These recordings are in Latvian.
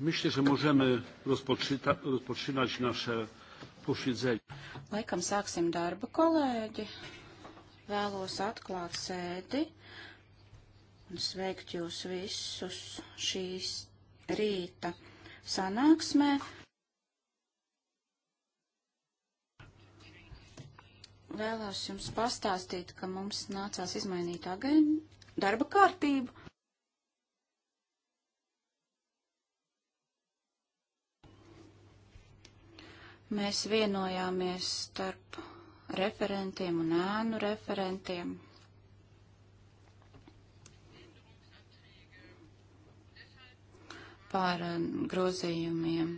Myślę, że możemy rozpoczynać nasze posiedzenie. Laikam sāksim darbu, kolēģi. Vēlos atklāt sēdi un sveikt jūs visus šīs rīta sanāksmē. Vēlos jums pastāstīt, ka mums nācās izmainīt agen darba kārtību. Mēs vienojāmies starp referentiem un ēnu referentiem. par um, grozījumiem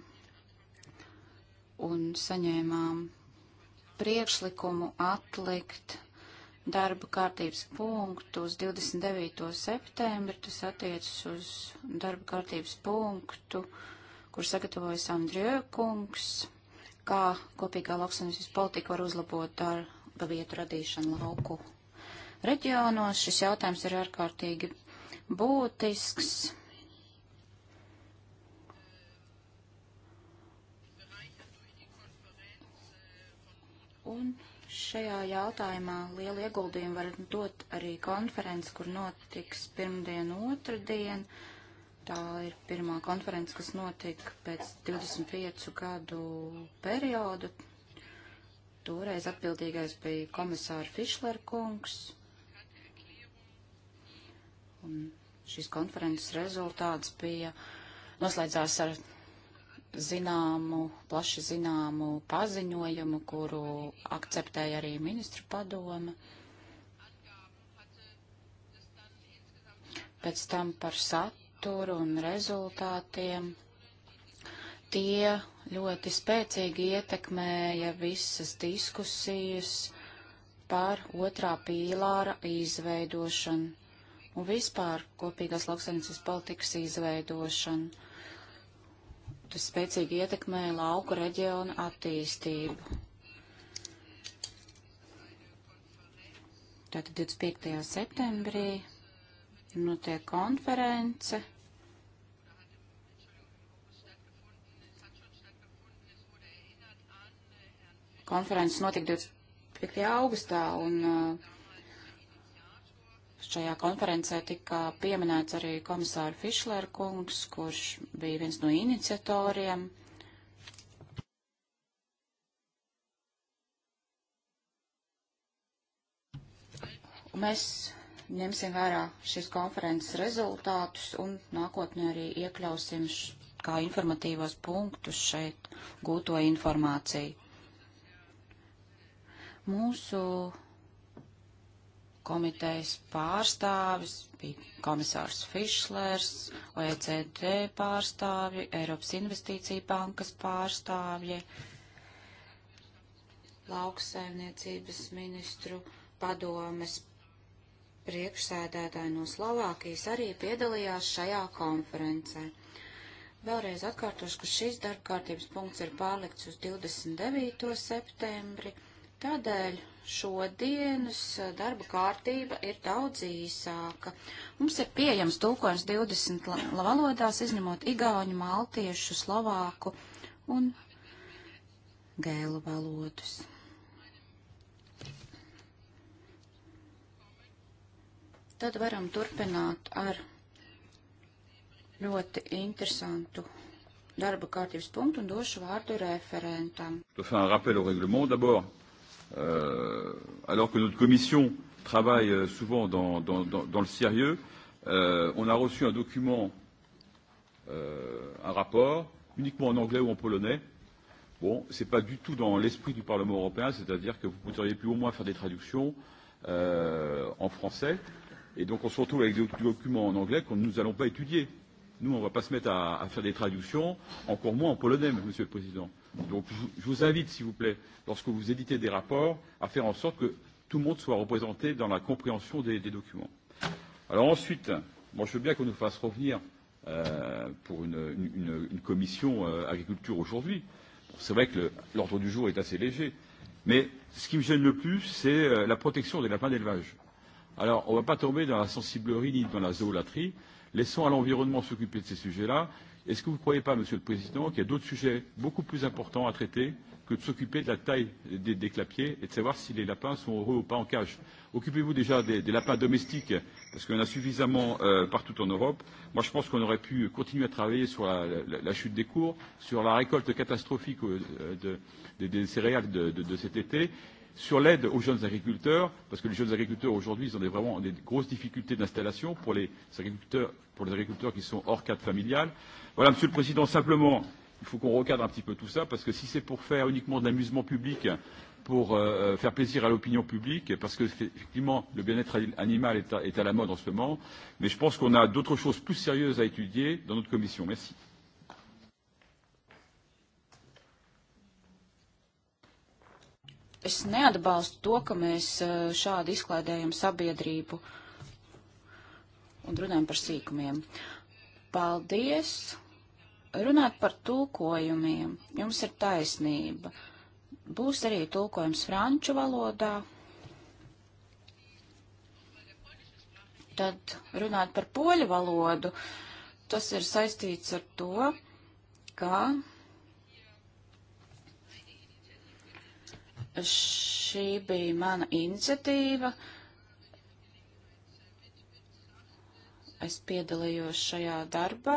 un saņēmām priekšlikumu atlikt darba kārtības punktu uz 29. septembri. Tas attiecas uz darba kārtības punktu, kur sagatavojas Andrija Kungs kā kopīgā lauksaimniecības politika var uzlabot darba vietu radīšanu lauku reģionos. Šis jautājums ir ārkārtīgi būtisks. Un šajā jautājumā lielu ieguldījumu var dot arī konferences, kur notiks pirmdien, otrdien. Uh, Tā ir pirmā konference, kas notika pēc 25 gadu periodu. Toreiz atbildīgais bija komisāra Fišler kungs. Un šīs konferences rezultāts bija noslēdzās ar zināmu, plaši zināmu paziņojumu, kuru akceptēja arī ministru padome. Pēc tam par sat saturu un rezultātiem, tie ļoti spēcīgi ietekmēja visas diskusijas par otrā pīlāra izveidošanu un vispār kopīgās lauksaimniecības politikas izveidošanu. Tas spēcīgi ietekmēja lauku reģionu attīstību. Tātad 25. septembrī ir notiek konference. Konferences notika 25. augustā, un uh, šajā konferencē tika pieminēts arī komisāra Fišlera kungs, kurš bija viens no iniciatoriem. Un mēs ņemsim vērā šīs konferences rezultātus un nākotnē arī iekļausim š, kā informatīvos punktus šeit gūto informāciju. Mūsu komitejas pārstāvis bija komisārs Fišlers, OECD pārstāvji, Eiropas investīcija bankas pārstāvji, lauksaimniecības ministru padomes priekšsēdētāji no Slovākijas arī piedalījās šajā konferencē. Vēlreiz atkārtošu, ka šis darba kārtības punkts ir pārlikts uz 29. septembri, tādēļ šodienas eh, darba kārtība ir daudz īsāka. Mums ir pieejams tulkojums 20 valodās, izņemot igauņu, maltiešu, slovāku un gēlu valodus. Tad varam turpināt ar ļoti interesantu darba kārtības punktu un došu vārdu referentam. Euh, alors que notre commission travaille euh, souvent dans, dans, dans, dans le sérieux, euh, on a reçu un document, euh, un rapport, uniquement en anglais ou en polonais. Bon, ce n'est pas du tout dans l'esprit du Parlement européen, c'est-à-dire que vous pourriez plus ou moins faire des traductions euh, en français. Euh, Et donc on se retrouve avec des documents en anglais que nous n'allons pas étudier. Nous, on ne va pas se mettre à, à faire des traductions, encore moins en polonais, Monsieur le Président. Donc je, je vous invite, s'il vous plaît, lorsque vous éditez des rapports, à faire en sorte que tout le monde soit représenté dans la compréhension des, des documents. Alors ensuite, moi je veux bien qu'on nous fasse revenir euh, pour une, une, une commission euh, agriculture aujourd'hui. Bon, c'est vrai que l'ordre du jour est assez léger, mais ce qui me gêne le plus, c'est euh, la protection des lapins d'élevage. Euh, Alors, on ne va pas tomber dans la sensiblerie ni dans la zoolaterie. Laissons à l'environnement s'occuper de ces sujets-là. Est-ce que vous ne croyez pas, Monsieur le Président, qu'il y a d'autres sujets beaucoup plus importants à traiter que de s'occuper de la taille des, des clapiers et de savoir si les lapins sont heureux ou pas en cage. Occupez-vous déjà des, des lapins domestiques, parce qu'on a suffisamment euh, partout en Europe. Moi, je pense qu'on aurait pu continuer à travailler sur la, la, la chute des cours, sur la récolte catastrophique euh, de, de, des céréales de, de, de cet été, sur l'aide aux jeunes agriculteurs, parce que les jeunes agriculteurs aujourd'hui, ils ont des, vraiment des grosses difficultés d'installation pour les agriculteurs, pour les agriculteurs qui sont hors cadre familial. Voilà, Monsieur le Président, simplement, il faut qu'on recadre un petit peu tout ça, parce que si c'est pour faire uniquement de l'amusement public, pour euh, euh faire plaisir à l'opinion publique, parce que effectivement le bien-être animal est à, est à la mode en ce moment, mais je pense qu'on a d'autres choses plus sérieuses à étudier dans notre commission. Merci. es neatbalstu to, ka mēs eh, šādi izklaidējam sabiedrību un runājam par sīkumiem. Paldies! Runāt par tulkojumiem. Jums ir taisnība. Būs arī tulkojums franču valodā. Tad runāt par poļu valodu. Tas ir saistīts ar to, ka šī bija mana iniciatīva. Es piedalījos šajā darbā.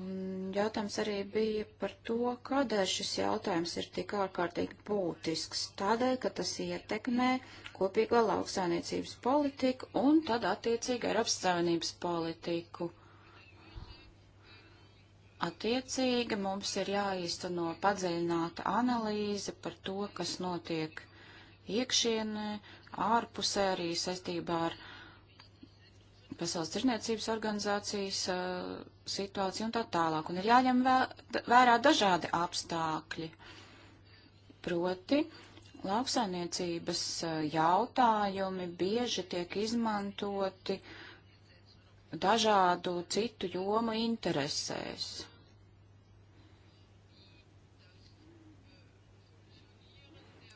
Un jautājums arī bija par to, kādēļ šis jautājums ir tik ārkārtīgi būtisks. Tādēļ, ka tas ietekmē kopīgo lauksainiecības politiku un tad attiecīgi Eiropas Savienības politiku. Attiecīgi mums ir jāīsteno padziļināta analīze par to, kas notiek iekšienē, ārpusē arī saistībā ar Pasaules tirniecības organizācijas uh, situāciju un tā tālāk. Un ir jāņem vērā dažādi apstākļi. Proti, lauksainiecības uh, jautājumi bieži tiek izmantoti dažādu citu jomu interesēs.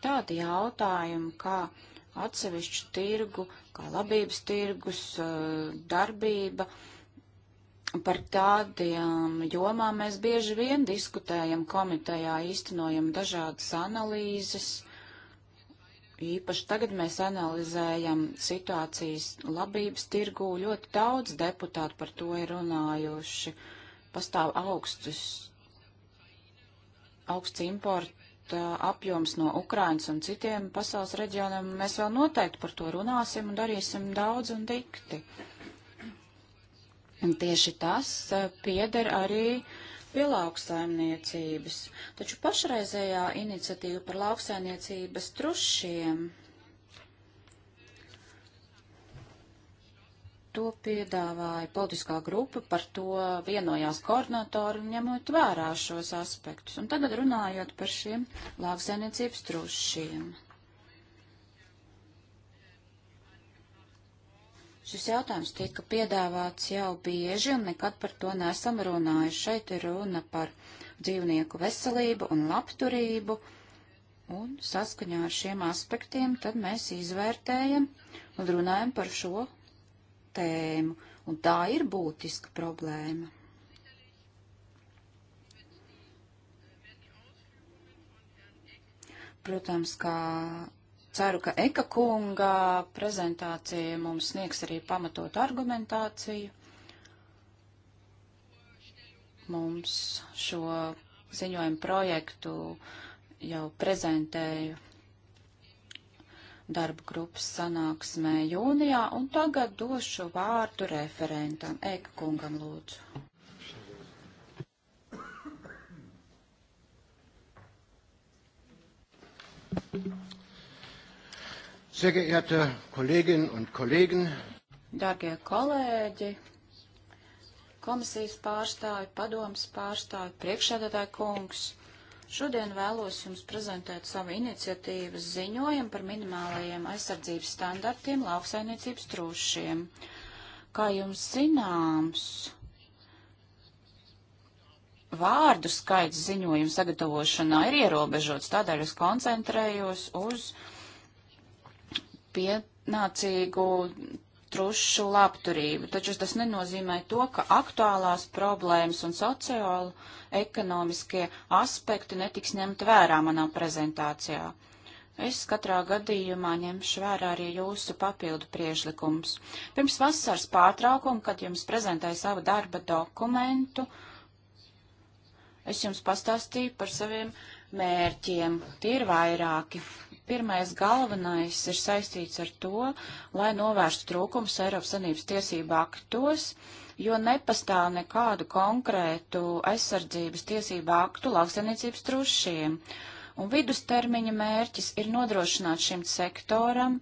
tādi jautājumi, kā atsevišķu tirgu, kā labības tirgus, darbība. Par tādiem jomām mēs bieži vien diskutējam komitejā, īstenojam dažādas analīzes. Īpaši tagad mēs analizējam situācijas labības tirgū. Ļoti daudz deputātu par to ir runājuši. Pastāv augstus, augsts importa apjoms no Ukrainas un citiem pasaules reģioniem, mēs vēl noteikti par to runāsim un darīsim daudz un dikti. Un tieši tas pieder arī pie lauksaimniecības. Taču pašreizējā iniciatīva par lauksaimniecības trušiem To piedāvāja politiskā grupa, par to vienojās koordinatori, ņemot vērā šos aspektus. Un tagad runājot par šiem lauksainiecības trušiem. Šis jautājums tika piedāvāts jau bieži un nekad par to nesam runājuši. Šeit ir runa par dzīvnieku veselību un labturību. Un saskaņā ar šiem aspektiem tad mēs izvērtējam un runājam par šo tēmu, un tā ir būtiska problēma. Protams, kā ceru, ka Eka kunga prezentācija mums sniegs arī pamatot argumentāciju. Mums šo ziņojumu projektu jau prezentēju darba grupas sanāksmē jūnijā, un tagad došu vārdu referentam. Eka kungam lūdzu. Sehr geehrte Kolleginnen und Kollegen, Darbie kolēģi, komisijas pārstāvi, padomas pārstāvi, priekšsēdētāji kungs, Šodien vēlos jums prezentēt savu iniciatīvas ziņojumu par minimālajiem aizsardzības standartiem lauksainiecības trūšiem. Kā jums zināms, vārdu skaits ziņojumu sagatavošanā ir ierobežots, tādēļ es koncentrējos uz pienācīgu trušu labturību, taču tas nenozīmē to, ka aktuālās problēmas un sociāli ekonomiskie aspekti netiks ņemt vērā manā prezentācijā. Es katrā gadījumā ņemšu vērā arī jūsu papildu priešlikums. Pirms vasaras pārtraukuma, kad jums prezentēju savu darba dokumentu, es jums pastāstīju par saviem mērķiem. Tie ir vairāki. Pirmais galvenais ir saistīts ar to, lai novērstu trūkumus Eiropas Sanības tiesību aktos, jo nepastāv nekādu konkrētu aizsardzības tiesību aktu lauksainiecības trušiem. Un vidustermiņa mērķis ir nodrošināt šim sektoram,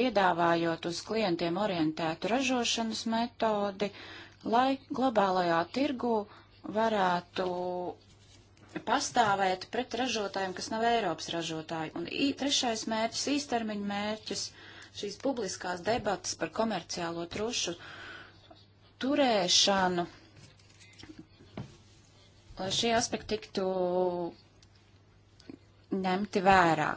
piedāvājot uz klientiem orientētu ražošanas metodi, lai globālajā tirgu varētu pastāvēt pret ražotājiem, kas nav Eiropas ražotāji. Un trešais mērķis, īstermiņa mērķis, šīs publiskās debatas par komerciālo trušu turēšanu, lai šie aspekti tiktu ņemti vērā.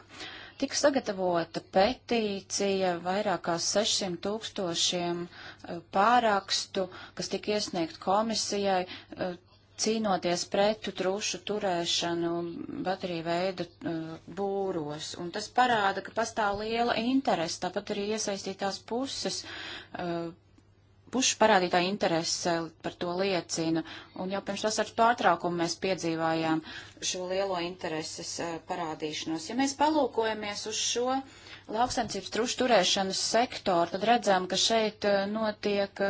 Tika sagatavota petīcija vairākās 600 tūkstošiem e, pārakstu, kas tika iesniegt komisijai e, cīnoties pretu trušu turēšanu bateriju veidu uh, būros. Un tas parāda, ka pastāv liela interese, tāpat arī iesaistītās puses. Uh, pušu parādītā interese par to liecina, un jau pirms vasaras pārtraukuma mēs piedzīvājām šo lielo intereses uh, parādīšanos. Ja mēs palūkojamies uz šo lauksaimniecības trušu turēšanas sektoru, tad redzam, ka šeit notiek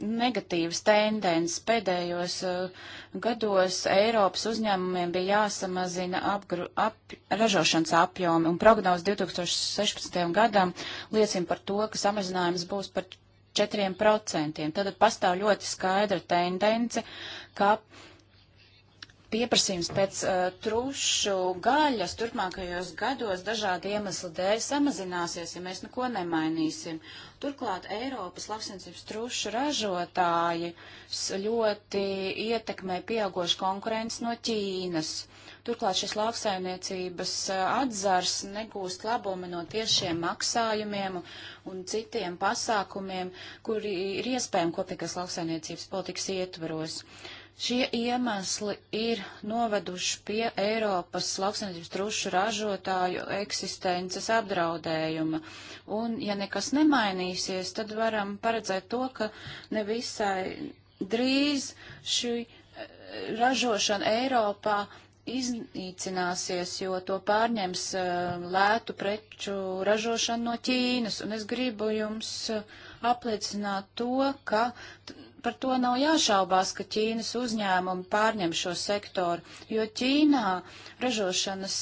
negatīvas tendences. Pēdējos uh, gados Eiropas uzņēmumiem bija jāsamazina apgru, ap, ražošanas apjomi, un prognoze 2016. gadam liecina par to, ka samazinājums būs par 4%. Tad pastāv ļoti skaidra tendence, ka pieprasījums pēc uh, trušu gaļas turpmākajos gados dažādu iemeslu dēļ samazināsies, ja mēs neko nemainīsim. Turklāt Eiropas lauksensības trušu ražotāji ļoti ietekmē pieaugošu konkurenci no Ķīnas. Turklāt šis lauksaimniecības atzars negūst labumi no tiešiem maksājumiem un citiem pasākumiem, kuri ir iespējami kopīgas lauksaimniecības politikas ietvaros. Uh, Šie iemesli ir noveduši pie Eiropas lauksaimniecības trušu ražotāju eksistences apdraudējuma. Un, ja nekas nemainīsies, tad varam paredzēt to, ka nevisai drīz šī eh, ražošana Eiropā iznīcināsies, jo to pārņems eh, lētu preču ražošanu no Ķīnas. Un es gribu jums eh, apliecināt to, ka par to nav jāšaubās, ka Ķīnas uzņēmumi pārņem šo sektoru, jo Ķīnā ražošanas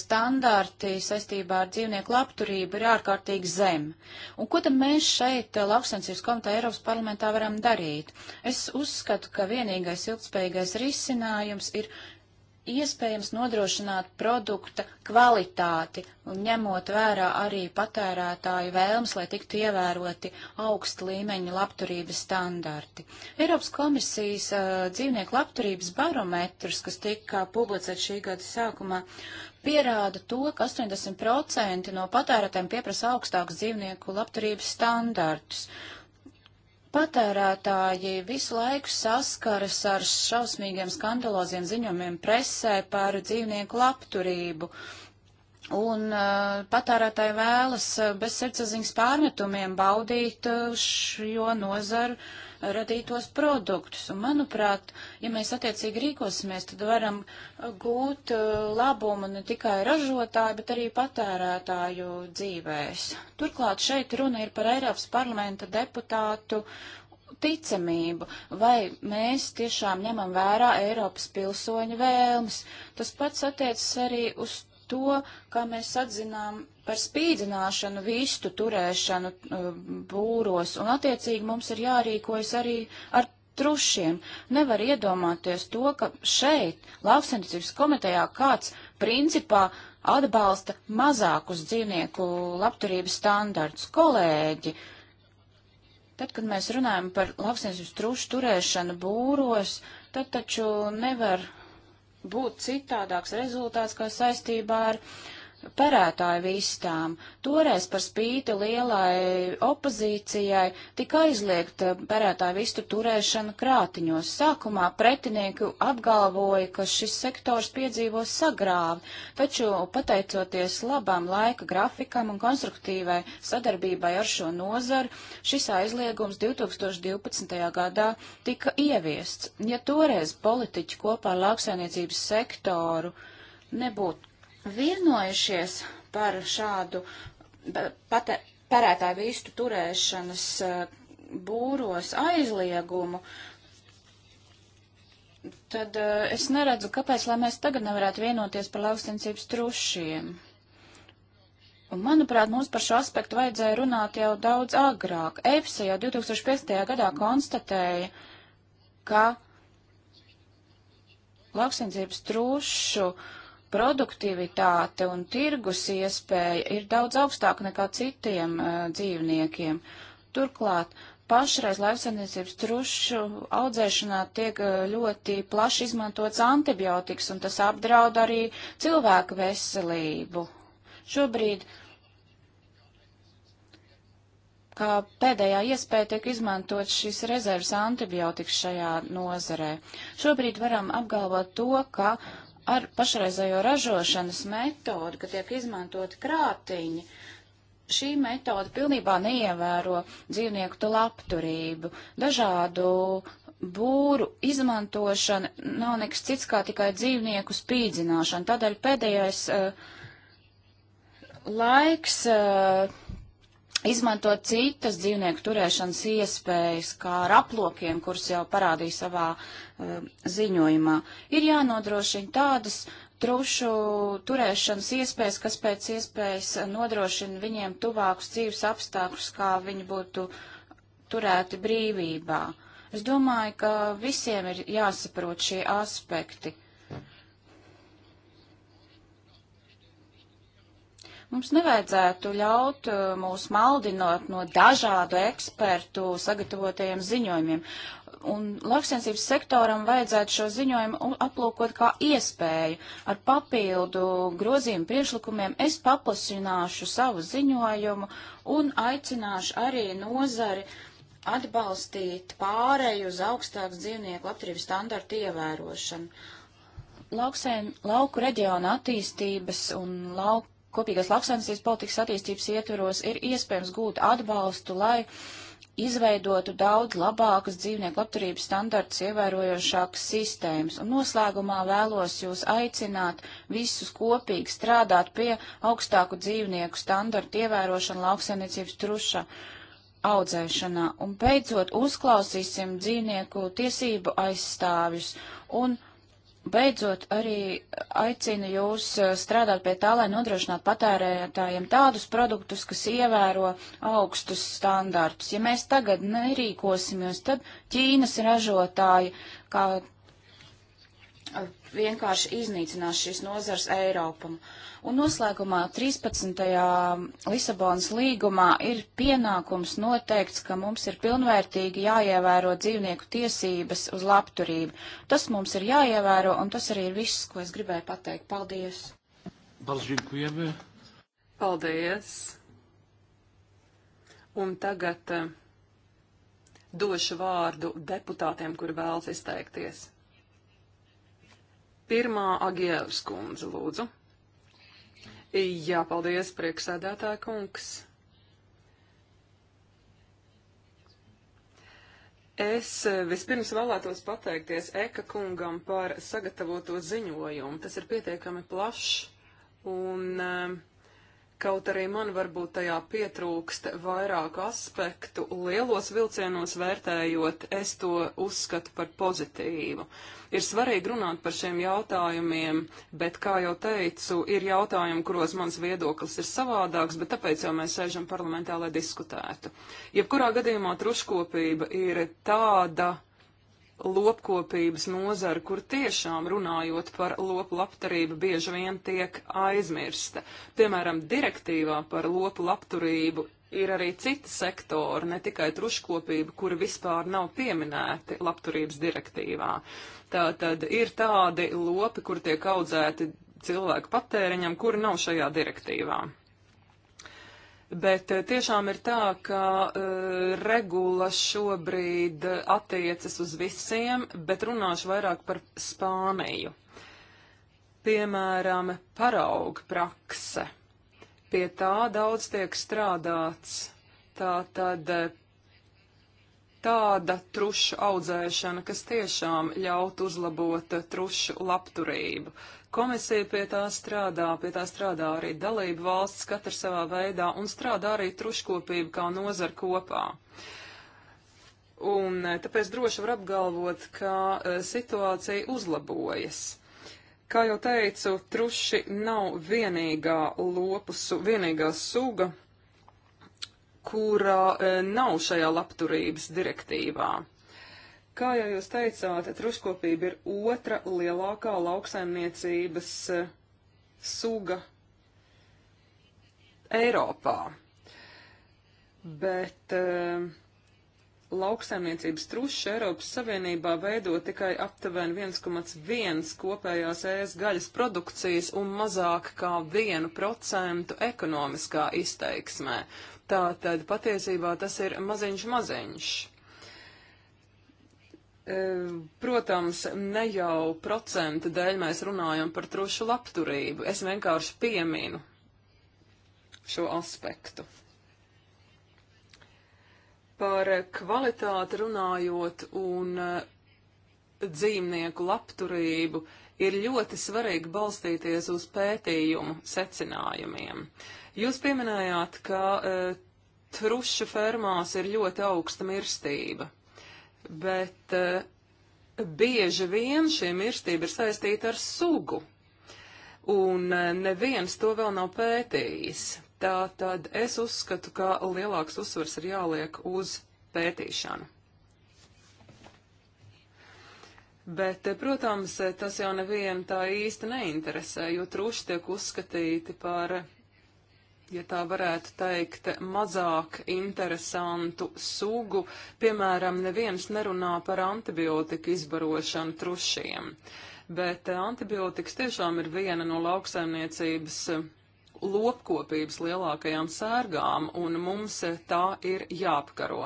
standarti saistībā ar dzīvnieku labturību ir ārkārtīgi zem. Un ko tad mēs šeit lauksensības komitē Eiropas parlamentā varam darīt? Es uzskatu, ka vienīgais ilgspējīgais risinājums ir iespējams nodrošināt produkta kvalitāti un ņemot vērā arī patērētāju vēlmes, lai tiktu ievēroti augsta līmeņa labturības standarti. Eiropas komisijas uh, dzīvnieku labturības barometrs, kas tika publicēts šī gada sākumā, pierāda to, ka 80% no patērētājiem pieprasa augstākus dzīvnieku labturības standartus. Patērētāji visu laiku saskaras ar šausmīgiem skandaloziem ziņojumiem presē par dzīvnieku labturību. Un uh, patērētāji vēlas eh, bez sirdsapziņas pārmetumiem baudīt eh, šo nozaru uh, radītos produktus. Un, manuprāt, ja mēs attiecīgi rīkosimies, tad varam gūt uh, labumu ne tikai ražotāju, bet arī patērētāju dzīvēs. Turklāt šeit runa ir par Eiropas parlamenta deputātu ticamību, vai mēs tiešām ņemam vērā Eiropas pilsoņu vēlmes. Tas pats attiecas arī uz to, kā mēs atzinām par spīdzināšanu, vistu turēšanu uh, būros, un attiecīgi mums ir jārīkojas arī ar trušiem. Nevar iedomāties to, ka šeit, lauksaimniecības komitejā, kāds principā atbalsta mazākus dzīvnieku labturības standartus. Kolēģi, tad, kad mēs runājam par lauksaimniecības trušu turēšanu būros, tad taču nevar būt citādāks rezultāts kā saistībā ar uh, parētāju vistām. Toreiz par spīti lielai opozīcijai tika aizliegta parētāju vistu turēšana krātiņos. Sākumā pretinieki apgalvoja, ka šis sektors piedzīvo sagrāvi, taču pateicoties labām laika grafikam un konstruktīvai sadarbībai ar šo nozaru, šis aizliegums 2012. gadā tika ieviests. Ja toreiz politiķi kopā ar lauksainiecības sektoru nebūtu vienojušies par šādu parētāju vistu turēšanas eh, būros aizliegumu, tad eh, es neredzu, kāpēc, lai mēs tagad nevarētu vienoties par laukstensības trušiem. Un, manuprāt, mums par šo aspektu vajadzēja runāt jau daudz agrāk. EFSA jau 2005. gadā konstatēja, ka lauksaimniecības trūšu uh, produktivitāte un tirgus iespēja ir daudz augstāka nekā citiem uh, dzīvniekiem. Turklāt pašreiz laivsaimniecības trušu audzēšanā tiek eh, ļoti plaši izmantots antibiotikas, un tas apdraud arī cilvēku veselību. Šobrīd kā pēdējā iespēja tiek izmantot šis rezerves antibiotikas šajā nozarē. Šobrīd varam apgalvot to, ka ar pašreizējo ražošanas metodu, ka tiek izmantoti krātiņi, šī metoda pilnībā neievēro dzīvnieku tu labturību. Dažādu būru izmantošana nav nekas cits kā tikai dzīvnieku spīdzināšana. Tādēļ pēdējais uh, laiks. Uh, izmantot citas dzīvnieku turēšanas iespējas, kā ar aplokiem, kurus jau parādīja savā uh, ziņojumā. Ir jānodrošina tādas trušu turēšanas iespējas, kas pēc iespējas nodrošina viņiem tuvākus dzīves apstākļus, kā viņi būtu turēti brīvībā. Es domāju, ka visiem ir jāsaprot šie aspekti. Uh, Mums nevajadzētu ļaut uh, mūs maldinot no dažādu ekspertu sagatavotajiem ziņojumiem. Un lauksensības sektoram vajadzētu šo ziņojumu aplūkot kā iespēju. Ar papildu grozījumu priešlikumiem es paplasināšu savu ziņojumu un aicināšu arī nozari atbalstīt pāreju uz augstāks dzīvnieku labturības standartu ievērošanu. Lauksēm, lauku reģiona attīstības un lauku kopīgās lauksaimniecības politikas attīstības ietvaros ir iespējams gūt atbalstu, lai izveidotu daudz labākas dzīvnieku labturības standarts ievērojošākas sistēmas. Un noslēgumā vēlos jūs aicināt visus kopīgi strādāt pie augstāku dzīvnieku standartu ievērošanu lauksaimniecības truša audzēšanā. Un beidzot uzklausīsim dzīvnieku tiesību aizstāvjus un Beidzot, arī aicinu jūs uh, strādāt pie tā, lai nodrošinātu patērētājiem tādus produktus, kas ievēro augstus standārtus. Ja mēs tagad nerīkosimies, tad Ķīnas ražotāji, kā vienkārši iznīcinās šīs nozars Eiropam. Un noslēgumā 13. Lisabonas līgumā ir pienākums noteikts, ka mums ir pilnvērtīgi jāievēro dzīvnieku tiesības uz labturību. Tas mums ir jāievēro, un tas arī ir viss, ko es gribēju pateikt. Paldies! Paldies! Un tagad eh, došu vārdu deputātiem, kuri vēlas izteikties. Pirmā Agievs kundze, lūdzu. Jā, paldies, prieksēdētā kungs. Es eh, vispirms vēlētos pateikties Eka kungam par sagatavoto ziņojumu. Tas ir pietiekami plašs un eh, Kaut arī man varbūt tajā pietrūkst vairāku aspektu, lielos vilcienos vērtējot, es to uzskatu par pozitīvu. Ir svarīgi runāt par šiem jautājumiem, bet, kā jau teicu, ir jautājumi, kuros mans viedoklis ir savādāks, bet tāpēc jau mēs sēžam parlamentā, lai diskutētu. Jebkurā gadījumā truškopība ir tāda lopkopības nozara, kur tiešām runājot par lopu labturību, bieži vien tiek aizmirsta. Piemēram, direktīvā par lopu labturību ir arī citi sektori, ne tikai truškopība, kuri vispār nav pieminēti labturības direktīvā. Tātad ir tādi lopi, kur tiek audzēti cilvēku patēriņam, kuri nav šajā direktīvā. Bet eh, tiešām ir tā, ka uh, regula šobrīd eh, attiecas uz visiem, bet runāšu vairāk par Spāniju. Piemēram, parauga prakse. Pie tā daudz tiek strādāts. Tā tad tāda trušu audzēšana, kas tiešām ļaut uzlabot trušu labturību. Komisija pie tā strādā, pie tā strādā arī dalību valsts, katra savā veidā, un strādā arī truškopība kā nozara kopā. Un e, tāpēc droši var apgalvot, ka e, situācija uzlabojas. Kā jau teicu, truši nav vienīgā lopu, vienīgā suga, kura e, nav šajā labturības direktīvā. Kā jau jūs teicāt, truškopība ir otra lielākā lauksaimniecības eh, suga Eiropā. Bet uh, lauksaimniecības truši Eiropas Savienībā veido tikai aptuveni 1,1 kopējās ēst gaļas produkcijas un mazāk kā 1% ekonomiskā izteiksmē. Tātad patiesībā tas ir maziņš maziņš. E, protams, ne jau procenta dēļ mēs runājam par trušu labturību. Es vienkārši pieminu šo aspektu. Par kvalitāti runājot un e, dzīvnieku labturību ir ļoti svarīgi balstīties uz pētījumu secinājumiem. Jūs pieminējāt, ka e, trušu fermās ir ļoti augsta mirstība bet uh, bieži vien šī mirstība ir saistīta ar sugu, un uh, neviens to vēl nav pētījis. Tā tad es uzskatu, ka lielāks uzsvars ir jāliek uz pētīšanu. Bet, eh, protams, tas jau nevienu tā īsti neinteresē, jo truši tiek uzskatīti par ja tā varētu teikt, mazāk interesantu sugu. Piemēram, neviens nerunā par antibiotiku izbarošanu trušiem, bet eh, antibiotikas tiešām ir viena no lauksaimniecības eh, lopkopības lielākajām sērgām, un mums eh, tā ir jāapkaro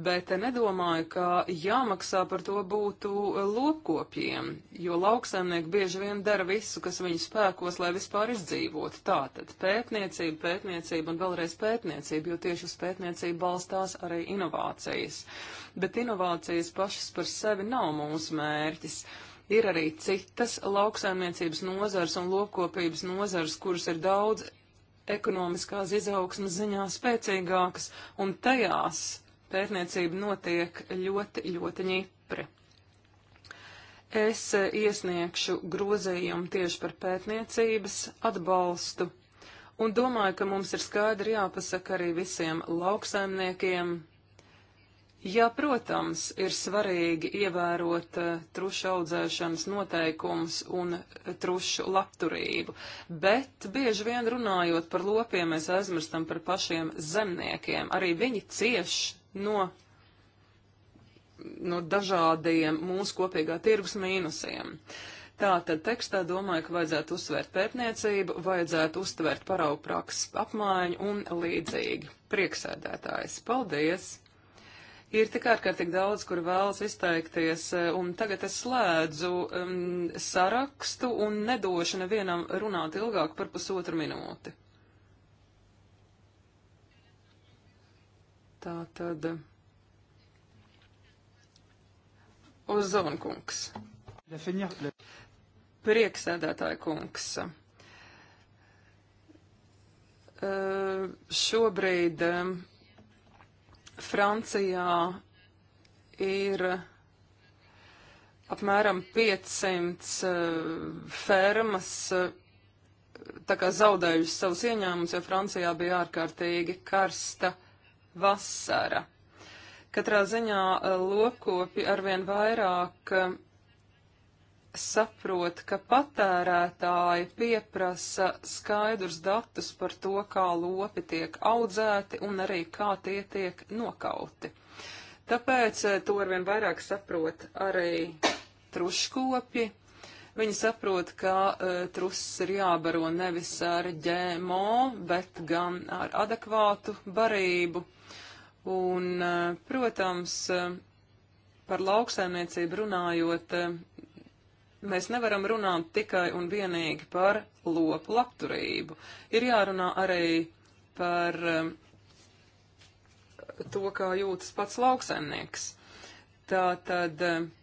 bet nedomāju, ka jāmaksā par to būtu lopkopjiem, jo lauksaimnieki bieži vien dara visu, kas viņu spēkos, lai vispār izdzīvotu. Tātad pētniecība, pētniecība un vēlreiz pētniecība, jo tieši uz pētniecību balstās arī inovācijas. Bet inovācijas pašas par sevi nav mūsu mērķis ir arī citas lauksaimniecības nozars un lopkopības nozars, kuras ir daudz ekonomiskās izaugsmas ziņā spēcīgākas, un tajās pētniecība notiek ļoti, ļoti ņipri. Es iesniegšu grozījumu tieši par pētniecības atbalstu un domāju, ka mums ir skaidri jāpasaka arī visiem lauksaimniekiem. Jā, protams, ir svarīgi ievērot uh, trušu audzēšanas noteikumus un trušu labturību, bet bieži vien runājot par lopiem, mēs aizmirstam par pašiem zemniekiem. Arī viņi cieš no, no dažādiem mūsu kopīgā tirgus mīnusiem. Tātad tekstā domāju, ka vajadzētu uzsvērt pētniecību, vajadzētu uztvērt paraugu prakses apmaiņu un līdzīgi. Prieksēdētājs, paldies! Ir tik ārkārtīgi daudz, kur vēlas izteikties, un tagad es slēdzu um, sarakstu un nedošu nevienam runāt ilgāk par pusotru minūti. Tā tad Ozonkungs. Prieksēdētāja kungs. Šobrīd Francijā ir apmēram 500 fermas tā kā zaudējuši savus ieņēmumus, jo Francijā bija ārkārtīgi karsta vasara. Katrā ziņā eh, lokopi arvien vairāk eh, saprot, ka patērētāji pieprasa skaidrus datus par to, kā lopi tiek audzēti un arī kā tie tiek nokauti. Tāpēc eh, to arvien vairāk saprot arī truškopji, Viņi saprot, ka uh, eh, trusis ir jābaro nevis ar ģēmo, bet gan ar adekvātu barību. Un, uh, protams, uh, par lauksaimniecību runājot, uh, mēs nevaram runāt tikai un vienīgi par lopu labturību. Ir jārunā arī par uh, to, kā jūtas pats lauksaimnieks. Tā tad. Uh,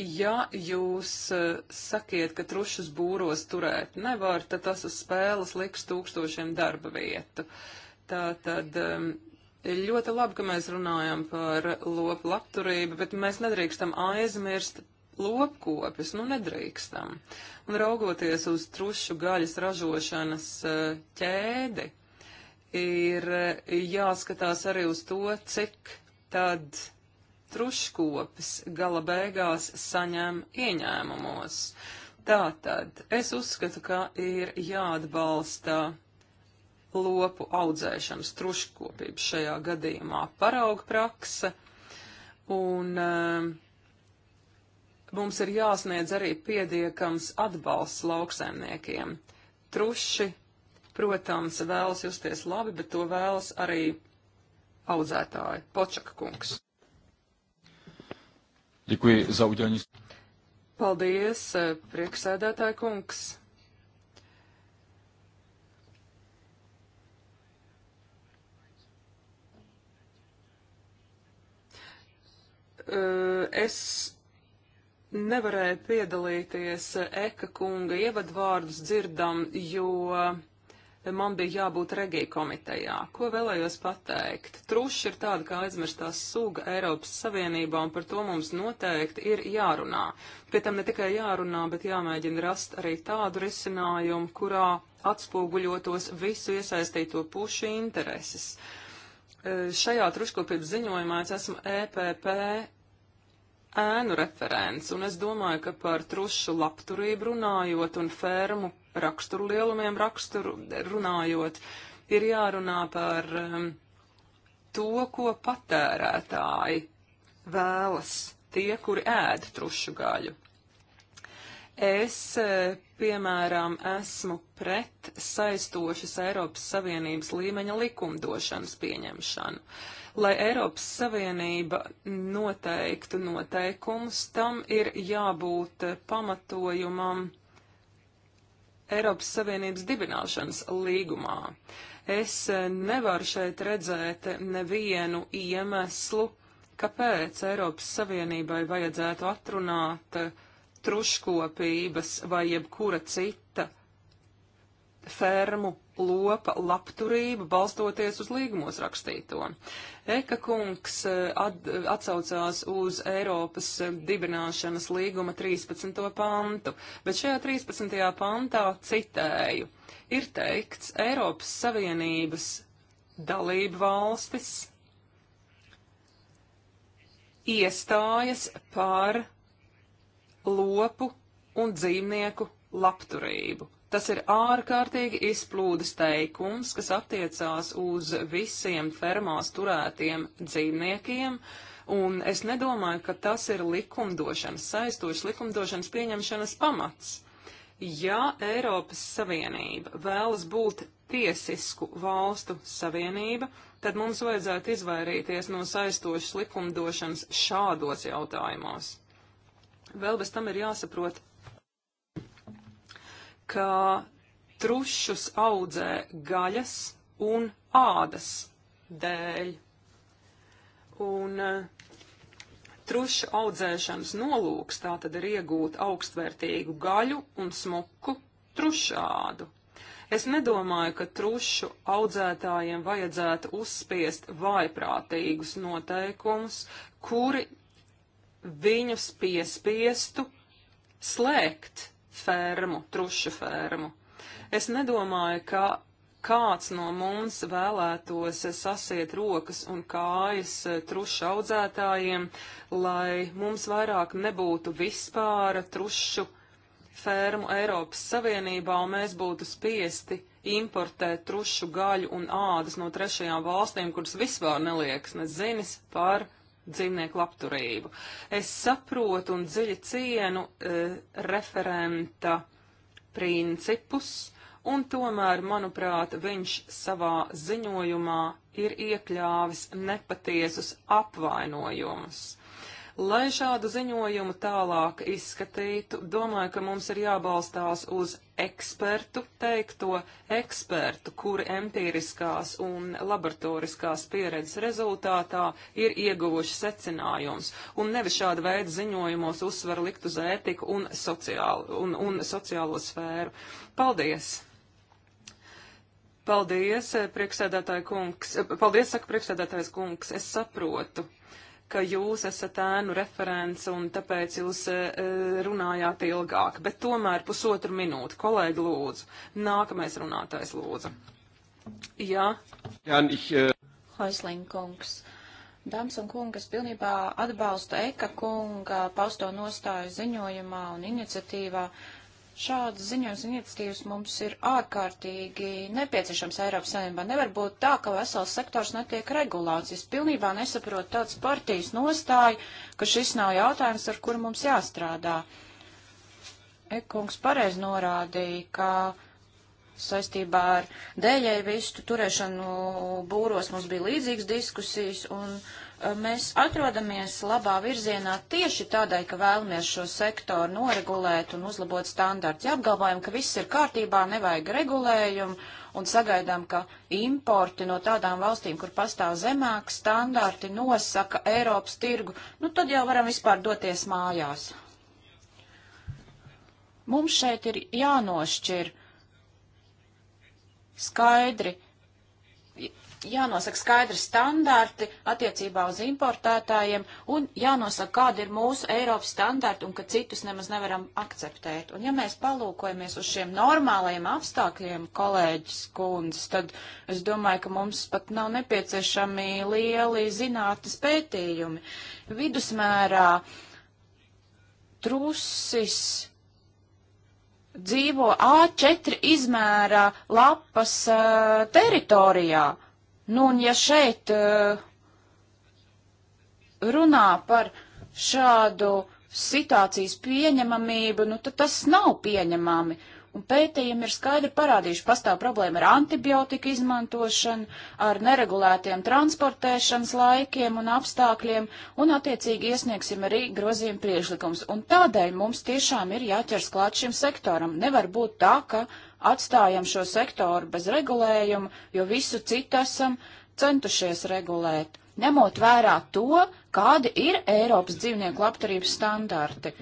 ja jūs e, sakiet, ka trušas būros turēt nevar, tad tas uz spēles liks tūkstošiem darba vietu. Tā tad ļoti labi, ka mēs runājam par lopu labturību, bet mēs nedrīkstam aizmirst lopkopis, nu nedrīkstam. Un raugoties uz trušu gaļas ražošanas e, ķēdi, ir e, jāskatās arī uz to, cik tad truškopis gala beigās saņem ieņēmumos. Tātad es uzskatu, ka ir jāatbalsta lopu audzēšanas truškopība šajā gadījumā parauga prakse, un uh, mums ir jāsniedz arī pietiekams atbalsts lauksaimniekiem. Truši, protams, vēlas justies labi, bet to vēlas arī audzētāji. Počaka kungs. Děkuji za udělení. Paldies, eh, prieksēdētāja kungs. Eh, es nevarēju piedalīties eh, Eka kunga ievadvārdus dzirdam, jo man bija jābūt regija komitejā. Ko vēlējos pateikt? Truši ir tāda kā aizmirstās suga Eiropas Savienībā, un par to mums noteikti ir jārunā. Pie tam ne tikai jārunā, bet jāmēģina rast arī tādu risinājumu, kurā atspoguļotos visu iesaistīto pušu intereses. E, šajā truškopības ziņojumā es esmu EPP ēnu referents, un es domāju, ka par trušu labturību runājot un fermu raksturu lielumiem raksturu runājot, ir jārunā par um, to, ko patērētāji vēlas, tie, kuri ēd trušu gaļu. Es, eh, piemēram, esmu pret saistošas Eiropas Savienības līmeņa likumdošanas pieņemšanu. Lai Eiropas Savienība noteiktu noteikumus, tam ir jābūt pamatojumam Eiropas Savienības dibināšanas līgumā. Es eh, nevaru šeit redzēt nevienu iemeslu, kāpēc Eiropas Savienībai vajadzētu atrunāt eh, truškopības vai jebkura cita fermu lopa labturību balstoties uz līgumos rakstīto. Eka kungs eh, at, atsaucās uz Eiropas eh, dibināšanas līguma 13. pantu, bet šajā 13. pantā citēju. Ir teikts Eiropas Savienības dalību valstis iestājas par lopu un dzīvnieku labturību. Tas ir ārkārtīgi izplūdes teikums, kas attiecās uz visiem fermās turētiem dzīvniekiem, un es nedomāju, ka tas ir likumdošanas, saistošs likumdošanas pieņemšanas pamats. Ja Eiropas Savienība vēlas būt tiesisku valstu savienība, tad mums vajadzētu izvairīties no saistošas likumdošanas šādos jautājumos. Vēl bez tam ir jāsaprot ka trušus audzē gaļas un ādas dēļ. Un eh, trušu audzēšanas nolūks tā tad ir iegūt augstvērtīgu gaļu un smuku trušādu. Es nedomāju, ka trušu audzētājiem vajadzētu uzspiest vaiprātīgus noteikumus, kuri viņus piespiestu slēgt fermu, trušu fermu. Es nedomāju, ka kāds no mums vēlētos sasiet rokas un kājas trušu audzētājiem, lai mums vairāk nebūtu vispār trušu fermu Eiropas Savienībā un mēs būtu spiesti importēt trušu gaļu un ādas no trešajām valstīm, kuras vispār neliekas ne zinis par dzīvnieku labturību. Es saprotu un dziļi cienu e, referenta principus, un tomēr, manuprāt, viņš savā ziņojumā ir iekļāvis nepatiesus apvainojumus. Lai šādu ziņojumu tālāk izskatītu, domāju, ka mums ir jābalstās uz ekspertu teikto, ekspertu, kuri empiriskās un laboratoriskās pieredzes rezultātā ir ieguvuši secinājums, un nevis šāda veida ziņojumos uzsver likt uz ētiku un, sociālu, un, un sociālo sfēru. Paldies! Paldies, priekšsēdētāja kungs. Paldies, saka priekšsēdētājs kungs. Es saprotu, ka jūs esat ēnu referents un tāpēc jūs e, e, runājāt ilgāk, bet tomēr pusotru minūti. Kolēģi lūdzu, nākamais runātājs lūdzu. Jā. Jā, ich, uh... E, Hoislinkungs. Dāmas un kungi, es pilnībā atbalstu Eka kunga pausto nostāju ziņojumā un iniciatīvā. Uh, Šādas ziņojums un iniciatīvas mums ir ārkārtīgi nepieciešams Eiropas Savienībā. Nevar būt tā, ka vesels sektors netiek regulēts. Es pilnībā nesaprotu tāds partijas nostāju, ka šis nav jautājums, ar kuru mums jāstrādā. Ekungs pareiz norādīja, ka saistībā ar dēļēju vistu turēšanu būros mums bija līdzīgas diskusijas, un uh, mēs atrodamies labā virzienā tieši tādēļ, ka vēlamies šo sektoru noregulēt un uzlabot standarts. Ja apgalvojam, ka viss ir kārtībā, nevajag regulējumu un sagaidām, ka importi no tādām valstīm, kur pastāv zemāk standarti, nosaka Eiropas tirgu, nu tad jau varam vispār doties mājās. Mums šeit ir jānošķir skaidri jānosaka skaidri standarti attiecībā uz importētājiem un jānosaka, kāda ir mūsu Eiropas standarti un ka citus nemaz nevaram akceptēt. Un ja mēs palūkojamies uz šiem normālajiem apstākļiem, kolēģis kundzes, tad es domāju, ka mums pat nav nepieciešami lieli zinātnes pētījumi. Vidusmērā trusis dzīvo A4 izmēra lapas uh, teritorijā. Nu, un ja šeit eh, runā par šādu situācijas pieņemamību, nu, tad tas nav pieņemami. Un pētījumi ir skaidri parādījuši, pastāv problēma ar antibiotika izmantošanu, ar neregulētiem transportēšanas laikiem un apstākļiem, un attiecīgi iesniegsim arī grozījuma priešlikums. Un tādēļ mums tiešām ir jāķers klāt šim sektoram. Nevar būt tā, ka atstājam šo sektoru bez regulējuma, jo visu citu esam centušies regulēt, ņemot vērā to, kādi ir Eiropas dzīvnieku labturības standarti.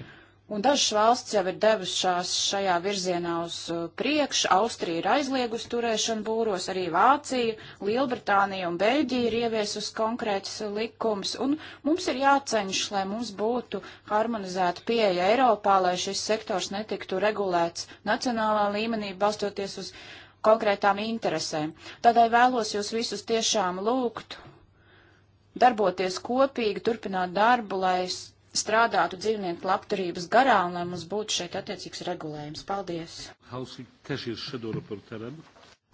Un dažas valsts jau ir devušās šajā virzienā uz uh, priekšu. Austrija ir aizliegusi turēšanu būros, arī Vācija, Lielbritānija un Beļģija ir ieviesus konkrētus uh, likumus. Un mums ir jāceņš, lai mums būtu harmonizēta pieeja Eiropā, lai šis sektors netiktu regulēts nacionālā līmenī, balstoties uz konkrētām interesēm. Tādēļ vēlos jūs visus tiešām lūgt darboties kopīgi, turpināt darbu, lai strādātu dzīvnieku labturības garā un lai mums būtu šeit attiecīgs regulējums. Paldies!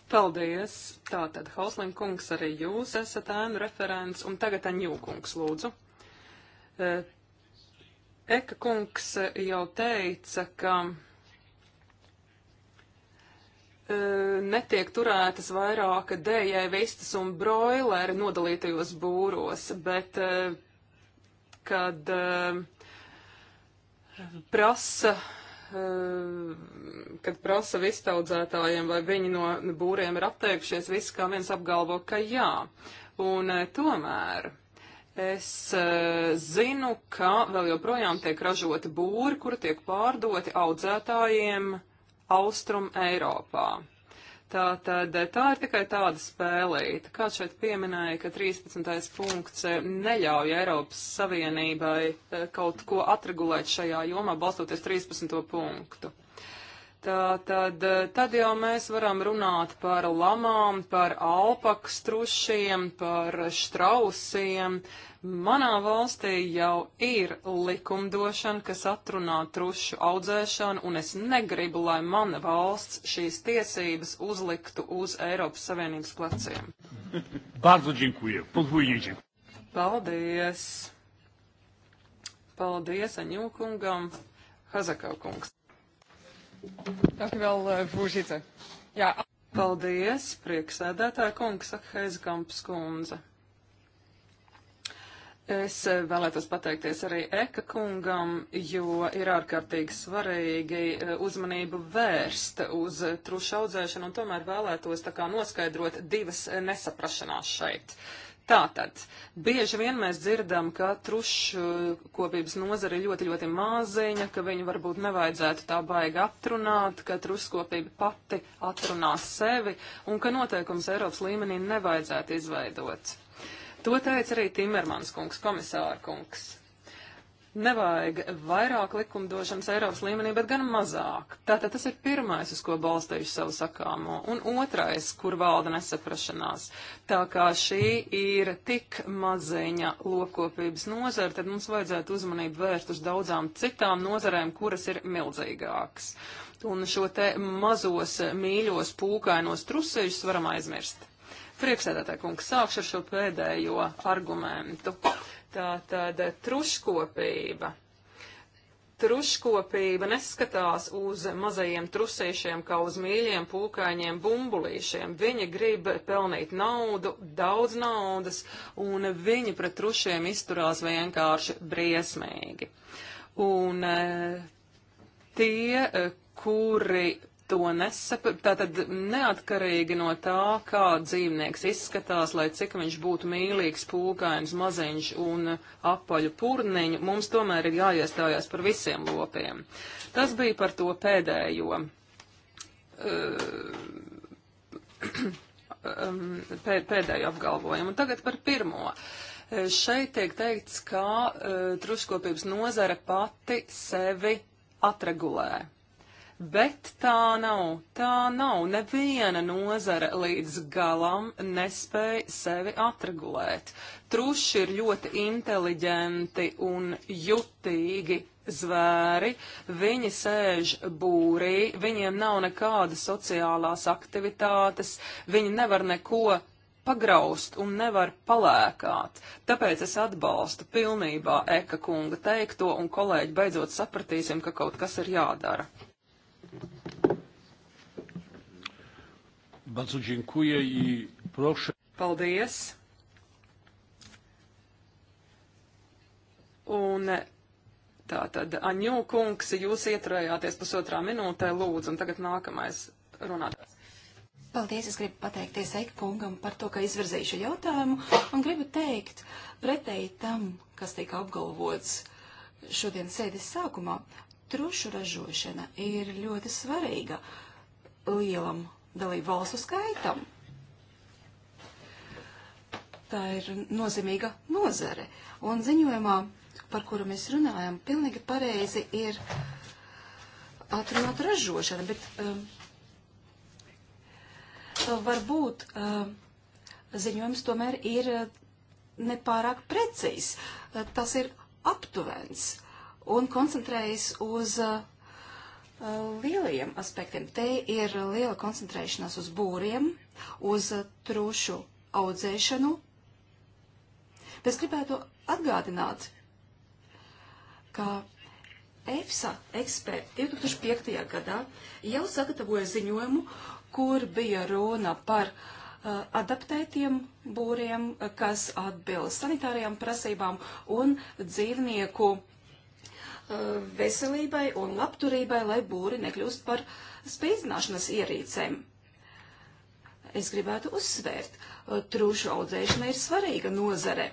Paldies! Tātad, Hauslin kungs, arī jūs esat ēnu referents, un tagad Aņū kungs, lūdzu. E, Eka kungs jau teica, ka e, netiek turētas vairāk dējai vistas un broileri nodalītajos būros, bet e, Eh, eh, kad prasa kad prasa vistaudzētājiem, vai viņi no būriem ir atteikušies, viss kā viens apgalvo, ka jā. Un eh, tomēr es zinu, ka vēl joprojām tiek ražoti būri, kuri tiek pārdoti audzētājiem Austrum Eiropā. Tātad tā ir tikai tāda spēlīta. Kā šeit pieminēja, ka 13. punkts eh, neļauj Eiropas Savienībai eh, kaut ko atregulēt šajā jomā, balstoties 13. punktu. Tā tad, eh, tad jau mēs varam runāt par lamām, par alpakstrušiem, par štrausiem. Manā valstī jau ir likumdošana, kas atrunā trušu audzēšanu, un es negribu, lai mana valsts šīs tiesības uzliktu uz Eiropas Savienības pleciem. Bardzo dziękuję. Podwójnie dziękuję. Paldies. Paldies Aņūkungam. Hazakaukungs. Dank u wel, eh, voorzitter. Jā. Paldies, prieksēdētāja kungs, Heizkamps kundze. Es eh, vēlētos pateikties arī Eka kungam, jo ir ārkārtīgi svarīgi eh, uzmanību vērst uz trušu audzēšanu un tomēr vēlētos tā kā noskaidrot divas nesaprašanās šeit. Uh, Tātad, bieži vien mēs dzirdam, ka trušu kopības nozara ir ļoti, ļoti māziņa, ka viņu varbūt nevajadzētu tā baigi atrunāt, ka trušu kopība pati atrunās sevi un ka noteikums Eiropas līmenī nevajadzētu izveidot. To teica arī Timermans kungs, komisāra kungs nevajag vairāk likumdošanas Eiropas līmenī, bet gan mazāk. Tātad tas ir pirmais, uz ko balstījuši savu sakāmo, un otrais, kur valda nesaprašanās. Tā kā šī ir tik maziņa lokopības nozara, tad mums vajadzētu uzmanību vērst uz daudzām citām nozarēm, kuras ir milzīgākas. Un šo te mazos mīļos pūkainos trusējušus varam aizmirst. Priekšsēdētāji kungs, sākšu ar šo pēdējo argumentu. Tā tad truškopība. Truškopība neskatās uz mazajiem trusīšiem kā uz mīļiem pūkaņiem, bumbulīšiem. Viņi grib pelnīt naudu, daudz naudas, un viņi pret trušiem izturās vienkārši briesmīgi. Un eh, tie, eh, kuri to nesaprot, tātad neatkarīgi no tā, kā dzīvnieks izskatās, lai cik viņš būtu mīlīgs, pūkains, maziņš un apaļu purniņu, mums tomēr ir jāiestājās par visiem lopiem. Tas bija par to pēdējo. Uh, um, pēdējo apgalvojumu. Un tagad par pirmo. Uh, šeit tiek teikts, ka uh, truškopības nozara pati sevi atregulē. Bet tā nav, tā nav. Neviena nozara līdz galam nespēja sevi atregulēt. Truši ir ļoti inteliģenti un jutīgi zvēri, viņi sēž būrī, viņiem nav nekādas sociālās aktivitātes, viņi nevar neko pagraust un nevar palēkāt. Tāpēc es atbalstu pilnībā Eka kunga teikto, un kolēģi beidzot sapratīsim, ka kaut kas ir jādara. Bardzo dziękuję i proszę. Paldies. Un tā tad Aņū kungs, jūs ieturējāties pusotrā minūtē, lūdzu, un tagad nākamais runātājs. Paldies, es gribu pateikties Eika kungam par to, ka izvirzīju šo jautājumu, un gribu teikt, pretēji tam, kas tika apgalvots šodien sēdes sākumā, Trušu ražošana ir ļoti svarīga lielam dalību valstu skaitam. Tā ir nozīmīga nozare. Un ziņojumā, par kuru mēs runājam, pilnīgi pareizi ir atrunāt ražošana, bet um, varbūt um, ziņojums tomēr ir uh, nepārāk precīzs. Uh, tas ir aptuvens un koncentrējas uz uh, uh, lielajiem aspektiem. Te ir liela koncentrēšanās uz būriem, uz uh, trūšu audzēšanu. Mēs gribētu atgādināt, ka EFSA eksperti 2005. gadā jau sagatavoja ziņojumu, kur bija runa par uh, adaptētiem būriem, kas atbilst sanitārajām prasībām un dzīvnieku uh, Uh, veselībai un labturībai, lai būri nekļūst par spīdzināšanas ierīcēm. Es gribētu uzsvērt, uh, trūšu audzēšana ir svarīga nozare.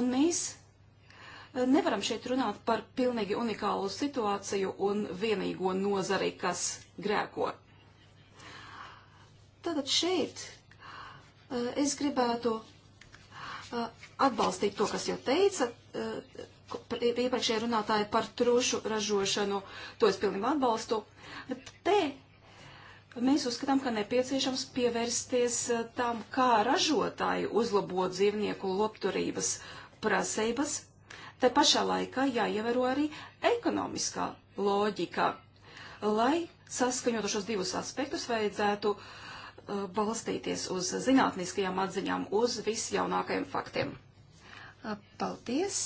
Un mēs uh, nevaram šeit runāt par pilnīgi unikālu situāciju un vienīgo nozari, kas grēko. Tātad šeit es gribētu atbalstīt to, kas jau teica, iepriekšējā runātāja par trušu ražošanu. To es pilnībā atbalstu. Te mēs uzskatām, ka nepieciešams pievērsties eh, tam, kā ražotāji uzlabo dzīvnieku lopturības prasības. Te pašā laikā jāievēro arī ekonomiskā loģika, lai saskaņotu šos divus aspektus vajadzētu uh, balstīties uz zinātniskajām atziņām, uz visjaunākajiem faktiem. Paldies!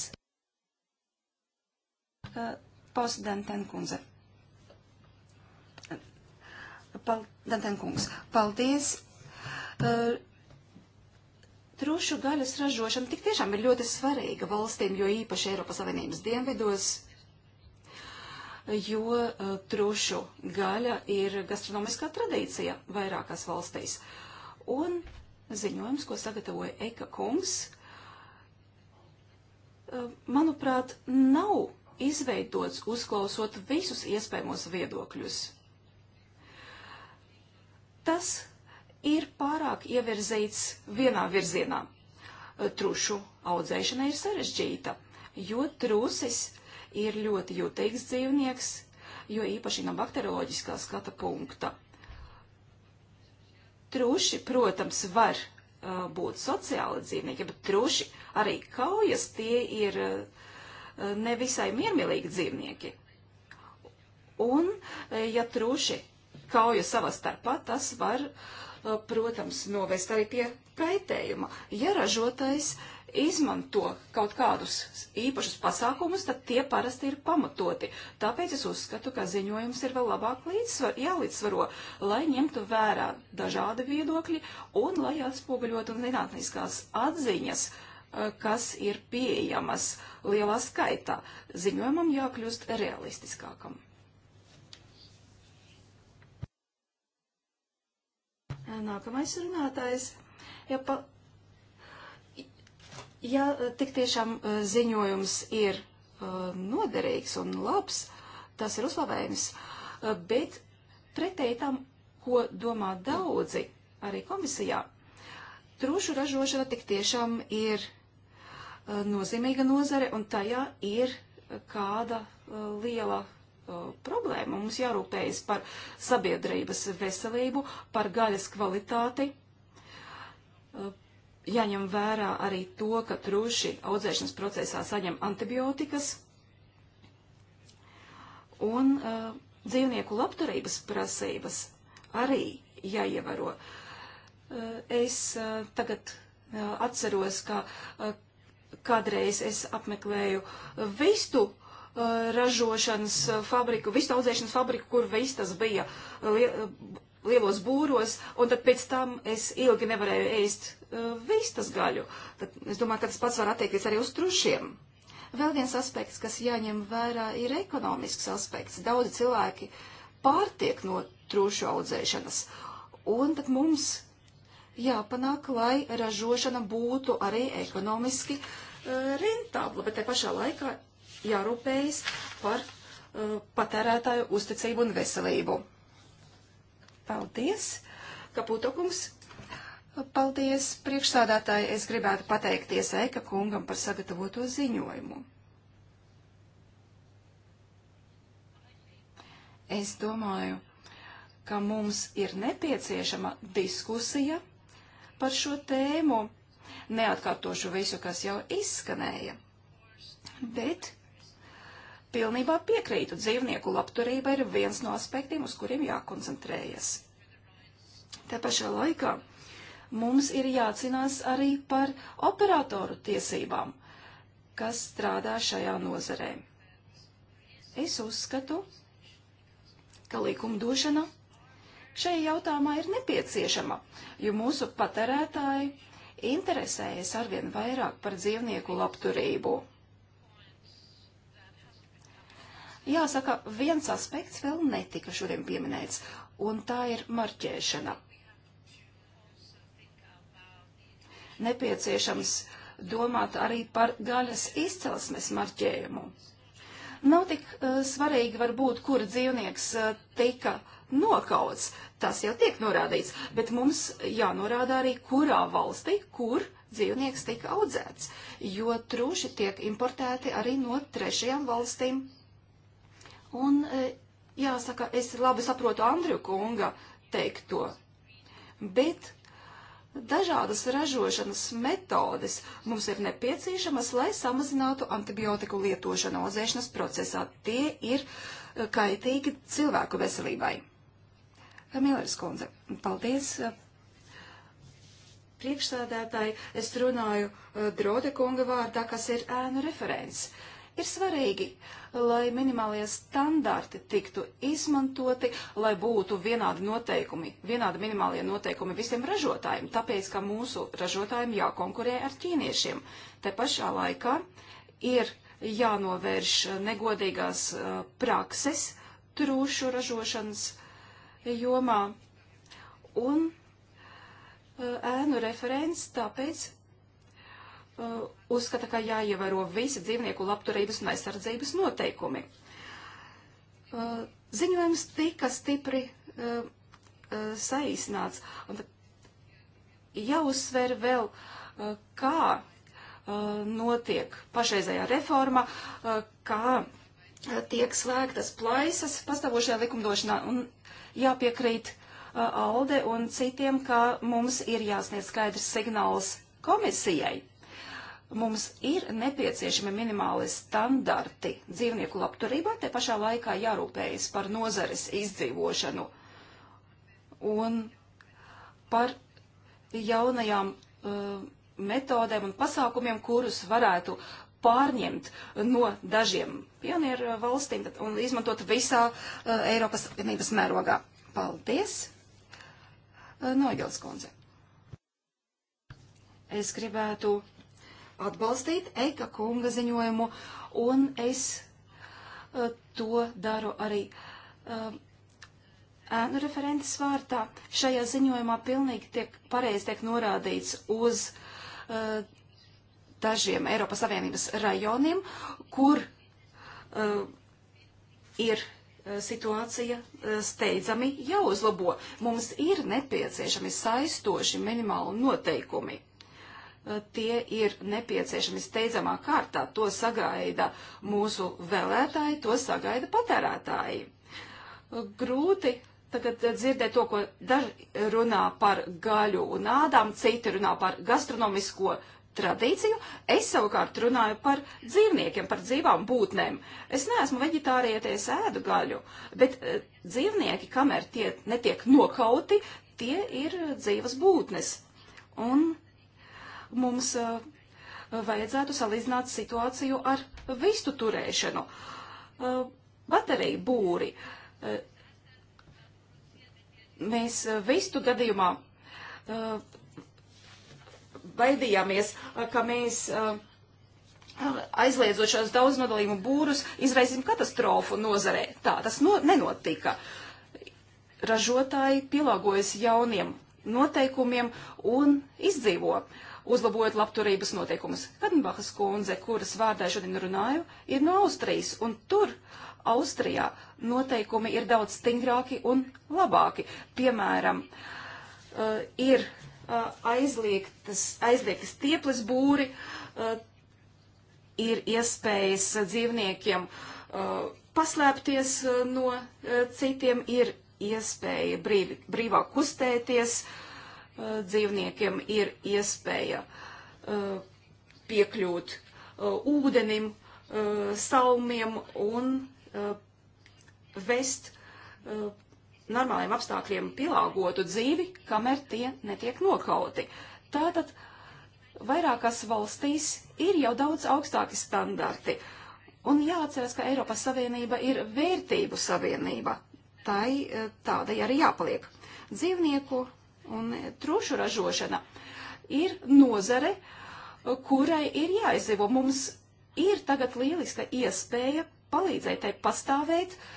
Eh, Paus Dantenkundze. Pal, Dantenkungs, paldies. Eh, trušu gaļas ražošana tik tiešām ir ļoti svarīga valstīm, jo īpaši Eiropas Savienības dienvidos, jo uh, trušu gaļa ir gastronomiskā tradīcija vairākās valstīs. Un ziņojums, ko sagatavoja Eka kungs, uh, manuprāt, nav izveidots uzklausot visus iespējamos viedokļus. Tas ir pārāk ievirzīts vienā virzienā. Trušu audzēšana ir sarežģīta, jo trusis ir ļoti jūtīgs dzīvnieks, jo īpaši no bakterioloģiskā skata punkta. Truši, protams, var uh, būt sociāli dzīvnieki, bet truši arī kaujas tie ir uh, nevisai miermīlīgi dzīvnieki. Un, e, ja trūši kauja savā starpā, tas var, e, protams, novest arī pie kaitējuma. Ja ražotais izmanto kaut kādus īpašus pasākumus, tad tie parasti ir pamatoti. Tāpēc es uzskatu, ka ziņojums ir vēl labāk līdzsvar, jālīdzsvaro, lai ņemtu vērā dažādi viedokļi un lai atspoguļotu zinātniskās atziņas uh, kas ir pieejamas lielā skaitā. Ziņojumam jākļūst realistiskākam. Nākamais runātājs. Ja, pa, ja tik tiešām ziņojums ir noderīgs un labs, tas ir uzslavējums, bet pretēji tam, ko domā daudzi arī komisijā, trūšu ražošana tik tiešām ir Uh, nozīmīga nozare, un tajā ir kāda uh, liela uh, problēma. Mums jārūpējas par sabiedrības veselību, par gaļas kvalitāti. Jāņem vērā arī to, ka truši audzēšanas procesā saņem antibiotikas. Un uh, dzīvnieku labturības prasības arī jāievēro. Uh, es uh, tagad atceros, ka kādreiz es apmeklēju vistu uh, ražošanas uh, fabriku, vistu audzēšanas fabriku, kur vistas bija uh, lielos būros, un tad pēc tam es ilgi nevarēju ēst vistas gaļu. Tad es domāju, ka tas pats var attiekties arī uz trušiem. Vēl viens aspekts, kas jāņem vērā, ir ekonomisks aspekts. Daudzi cilvēki pārtiek no trūšu audzēšanas. Un tad mums jāpanāk, lai ražošana būtu arī ekonomiski uh, rentabla, bet te pašā laikā jārūpējas par uh, patērētāju uzticību un veselību. Paldies, Kaputo kungs. Paldies, priekšsādātāji. Es gribētu pateikties Eika kungam par sagatavoto ziņojumu. Es domāju, ka mums ir nepieciešama diskusija par šo tēmu. Neatkārtošu visu, kas jau izskanēja, bet pilnībā piekrītu, dzīvnieku labturība ir viens no aspektiem, uz kuriem jākoncentrējas. Te pašā laikā mums ir jācinās arī par operatoru tiesībām, kas strādā šajā nozarē. Es uzskatu, ka likumdošana šajā jautājumā ir nepieciešama, jo mūsu patērētāji interesējas arvien vairāk par dzīvnieku labturību. Jāsaka, viens aspekts vēl netika šodien pieminēts, un tā ir marķēšana. Nepieciešams domāt arī par gaļas izcelsmes marķējumu. Nav tik uh, svarīgi varbūt, kur dzīvnieks uh, tika uh, nokauts. Tas jau tiek norādīts, bet mums jānorāda arī, kurā valstī, kur dzīvnieks tika audzēts, jo trūši tiek importēti arī no trešajām valstīm. Un e, jāsaka, es labi saprotu Andriju kunga teikto, bet dažādas ražošanas metodes mums ir nepieciešamas, lai samazinātu antibiotiku lietošanu audzēšanas procesā. Tie ir e, kaitīgi cilvēku veselībai. Milleris kundze, paldies. Eh, Priekšsādētāji, es runāju eh, Drode kunga vārdā, kas ir ēnu referents. Ir svarīgi, lai minimālie standarti tiktu izmantoti, lai būtu vienādi noteikumi, vienādi minimālie noteikumi visiem ražotājiem, tāpēc, ka mūsu ražotājiem jākonkurē ar ķīniešiem. Te pašā laikā ir jānovērš negodīgās uh, prakses trūšu ražošanas uh, jomā. Un eh, ēnu referents tāpēc eh, uzskata, ka jāievēro visi dzīvnieku labturības un aizsardzības noteikumi. Eh, ziņojums tika stipri saīsnāts. Un jāuzsver vēl, kā notiek pašreizējā reforma, kā tiek slēgtas plaisas pastāvošajā likumdošanā un jāpiekrīt uh, Alde un citiem, ka mums ir jāsniedz skaidrs signāls komisijai. Mums ir nepieciešami minimāli standarti dzīvnieku labturībā, te pašā laikā jārūpējas par nozares izdzīvošanu un par jaunajām uh, metodēm un pasākumiem, kurus varētu pārņemt no dažiem pionieru valstīm un izmantot visā eh, Eiropas vienības mērogā. Paldies! Eh, Noigels kundze. Es gribētu atbalstīt Eika kunga ziņojumu, un es eh, to daru arī ēnu referentes vārtā. Šajā ziņojumā pilnīgi tiek pareizi tiek norādīts uz uh, dažiem Eiropas Savienības rajoniem, kur uh, ir eh, situācija eh, steidzami jāuzlabo. Mums ir nepieciešami saistoši minimāli noteikumi. Tie ir nepieciešami steidzamā kārtā. To sagaida mūsu vēlētāji, to sagaida patērētāji. Grūti tagad dzirdēt to, ko daži runā par gaļu un ādām, citi runā par gastronomisko uh, tradīciju. Es savukārt runāju par dzīvniekiem, par dzīvām būtnēm. Es neesmu veģetārieties ēdu gaļu, bet e, dzīvnieki, kamēr tie netiek nokauti, tie ir dzīvas būtnes. Un mums e, vajadzētu salīdzināt situāciju ar vistu turēšanu. E, bateriju būri. Mēs vistu gadījumā baidījāmies, ka mēs aizliedzot šos daudznodalījumu būrus, izraisim katastrofu nozarē. Tā tas no, nenotika. Ražotāji pielāgojas jauniem noteikumiem un izdzīvo, uzlabojot labturības noteikumus. Kadenbachas kundze, kuras vārdā šodien runāju, ir no Austrijas, un tur Austrijā noteikumi ir daudz stingrāki un labāki. Piemēram, uh, ir aizliegtas, aizliegtas tieples būri, ir iespējas dzīvniekiem paslēpties no citiem, ir iespēja brīvi, brīvā kustēties, dzīvniekiem ir iespēja piekļūt ūdenim, salmiem un vest normāliem apstākļiem pielāgotu dzīvi, kamēr tie netiek nokauti. Tātad vairākās valstīs ir jau daudz augstāki standarti. Un jāatceras, ka Eiropas Savienība ir vērtību savienība. Tai e, tādai arī jāpaliek. Dzīvnieku un trušu ražošana ir nozare, kurai ir jāizdzīvo. Mums ir tagad lieliska iespēja palīdzēt tai pastāvēt, uh,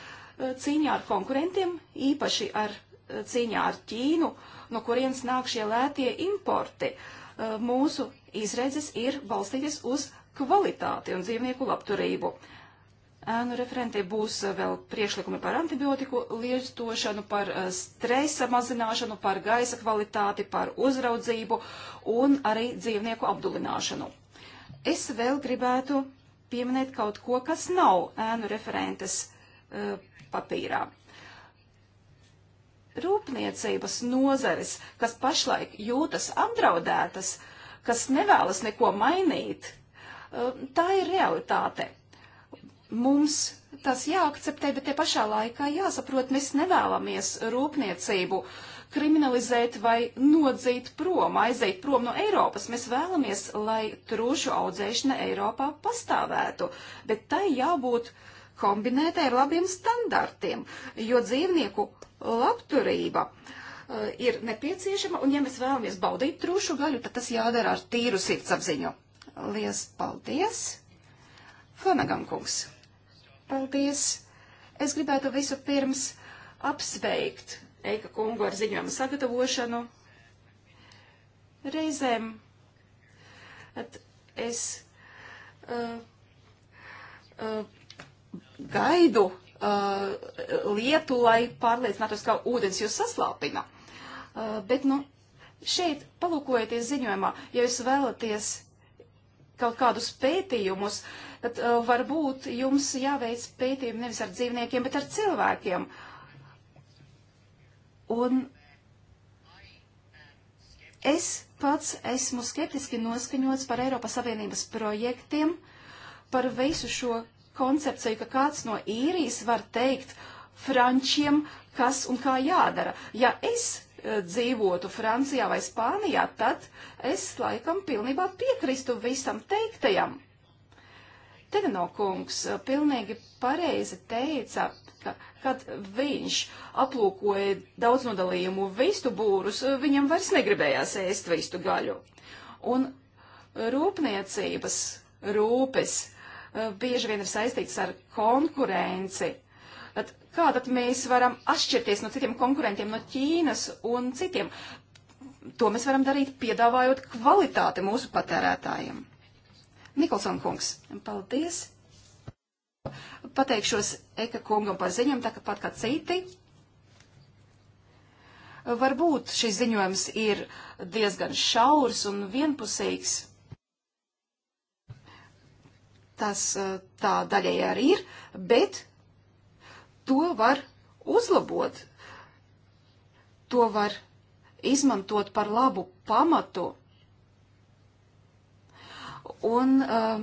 cīņā ar konkurentiem, īpaši ar eh, cīņā ar Ķīnu, no kurienes nāk šie lētie importi. Eh, mūsu izredzes ir balstīties uz kvalitāti un dzīvnieku labturību. Ēnu referentē būs eh, vēl priekšlikumi par antibiotiku lietošanu, par stresa mazināšanu, par gaisa kvalitāti, par uzraudzību un arī dzīvnieku apdulināšanu. Es vēl gribētu pieminēt kaut ko, kas nav ēnu referentes uh, papīrā. Rūpniecības nozares, kas pašlaik jūtas apdraudētas, kas nevēlas neko mainīt, um, tā ir realitāte. Mums tas jāakceptē, bet te pašā laikā jāsaprot, mēs nevēlamies rūpniecību kriminalizēt vai nodzīt prom, aiziet prom no Eiropas. Mēs vēlamies, lai trūšu audzēšana Eiropā pastāvētu, bet tai jābūt uh, kombinēta ar labiem standartiem, jo dzīvnieku labturība uh, ir nepieciešama, un ja mēs vēlamies baudīt trūšu gaļu, tad tas jādara ar tīru sirdsapziņu. Lies paldies! Flanagan kungs, paldies! Es gribētu visu pirms apsveikt Eika kungu ar ziņojumu sagatavošanu. Reizēm es uh, uh, gaidu uh, lietu, lai pārliecinātos, ka ūdens jūs saslāpina. Uh, bet, nu, šeit palūkojieties ziņojumā, ja jūs vēlaties kaut kādus pētījumus, tad uh, varbūt jums jāveic pētījumi nevis ar dzīvniekiem, bet ar cilvēkiem. Un es pats esmu skeptiski noskaņots par Eiropas Savienības projektiem, par visu šo koncepciju, ka kāds no īrijas var teikt frančiem, kas un kā jādara. Ja es eh, dzīvotu Francijā vai Spānijā, tad es laikam pilnībā piekristu visam teiktajam. Tevino kungs eh, pilnīgi pareizi teica, ka, kad viņš aplūkoja daudznodalījumu vistu būrus, eh, viņam vairs negribējās ēst vistu gaļu. Un rūpniecības rūpes Eh, bieži vien ir saistīts ar konkurenci. Tad kā tad mēs varam atšķirties no citiem konkurentiem, no Ķīnas un citiem? To mēs varam darīt, piedāvājot kvalitāti mūsu patērētājiem. Nikolson kungs, paldies! Pateikšos Eka kungam par ziņām, tā kā pat kā citi. Varbūt šis ziņojums ir diezgan šaurs un vienpusīgs, Tas eh, tā daļai arī ir, bet to var uzlabot. To var izmantot par labu pamatu. Un uh,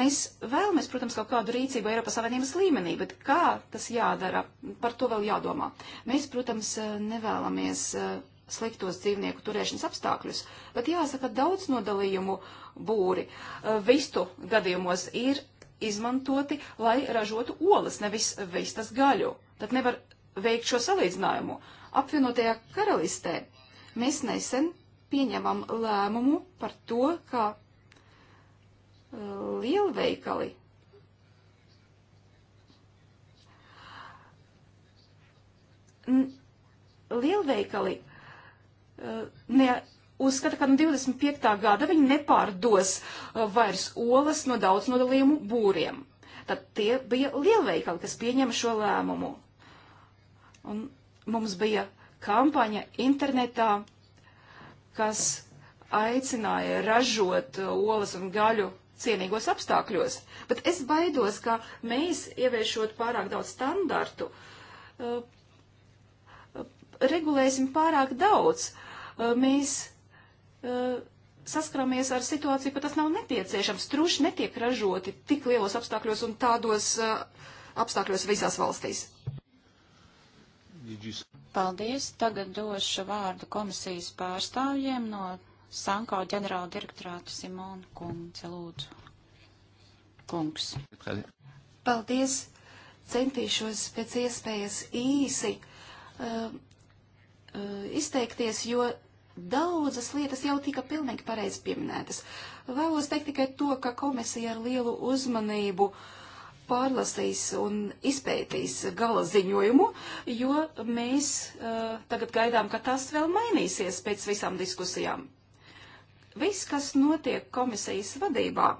mēs vēlamies, protams, kaut kādu rīcību Eiropas Savienības līmenī, bet kā tas jādara, par to vēl jādomā. Mēs, protams, eh, nevēlamies uh, sliktos dzīvnieku turēšanas apstākļus, bet jāsaka, daudz nodalījumu būri e, vistu gadījumos ir izmantoti, lai ražotu olas, nevis vistas gaļu. Tad nevar veikt šo salīdzinājumu. Apvienotajā karalistē mēs nesen pieņemam lēmumu par to, ka e, lielveikali lielveikali Uh, ne, uzskata, ka no 25. gada viņi nepārdos uh, vairs olas no daudz nodalījumu būriem. Tad tie bija lielveikali, kas pieņēma šo lēmumu. Un mums bija kampaņa internetā, kas aicināja ražot uh, olas un gaļu cienīgos apstākļos. Bet es baidos, ka mēs ieviešot pārāk daudz standartu, regulēsim pārāk daudz, Eh, mēs eh, saskaramies ar situāciju, ka tas nav nepieciešams. Truši netiek ražoti tik lielos apstākļos un tādos eh, apstākļos visās valstīs. Paldies. Tagad došu vārdu komisijas pārstāvjiem no Sanko ģenerāla direktorāta Simona Kundze lūdzu. Kungs. Paldies. Centīšos pēc iespējas īsi uh, Eh, izteikties, jo daudzas lietas jau tika pilnīgi pareizi pieminētas. Vēlos teikt tikai to, ka komisija ar lielu uzmanību pārlasīs un izpētīs gala ziņojumu, jo mēs uh, tagad gaidām, ka tas vēl mainīsies pēc visām diskusijām. Viss, kas notiek komisijas vadībā,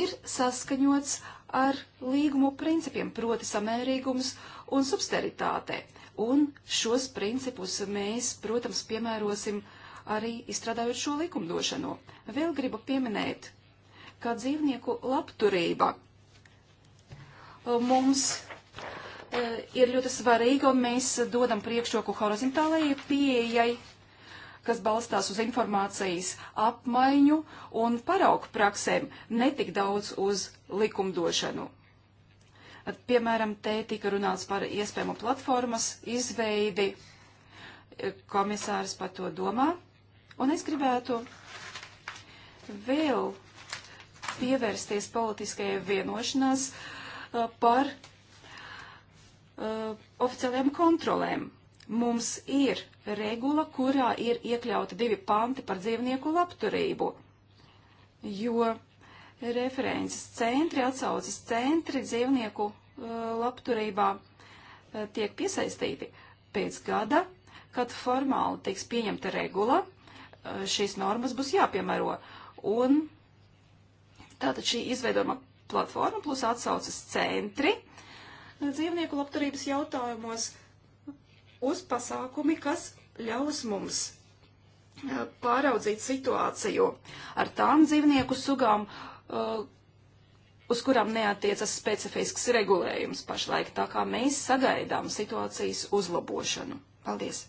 ir saskaņots ar līgumu principiem, proti samērīgums un substeritāte. Uh, Un šos principus mēs, protams, piemērosim arī izstrādājot šo likumdošanu. Vēl gribu pieminēt, ka dzīvnieku labturība e, mums e, ir ļoti svarīga, un mēs dodam priekšroku horizontālajai pieejai, kas balstās uz informācijas apmaiņu un paraugu praksēm, netik daudz uz likumdošanu. Piemēram, te tika runāts par iespējamo platformas izveidi. Komisārs par to domā. Un es gribētu vēl pievērsties politiskajai vienošanās uh, par uh, oficiālajām kontrolēm. Mums ir regula, kurā ir iekļauti divi panti par dzīvnieku labturību, jo references centri, atsaucas centri dzīvnieku uh, labturībā uh, tiek piesaistīti pēc gada, kad formāli tiks pieņemta regula, uh, šīs normas būs jāpiemēro. Un tātad šī izveidojuma platforma plus atsaucas centri dzīvnieku labturības jautājumos uz pasākumi, kas ļaus mums pāraudzīt situāciju ar tām dzīvnieku sugām, Uh, uz kurām neatiecas specifisks regulējums pašlaik, tā kā mēs sagaidām situācijas uzlabošanu. Paldies!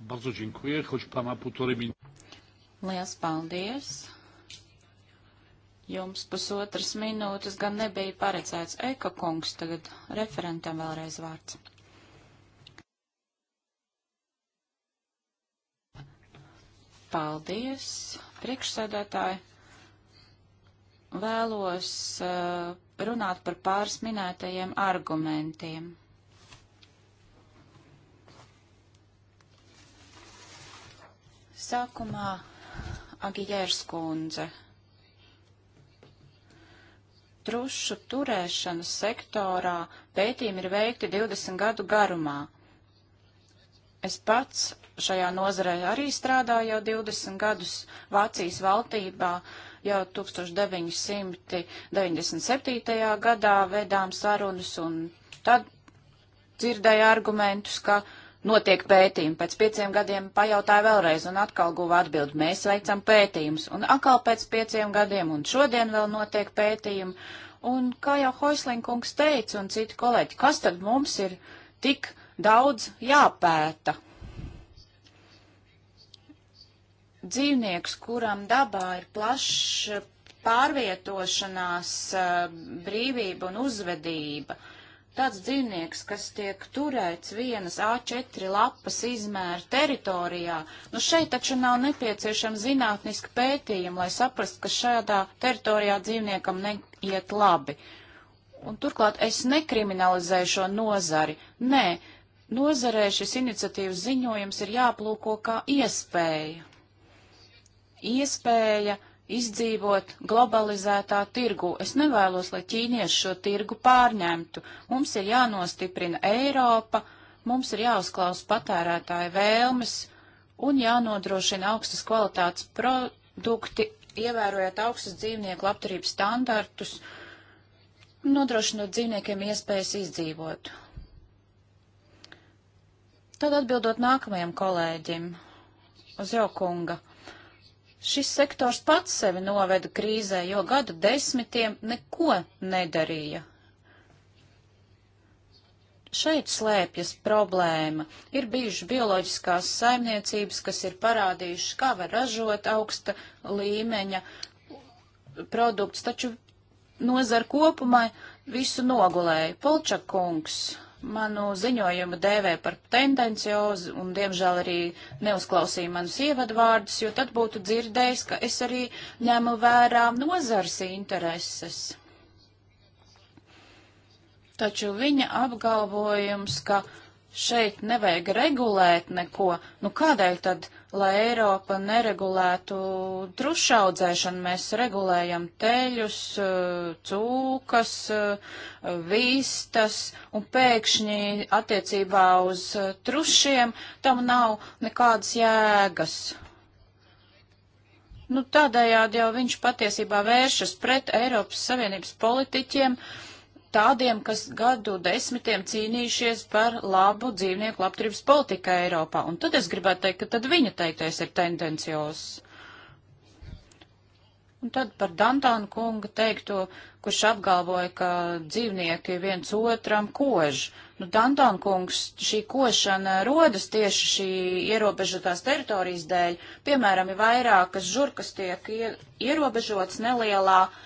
Bardzo dziękuję, choć pana półtorej minuty. Lielas paldies! Jums pusotras minūtes gan nebija paredzēts. Eka kungs, tagad referentam vēlreiz vārds. Paldies, priekšsēdētāji! vēlos uh, runāt par pāris minētajiem argumentiem. Sākumā Agijērs kundze. Trušu turēšanas sektorā pētījumi ir veikti 20 gadu garumā. Es pats šajā nozarē arī strādāju jau 20 gadus Vācijas valdībā. Uh, Jau 1997. gadā vedām sarunas un tad dzirdēja argumentus, ka notiek pētījumi. Pēc pieciem gadiem pajautāja vēlreiz un atkal guva atbildi, mēs veicam pētījumus. Un atkal pēc pieciem gadiem un šodien vēl notiek pētījumi. Un kā jau Hoislinkungs teica un citi kolēģi, kas tad mums ir tik daudz jāpēta? dzīvnieks, kuram dabā ir plaša pārvietošanās eh, brīvība un uzvedība. Tāds dzīvnieks, kas tiek turēts vienas A4 lapas izmēra teritorijā, nu šeit taču nav nepieciešama zinātniska pētījuma, lai saprastu, ka šādā teritorijā dzīvniekam neiet labi. Un turklāt es nekriminalizēju šo nozari. Nē, nozarē šis iniciatīvas ziņojums ir jāplūko kā iespēja iespēja izdzīvot globalizētā tirgu. Es nevēlos, lai ķīnieši šo tirgu pārņemtu. Mums ir jānostiprina Eiropa, mums ir jāuzklausa patērētāja vēlmes un jānodrošina augstas kvalitātes produkti, ievērojot augstus dzīvnieku labturības standartus, nodrošinot dzīvniekiem iespējas izdzīvot. Tad atbildot nākamajam kolēģim, uz jau kunga. Šis sektors pats sevi noveda krīzē, jo gadu desmitiem neko nedarīja. Šeit slēpjas problēma. Ir bijušas bioloģiskās saimniecības, kas ir parādījušas, kā var ražot augsta līmeņa produkts, taču nozar kopumai visu nogulēja. Polčakungs manu ziņojumu dēvē par tendenciozu un, diemžēl, arī neuzklausīja manus ievadvārdus, jo tad būtu dzirdējis, ka es arī ņemu vērā nozars intereses. Taču viņa apgalvojums, ka šeit nevajag regulēt neko, nu kādēļ tad lai Eiropa neregulētu trušaudzēšanu. Mēs regulējam teļus, eh, cūkas, eh, vistas, un pēkšņi attiecībā uz eh, trušiem tam nav nekādas jēgas. Nu, tādējādi jau viņš patiesībā vēršas pret Eiropas Savienības politiķiem, uh, tādiem, kas gadu desmitiem cīnījušies par labu dzīvnieku labturības politiku Eiropā. Un tad es gribētu teikt, ka tad viņa teiktais ir tendencios. Un tad par Dantānu kunga teikto, kurš apgalvoja, ka dzīvnieki viens otram kož. Nu, Dantāna kungs, šī košana rodas tieši šī ierobežotās teritorijas dēļ. Piemēram, ir vairākas žurkas tiek ierobežotas nelielā uh,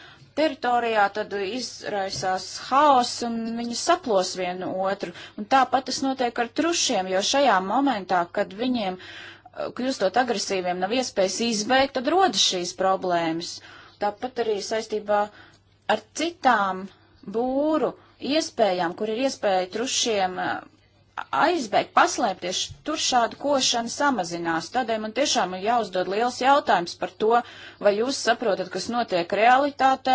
teritorijā, tad izraisās haoss un viņi saplos vienu otru. Un tāpat tas notiek ar trušiem, jo šajā momentā, kad viņiem uh, kļūstot agresīviem nav iespējas izbeigt, tad rodas šīs problēmas. Tāpat arī saistībā ar citām būru iespējām, kur ir iespēja trušiem uh, aizbēgt, paslēpties, tur šāda košana samazinās. Tādēļ man tiešām ir jāuzdod liels jautājums par to, vai jūs saprotat, kas notiek realitātē,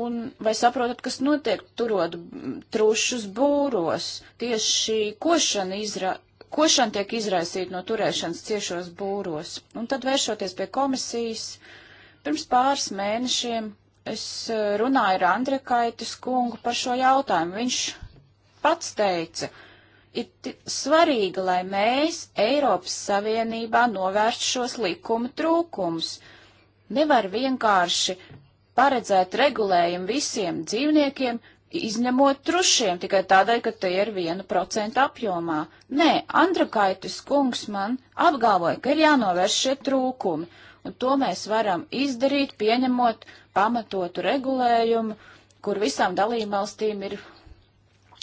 un vai saprotat, kas notiek turot trušus būros. Tieši šī košana izra. Košana tiek izraisīta no turēšanas ciešos būros. Un tad vēršoties pie komisijas, pirms pāris mēnešiem es eh, runāju ar Andrekaitis kungu par šo jautājumu. Viņš pats teica, ir svarīgi, lai mēs Eiropas Savienībā novērstu šos likuma trūkumus. Nevar vienkārši paredzēt regulējumu visiem dzīvniekiem, izņemot trušiem tikai tādēļ, ka tie ir viena procenta apjomā. Nē, Andrakaitis kungs man apgalvoja, ka ir jānovērš šie trūkumi, un to mēs varam izdarīt, pieņemot pamatotu regulējumu, kur visām dalībvalstīm ir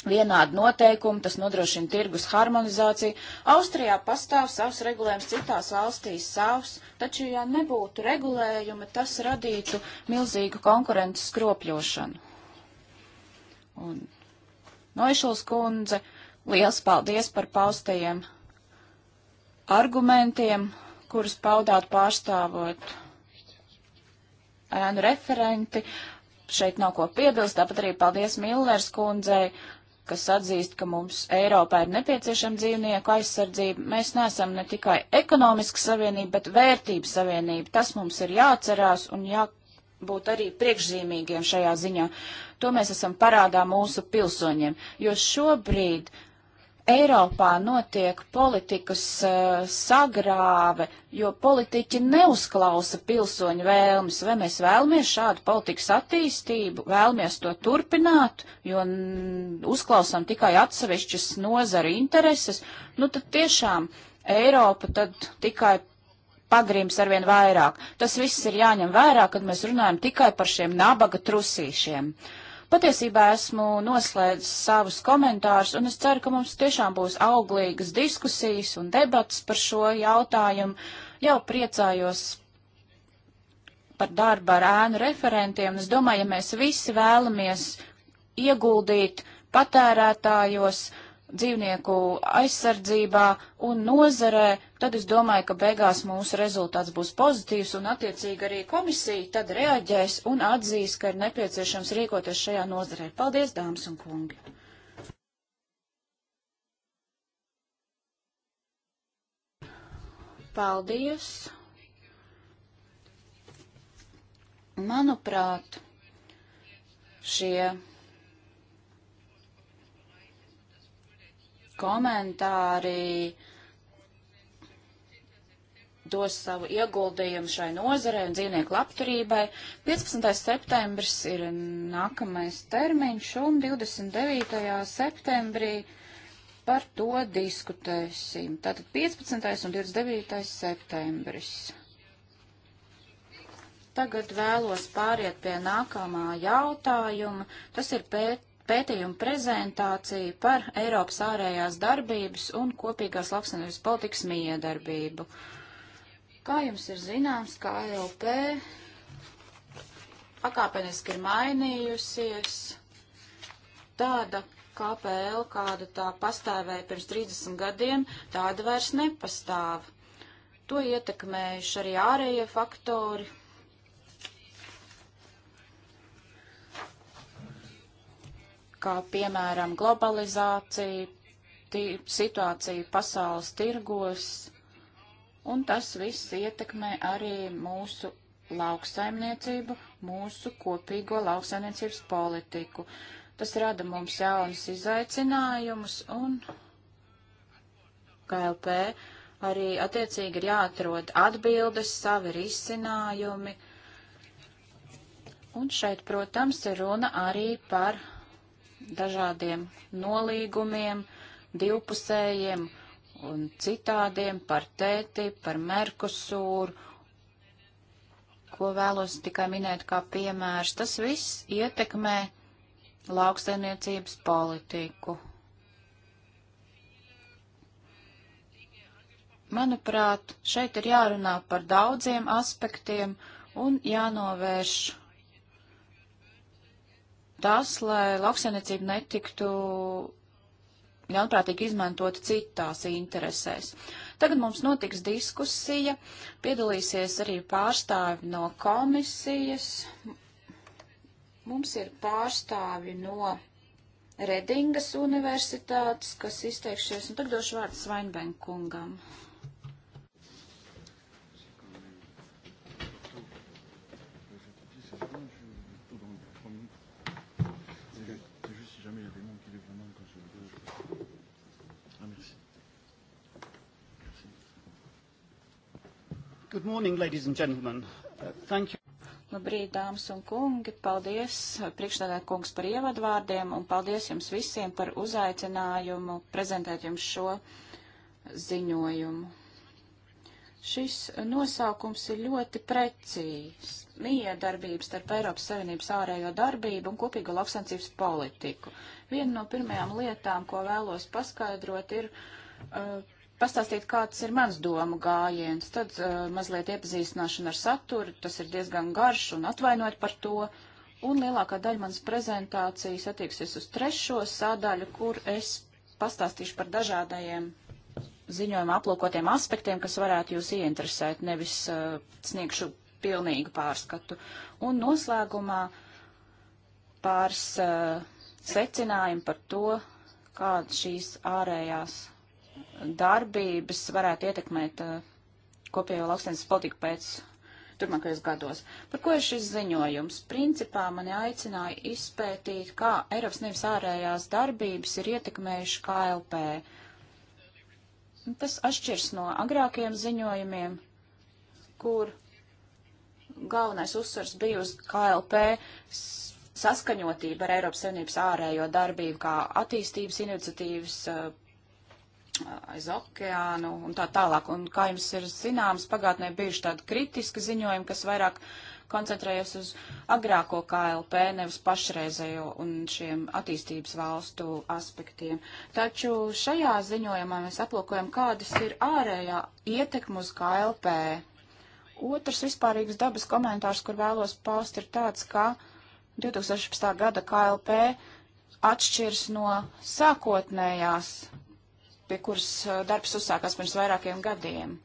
vienādi noteikumi, tas nodrošina tirgus harmonizāciju. Austrijā pastāv savs regulējums, citās valstīs savs, taču, ja nebūtu regulējuma, tas radītu milzīgu konkurences skropļošanu. Un Noišuls kundze, liels paldies par paustajiem argumentiem, kurus paudāt pārstāvot ēnu referenti šeit nav ko piebilst, tāpat arī paldies Millers kundzei kas atzīst, ka mums Eiropā ir nepieciešama dzīvnieku aizsardzība. Mēs neesam ne tikai ekonomiska savienība, bet vērtības savienība. Tas mums ir jāatcerās un jābūt arī priekšzīmīgiem šajā ziņā. To mēs esam parādā mūsu pilsoņiem, jo šobrīd Eiropā notiek politikas uh, sagrāve, jo politiķi neuzklausa pilsoņu vēlmes, vai mēs vēlamies šādu politikas attīstību, vēlamies to turpināt, jo uzklausām tikai atsevišķas nozara intereses, nu tad tiešām Eiropa tad tikai pagrims arvien vairāk. Tas viss ir jāņem vērā, kad mēs runājam tikai par šiem nabaga trusīšiem. Uh, Patiesībā esmu noslēdzis savus komentārus, un es ceru, ka mums tiešām būs auglīgas diskusijas un debats par šo jautājumu. Jau priecājos par darbu ar ēnu referentiem. Es domāju, ja mēs visi vēlamies ieguldīt patērētājos, uh, dzīvnieku aizsardzībā un nozarē, tad es domāju, ka beigās mūsu rezultāts būs pozitīvs un attiecīgi arī komisija tad reaģēs un atzīs, ka ir nepieciešams rīkoties šajā nozarē. Paldies, dāmas un kungi! Paldies! Manuprāt, šie komentāri dos savu ieguldījumu šai nozarei un dzīvnieku labturībai. 15. septembris ir nākamais termiņš, un 29. septembrī par to diskutēsim. Tātad 15. un 29. septembris. Tagad vēlos pāriet pie nākamā jautājuma. Tas ir pēt pētījumu prezentāciju par Eiropas ārējās darbības un kopīgās lauksaimniecības politikas miedarbību. Kā jums ir zināms, kā LP pakāpeniski ir mainījusies tāda KPL, kāda tā pastāvēja pirms 30 gadiem, tāda vairs nepastāv. To ietekmējuši arī ārējie faktori, kā piemēram globalizācija, tī, situācija pasaules tirgos, un tas viss ietekmē arī mūsu lauksaimniecību, mūsu kopīgo lauksaimniecības politiku. Tas rada mums jaunas izaicinājumus un KLP arī attiecīgi ir jāatrod atbildes, savi risinājumi. Un šeit, protams, ir runa arī par dažādiem nolīgumiem, divpusējiem un citādiem par tēti, par Merkusūru, ko vēlos tikai minēt kā piemērs. Tas viss ietekmē lauksainiecības politiku. Manuprāt, šeit ir jārunā par daudziem aspektiem un jānovērš tas, lai lauksainiecība netiktu ļaunprātīgi izmantota citās interesēs. Tagad mums notiks diskusija, piedalīsies arī pārstāvi no komisijas. Mums ir pārstāvi no Redingas universitātes, kas izteikšies, un tagad došu vārdu Svainbenkungam. kungam. Good morning, ladies and gentlemen. Uh, thank you. Labrīt, dāmas un kungi! Paldies, priekšstādāt kungs, par ievadvārdiem un paldies jums visiem par uzaicinājumu prezentēt jums šo ziņojumu. Šis nosaukums ir ļoti precīzs. Miedarbības starp Eiropas Savienības ārējo darbību un kopīgo lauksancības politiku. Viena no pirmajām lietām, ko vēlos paskaidrot, ir uh, pastāstīt, kāds ir mans domu gājiens. Tad uh, mazliet iepazīstināšana ar saturu, tas ir diezgan garš un atvainojot par to. Un lielākā daļa manas prezentācijas attieksies uz trešo sādaļu, kur es pastāstīšu par dažādajiem ziņojuma aplūkotiem aspektiem, kas varētu jūs ieinteresēt, nevis uh, sniegšu pilnīgu pārskatu. Un noslēgumā pāris uh, secinājumi par to, kāda šīs ārējās darbības varētu ietekmēt uh, kopējo lauksaimnes politiku pēc turpmākajos gados. Par ko ir šis ziņojums? Principā mani aicināja izpētīt, kā Eiropas nevis ārējās darbības ir ietekmējuši KLP. Tas atšķirs no agrākajiem ziņojumiem, kur galvenais uzsvars bija uz KLP saskaņotību ar Eiropas Savienības ārējo darbību, kā attīstības iniciatīvas, uh, aiz okeānu un tā tālāk. Un kā jums ir zināms, pagātnē bijuši tādi kritiski ziņojumi, kas vairāk koncentrējas uz agrāko KLP, nevis pašreizējo un šiem attīstības valstu aspektiem. Taču šajā ziņojumā mēs aplūkojam, kādas ir ārējā ietekma uz KLP. Otrs vispārīgs dabas komentārs, kur vēlos paust, ir tāds, ka 2016. gada KLP atšķirs no sākotnējās pie kuras darbs uzsākās pirms vairākiem gadiem.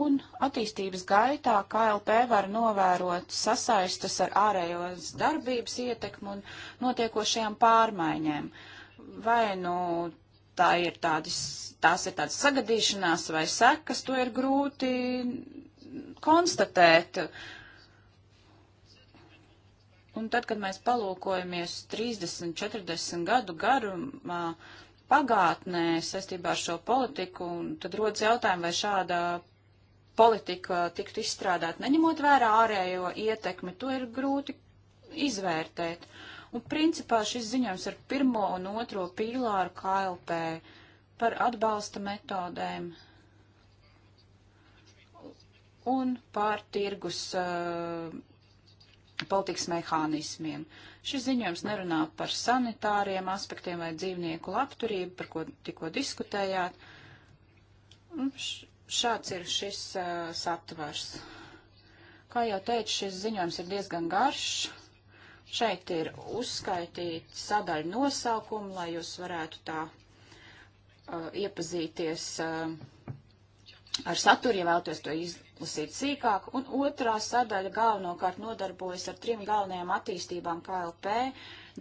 Un attīstības gaitā KLP var novērot sasaistas ar ārējos darbības ietekmu un notiekošajām pārmaiņām. Vai nu tā ir tādas, tās ir tādas sagadīšanās vai sekas, to ir grūti konstatēt. Un tad, kad mēs palūkojamies 30, 40 gadu garumā, uh, pagātnē saistībā ar šo politiku, un tad rodas jautājumi, vai šāda politika tiktu izstrādāt, neņemot vērā ārējo ietekmi, to ir grūti izvērtēt. Un principā šis ziņojums ar pirmo un otro pīlāru KLP par atbalsta metodēm un par tirgus uh, politikas mehānismiem. Uh, Šis ziņojums nerunā par sanitāriem aspektiem vai dzīvnieku labturību, par ko tikko diskutējāt. Šāds ir šis uh, satvars. Kā jau teicu, šis ziņojums ir diezgan garš. Šeit ir uzskaitīti sadaļu nosaukumi, lai jūs varētu tā uh, iepazīties. Uh, ar saturu, ja vēlaties to izlasīt sīkāk. Un otrā sadaļa galvenokārt nodarbojas ar trim galvenajām attīstībām KLP.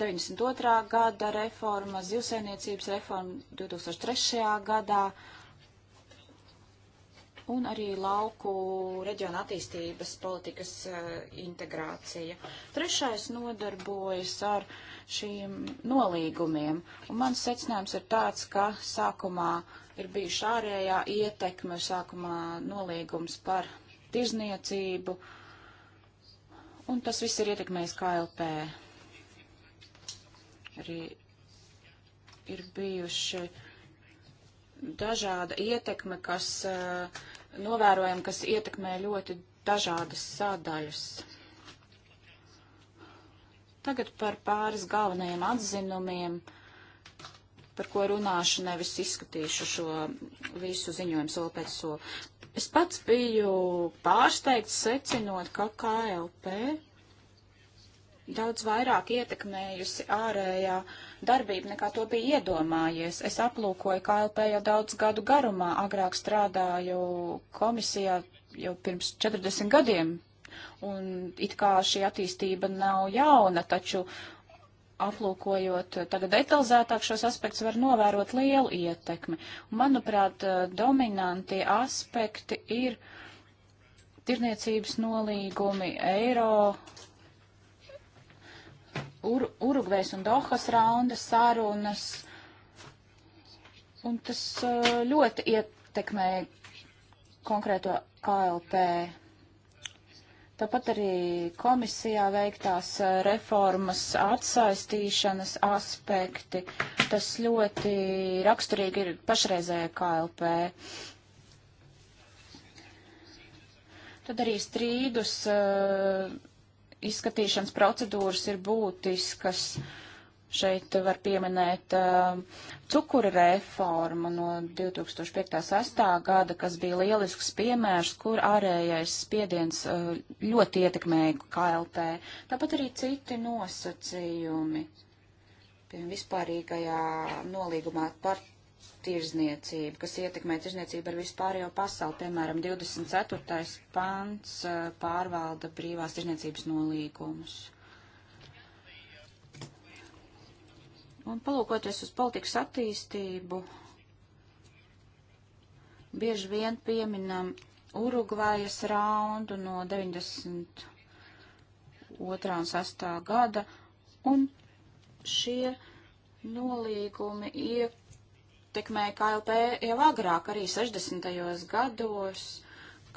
92. gada reforma, zivsēniecības reforma 2003. gadā un arī lauku reģiona attīstības politikas uh, integrācija. Trešais nodarbojas ar šīm nolīgumiem, un mans secinājums ir tāds, ka sākumā uh, ir bijuši ārējā ietekme, sākumā nolīgums par tirzniecību, un tas viss ir ietekmējis KLP. Arī ir bijuši dažāda ietekme, kas uh, novērojam, kas ietekmē ļoti dažādas sādaļas. Tagad par pāris galvenajiem atzinumiem. Uh, par ko runāšu, nevis izskatīšu šo visu ziņojumu soli pēc soli. Es pats biju pārsteigts secinot, ka KLP daudz vairāk ietekmējusi ārējā darbība, nekā to bija iedomājies. Es aplūkoju KLP jau daudz gadu garumā, agrāk strādāju komisijā jau pirms 40 gadiem, un it kā šī attīstība nav jauna, taču aplūkojot eh, tagad detalizētāk šos aspektus, var novērot lielu ietekmi. Un, manuprāt, eh, dominantie aspekti ir tirniecības nolīgumi, eiro, Ur Urugvēs un Dohas raundas sarunas. Un tas eh, ļoti ietekmē konkrēto KLP Tāpat arī komisijā veiktās eh, reformas atsaistīšanas aspekti, tas ļoti raksturīgi ir pašreizējai KLP. Tad arī strīdus uh, izskatīšanas procedūras ir būtiskas. Uh, Šeit var pieminēt uh, eh, cukura reformu no 2005.6. gada, kas bija lielisks piemērs, kur ārējais spiediens uh, ļoti ietekmēja KLP. Tāpat arī citi nosacījumi, piemēram, vispārīgajā nolīgumā par tirzniecību, kas ietekmē tirzniecību ar vispārējo pasauli. Piemēram, 24. pants eh, pārvalda brīvās tirzniecības nolīgumus. Un palūkoties uz politikas attīstību, bieži vien pieminam Urugvajas raundu no 92. un 6. gada, un šie nolīgumi ietekmēja KLP jau agrāk, arī 60. gados,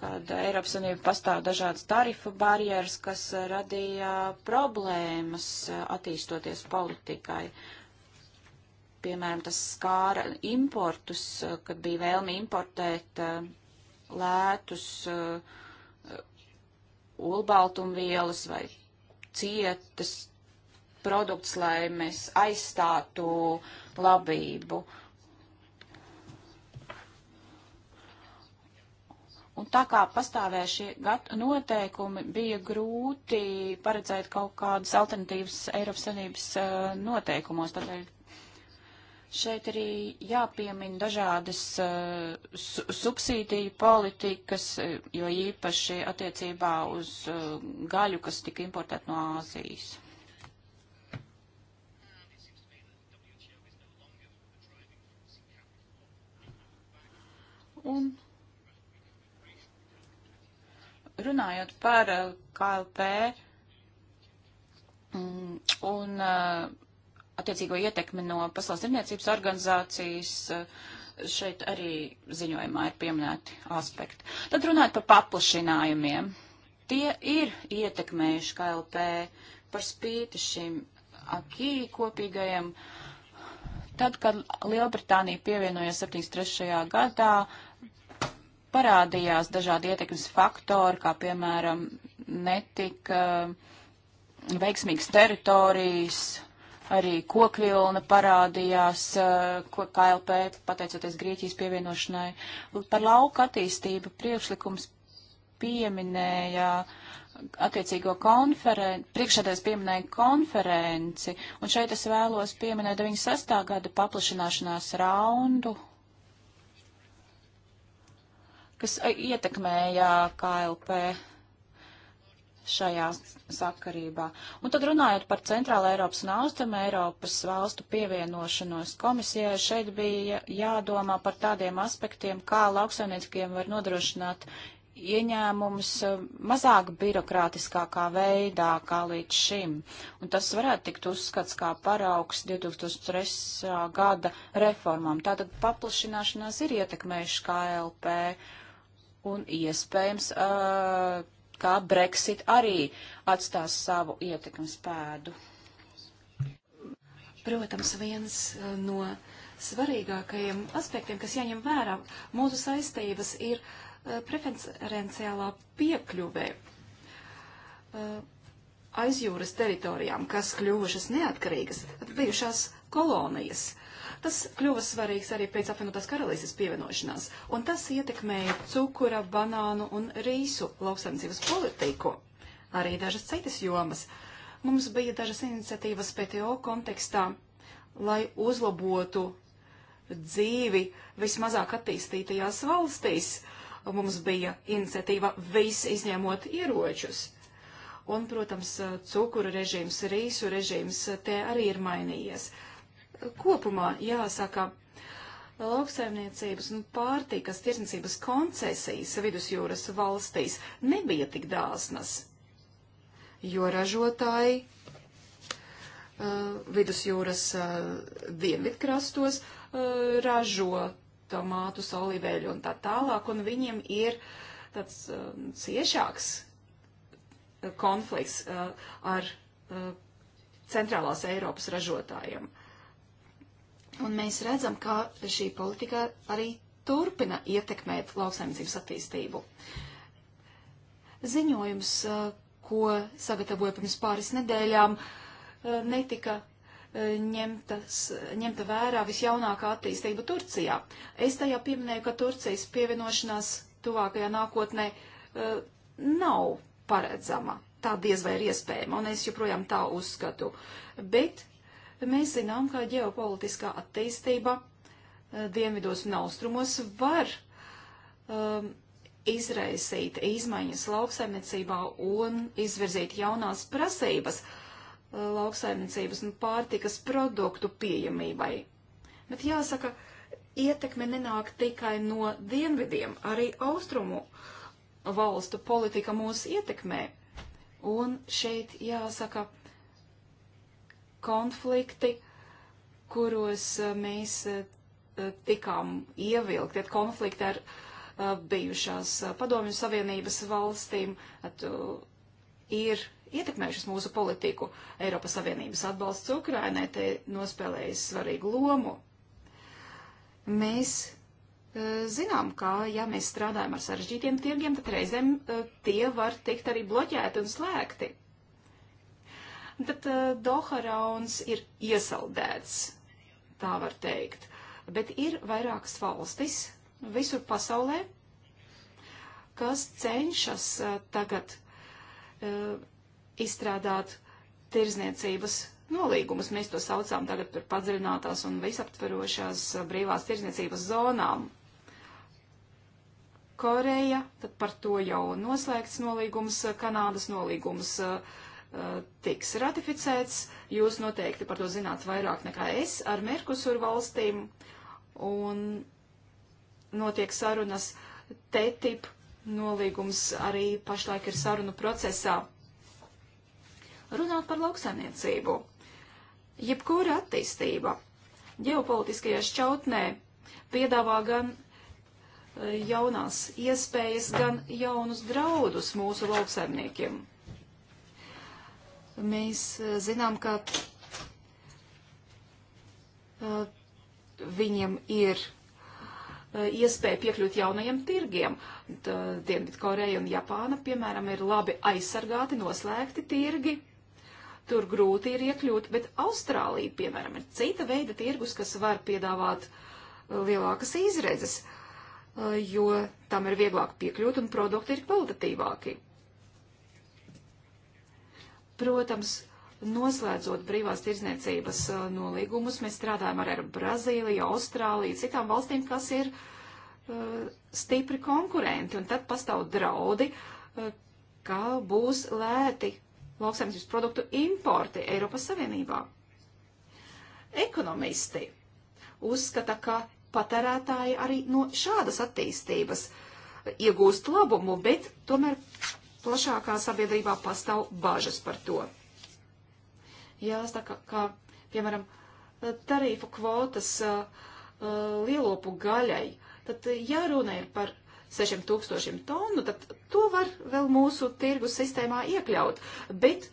kad Eiropas Savienība pastāv dažādas tarifu barjeras, kas radīja problēmas attīstoties politikai piemēram, tas skāra importus, eh, kad bija vēlme importēt eh, lētus eh, olbaltumvielas vai cietas produkts, lai mēs aizstātu labību. Un tā kā pastāvēja šie noteikumi, bija grūti paredzēt kaut kādas alternatīvas Eiropas Savienības noteikumos, tādēļ Šeit arī jāpiemina dažādas uh, subsīdiju politikas, eh, jo īpaši attiecībā uz uh, gaļu, kas tika importēta no Āzijas. Un runājot par KLP mm, un uh, attiecīgo ietekmi no Pasaules tirniecības organizācijas. Eh, šeit arī ziņojumā ir pieminēti aspekti. Tad runājot par paplašinājumiem. Tie ir ietekmējuši KLP par spīti šim akī kopīgajam. Tad, kad Lielbritānija pievienoja 73. gadā, parādījās dažādi ietekmes faktori, kā piemēram netika veiksmīgas teritorijas, Arī kokvilna parādījās eh, KLP, pateicoties Grieķijas pievienošanai. Par lauka attīstību priekšlikums pieminēja attiecīgo konferenci, priekšsēdājs pieminēja konferenci, un šeit es vēlos pieminēt 96. gada paplašināšanās raundu, kas eh, ietekmēja KLP šajā sakarībā. Un tad runājot par Centrāla Eiropas un Austruma Eiropas valstu pievienošanos komisijai, šeit bija jādomā par tādiem aspektiem, kā lauksaimniekiem var nodrošināt ieņēmumus eh, mazāk birokrātiskākā veidā kā līdz šim. Un tas varētu tikt uzskats kā paraugs 2003. Eh, gada reformām. Tātad paplašināšanās ir ietekmējuši KLP un iespējams uh, kā Brexit arī atstās savu ietekmes pēdu. Protams, viens eh, no svarīgākajiem aspektiem, kas jāņem vērā, mūsu saistības ir uh, preferenciālā piekļuvē uh, aizjūras teritorijām, kas kļuvušas neatkarīgas, bijušās kolonijas. Tas kļuva svarīgs arī pēc apvienotās karalīstas pievienošanās, un tas ietekmēja cukura, banānu un rīsu lauksaimniecības politiku, arī dažas citas jomas. Mums bija dažas iniciatīvas PTO kontekstā, lai uzlabotu dzīvi vismazāk attīstītajās valstīs. Mums bija iniciatīva viss izņemot ieročus. Un, protams, cukuru režīms, rīsu režīms, tie arī ir mainījies. Uh, kopumā jāsaka, lauksaimniecības un pārtīkas tirsniecības koncesijas vidusjūras valstīs nebija tik dāsnas, jo ražotāji uh, vidusjūras uh, dienvidkrastos uh, ražo tomātus, oliveļu un tā tālāk, un viņiem ir tāds uh, ciešāks uh, konflikts uh, ar uh, centrālās Eiropas ražotājiem. Uh, Un mēs redzam, ka šī politika arī turpina ietekmēt lauksaimniecības attīstību. Ziņojums, eh, ko sagatavoja pirms pāris nedēļām, eh, netika eh, ņemtas, ņemta vērā visjaunākā attīstība Turcijā. Es tajā pieminēju, ka Turcijas pievienošanās tuvākajā nākotnē nav paredzama. Tā diez vai ir iespējama, un es joprojām tā uzskatu. Bet Mēs zinām, ka ģeopolitiskā attīstība eh, dienvidos un austrumos var um, izraisīt izmaiņas lauksaimniecībā un izvirzīt jaunās prasības eh, lauksaimniecības un pārtikas produktu pieejamībai. Bet jāsaka, ietekme nenāk tikai no dienvidiem, arī austrumu valstu politika mūs ietekmē. Un šeit jāsaka, konflikti, kuros eh, mēs eh, eh, tikām ievilkti, tad konflikti ar bijušās padomju savienības valstīm at, ir ietekmējušas mūsu politiku. Eiropas Savienības atbalsts Ukrainai te nospēlējis svarīgu lomu. Mēs Zinām, ka ja mēs strādājam ar sarežģītiem tirgiem, tad reizēm tie var tikt arī bloķēti un slēgti. Tad uh, Doha rauns ir iesaldēts, tā var teikt. Bet ir vairākas valstis visur pasaulē, kas cenšas uh, tagad uh, izstrādāt tirzniecības nolīgumus. Mēs to saucām tagad par padziļinātās un visaptverošās brīvās tirzniecības zonām. Koreja, tad par to jau noslēgts nolīgums, Kanādas nolīgums, uh, tiks ratificēts. Jūs noteikti par to zināt vairāk nekā es ar Merkusur valstīm. Un notiek sarunas TTIP nolīgums arī pašlaik ir sarunu procesā. Runāt par lauksaimniecību. Jebkura attīstība ģeopolitiskajā šķautnē piedāvā gan eh, jaunās iespējas, gan jaunus draudus mūsu lauksaimniekiem. Mēs eh, zinām, ka eh, viņiem ir eh, iespēja piekļūt jaunajiem tirgiem. Dienvidkoreja un Japāna, piemēram, ir labi aizsargāti, noslēgti tirgi. Tur grūti ir iekļūt, bet Austrālija, piemēram, ir cita veida tirgus, kas var piedāvāt lielākas izredzes, jo tam ir vieglāk piekļūt un produkti ir kvalitatīvāki. Protams, noslēdzot brīvās tirdzniecības uh, nolīgumus, mēs strādājam ar, ar Brazīliju, Austrāliju, citām valstīm, kas ir uh, stipri konkurenti, un tad pastāv draudi, uh, ka būs lēti lauksaimniecības produktu importi Eiropas Savienībā. Ekonomisti uzskata, ka patērētāji arī no šādas attīstības iegūst labumu, bet tomēr plašākā sabiedrībā pastāv bažas par to. Jāsaka, ka, piemēram, tarīfu kvotas uh, lielopu gaļai, tad jārunā ir par 6000 tonu, tad to var vēl mūsu tirgus sistēmā iekļaut. Bet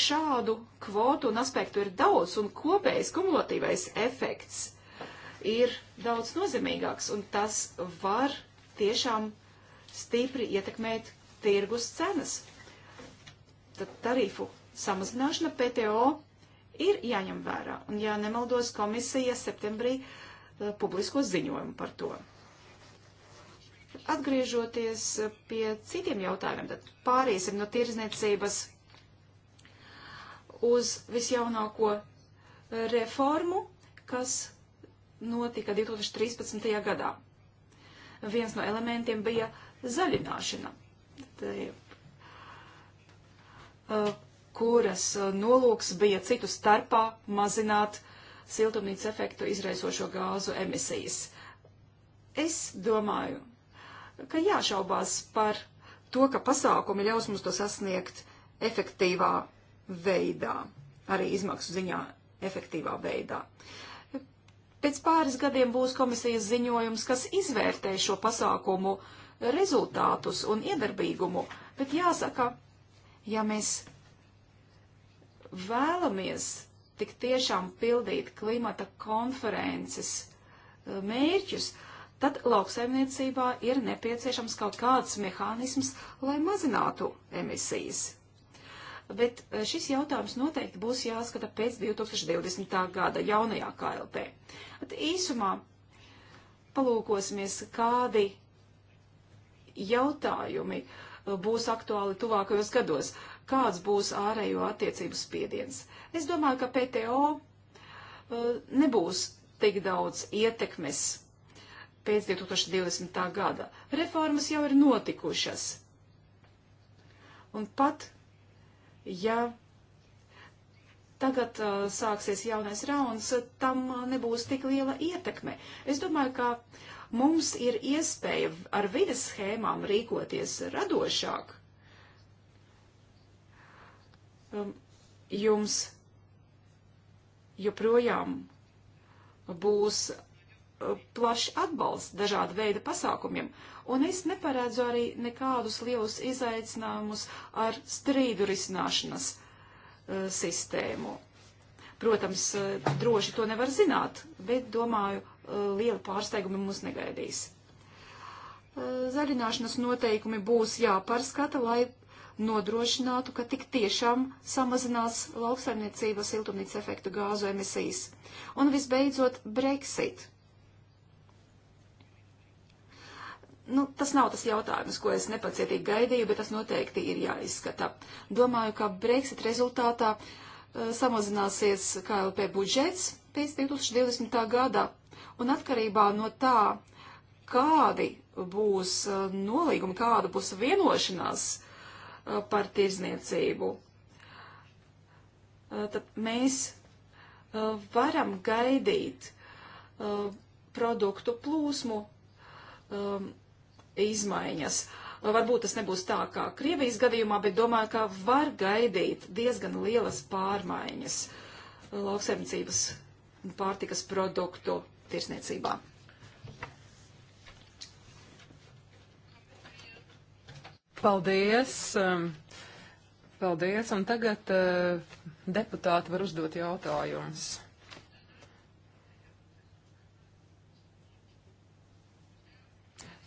šādu kvotu un aspektu ir daudz, un kopējais kumulatīvais efekts ir daudz nozīmīgāks, un tas var tiešām stipri ietekmēt tirgus cenas. Tad tarifu samazināšana PTO ir jāņem vērā, un ja nemaldos komisija septembrī uh, publisko ziņojumu par to. Atgriežoties eh, pie citiem jautājumiem, tad pāriesim no tirzniecības uz visjaunāko eh, reformu, kas notika 2013. gadā. Viens no elementiem bija zaļināšana. Taip. Kuras nolūks bija citu starpā mazināt siltumnīca efektu izraisošo gāzu emisijas. Es domāju, ka jāšaubās par to, ka pasākumi ļaus mums to sasniegt efektīvā veidā, arī izmaksu ziņā efektīvā veidā. Pēc pāris gadiem būs komisijas ziņojums, kas izvērtē šo pasākumu uh, rezultātus un iedarbīgumu, bet jāsaka, ja mēs vēlamies tik tiešām pildīt klimata konferences eh, mērķus, tad lauksaimniecībā ir nepieciešams kaut kāds mehānisms, lai mazinātu emisijas. Bet eh, šis jautājums noteikti būs jāskata pēc 2020. gada jaunajā KLP. At īsumā palūkosimies, kādi jautājumi uh, būs aktuāli tuvākajos gados. Kāds būs ārējo attiecību spiediens? Es domāju, ka PTO uh, nebūs tik daudz ietekmes pēc 2020. gada. Reformas jau ir notikušas. Un pat, ja tagad uh, sāksies jaunais rauns, tam uh, nebūs tik liela ietekme. Es domāju, ka Mums ir iespēja ar vides schēmām rīkoties radošāk. Um, jums joprojām būs uh, plašs atbalsts dažāda veida pasākumiem, un es neparedzu arī nekādus lielus izaicinājumus ar strīdu risināšanas uh, sistēmu. Protams, uh, droši to nevar zināt, bet domāju, liela pārsteiguma mūs negaidīs. Zaļināšanas noteikumi būs jāpārskata, lai nodrošinātu, ka tik tiešām samazinās lauksaimniecības siltumnīca efektu gāzu emisijas. Un visbeidzot, Brexit. Nu, tas nav tas jautājums, ko es nepacietīgi gaidīju, bet tas noteikti ir jāizskata. Domāju, ka Brexit rezultātā uh, samazināsies KLP budžets pēc 2020. gada Un atkarībā no tā, kādi būs uh, nolīgumi, kāda būs vienošanās uh, par tirzniecību, uh, tad mēs varam gaidīt produktu plūsmu um, izmaiņas. Varbūt tas nebūs tā kā Krievijas gadījumā, bet domāju, ka var gaidīt diezgan lielas pārmaiņas lauksaimniecības pārtikas produktu tirsniecībā. Paldies! Um, paldies! Un tagad uh, deputāti var uzdot jautājumus.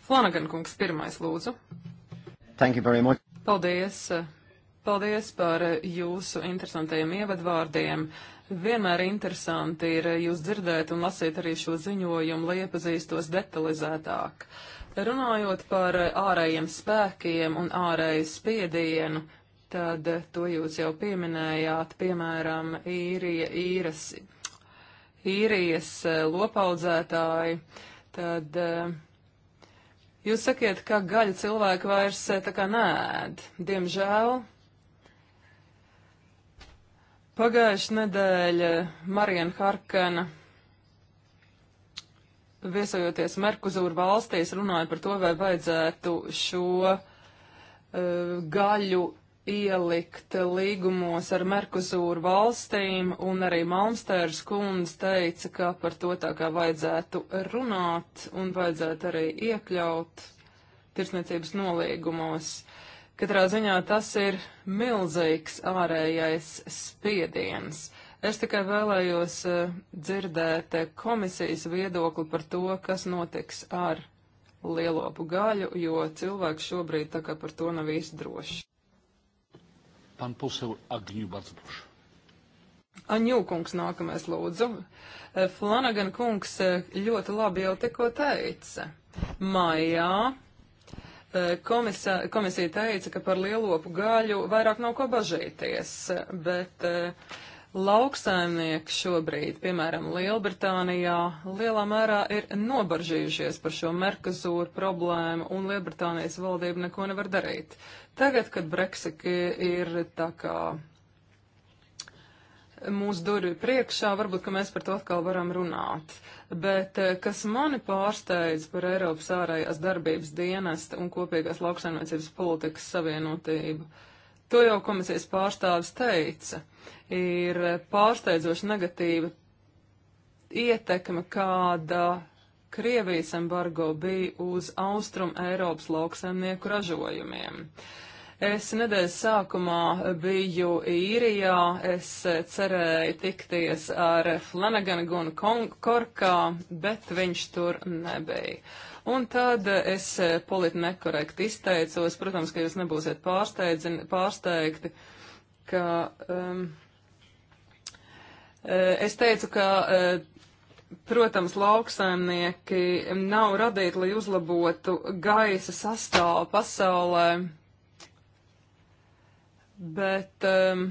Flanagan kungs pirmais lūdzu. Thank you very much. Paldies! Uh, paldies par uh, jūsu interesantajiem ievadvārdiem. Uh, Vienmēr interesanti ir eh, jūs dzirdēt un lasīt arī šo ziņojumu, lai iepazīstos detalizētāk. Runājot par eh, ārējiem spēkiem un ārēju spiedienu, tad eh, to jūs jau pieminējāt, piemēram, īrija, īras, īrijas lopaudzētāji. Tad jūs sakiet, ka gaļa cilvēki vairs tā kā nēd. Diemžēl Pagājuši nedēļa Marijana Harkana viesojoties Merkuzūru valstīs runāja par to, vai vajadzētu šo uh, gaļu ielikt līgumos ar Merkuzūru valstīm, un arī Malmstērs kundze teica, ka par to tā kā vajadzētu runāt un vajadzētu arī iekļaut tirsniecības nolīgumos. Katrā ziņā tas ir milzīgs ārējais spiediens. Es tikai vēlējos eh, dzirdēt eh, komisijas viedokli par to, kas notiks ar lielopu gaļu, jo cilvēks šobrīd tā kā par to nav īsti droši. Pan poseł Agniu, bardzo proszę. Aņū kungs nākamais lūdzu. Eh, Flanagan kungs ļoti labi jau tikko teica. Maijā Eh, komisā, komisija teica, ka par lielopu gaļu vairāk nav ko bažīties, bet eh, lauksaimnieki šobrīd, piemēram, Lielbritānijā, lielā mērā ir nobaržījušies par šo Merkazūru problēmu, un Lielbritānijas valdība neko nevar darīt. Tagad, kad Brexit ir tā kā mūsu durvju priekšā, varbūt, ka mēs par to atkal varam runāt. Bet eh, kas mani pārsteidz par Eiropas ārējās darbības dienesta un kopīgās lauksaimniecības politikas savienotību, to jau komisijas pārstāvis teica, ir pārsteidzoši negatīva ietekme, kāda Krievijas embargo bija uz Austrum Eiropas lauksaimnieku ražojumiem. Uh, Es nedēļas sākumā biju īrijā, es cerēju tikties ar Flanaganu Korkā, bet viņš tur nebija. Un tad es politi nekorekti izteicos, protams, ka jūs nebūsiet pārsteigti, ka um, eh, es teicu, ka uh, Protams, lauksaimnieki nav radīti, lai uzlabotu gaisa sastāvu pasaulē. Bet, um,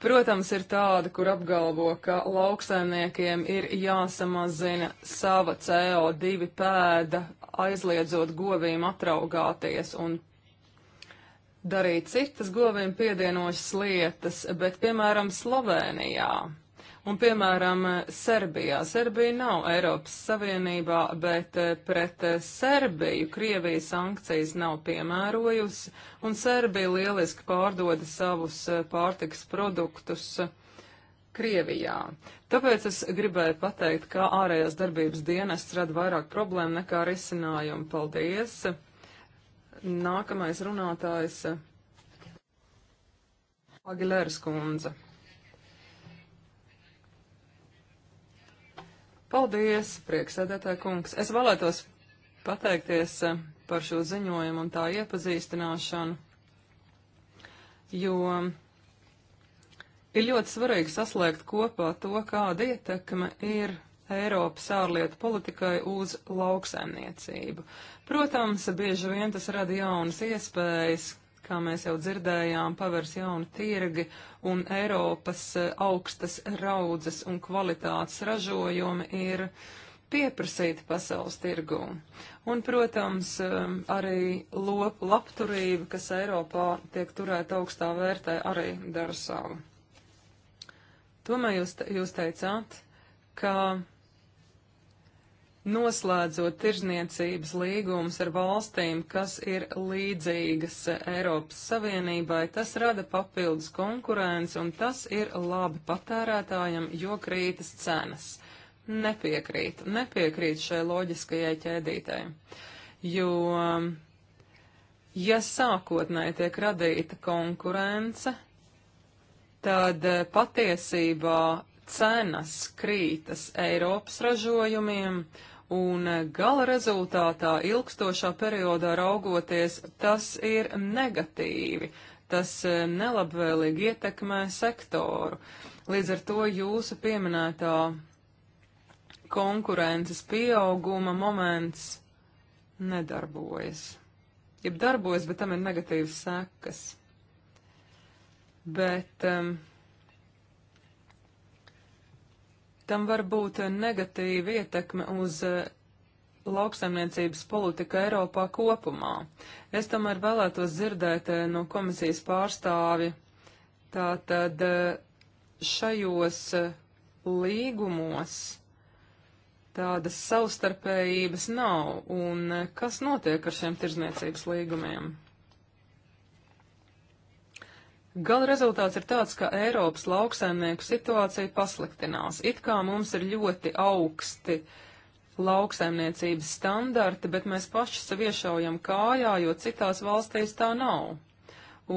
protams, ir tāda, kur apgalvo, ka lauksaimniekiem ir jāsamazina sava CO2 pēda, aizliedzot govīm atraugāties un darīt citas govīm piedienošas lietas, bet, piemēram, Slovenijā Un, piemēram, Serbijā. Serbija nav Eiropas Savienībā, bet eh, pret eh, Serbiju Krievija sankcijas nav piemērojusi, un Serbija lieliski pārdoda savus eh, pārtiks produktus. Krievijā. Tāpēc es gribēju pateikt, kā ārējās darbības dienests rada vairāk problēmu nekā risinājumu. Paldies! Nākamais runātājs Agilēras kundze. Paldies, prieksēdētāja kungs. Es vēlētos pateikties eh, par šo ziņojumu un tā iepazīstināšanu, jo ir ļoti svarīgi saslēgt kopā to, kāda ietekme ir Eiropas ārlietu politikai uz lauksaimniecību. Protams, bieži vien tas rada jaunas iespējas, kā mēs jau dzirdējām, pavers jauni tirgi un Eiropas e, augstas raudzes un kvalitātes ražojumi ir pieprasīti pasaules tirgū. Un, protams, e, arī lop, labturība, kas Eiropā tiek turēta augstā vērtē, arī dara savu. Tomēr jūs, te, jūs teicāt, ka noslēdzot tirzniecības līgumus ar valstīm, kas ir līdzīgas Eiropas Savienībai, tas rada papildus konkurence un tas ir labi patērētājam, jo krītas cenas. Nepiekrīt, nepiekrīt šai loģiskajai ķēdītei, jo, ja sākotnēji tiek radīta konkurence, tad eh, patiesībā cenas krītas Eiropas ražojumiem, uh, un gala rezultātā ilgstošā periodā raugoties, tas ir negatīvi. Tas e, nelabvēlīgi ietekmē sektoru. Līdz ar to jūsu pieminētā konkurences pieauguma moments nedarbojas. Jeb darbojas, bet tam ir negatīvas sekas. Bet um, Tam var būt negatīva ietekme uz eh, lauksaimniecības politika Eiropā kopumā. Es tomēr vēlētos dzirdēt eh, no komisijas pārstāvi tātad eh, šajos līgumos tādas savstarpējības nav, un kas notiek ar šiem tirzniecības līgumiem? Gala rezultāts ir tāds, ka Eiropas lauksaimnieku situācija pasliktinās. It kā mums ir ļoti augsti lauksaimniecības standarti, bet mēs paši sev iešaujam kājā, jo citās valstīs tā nav.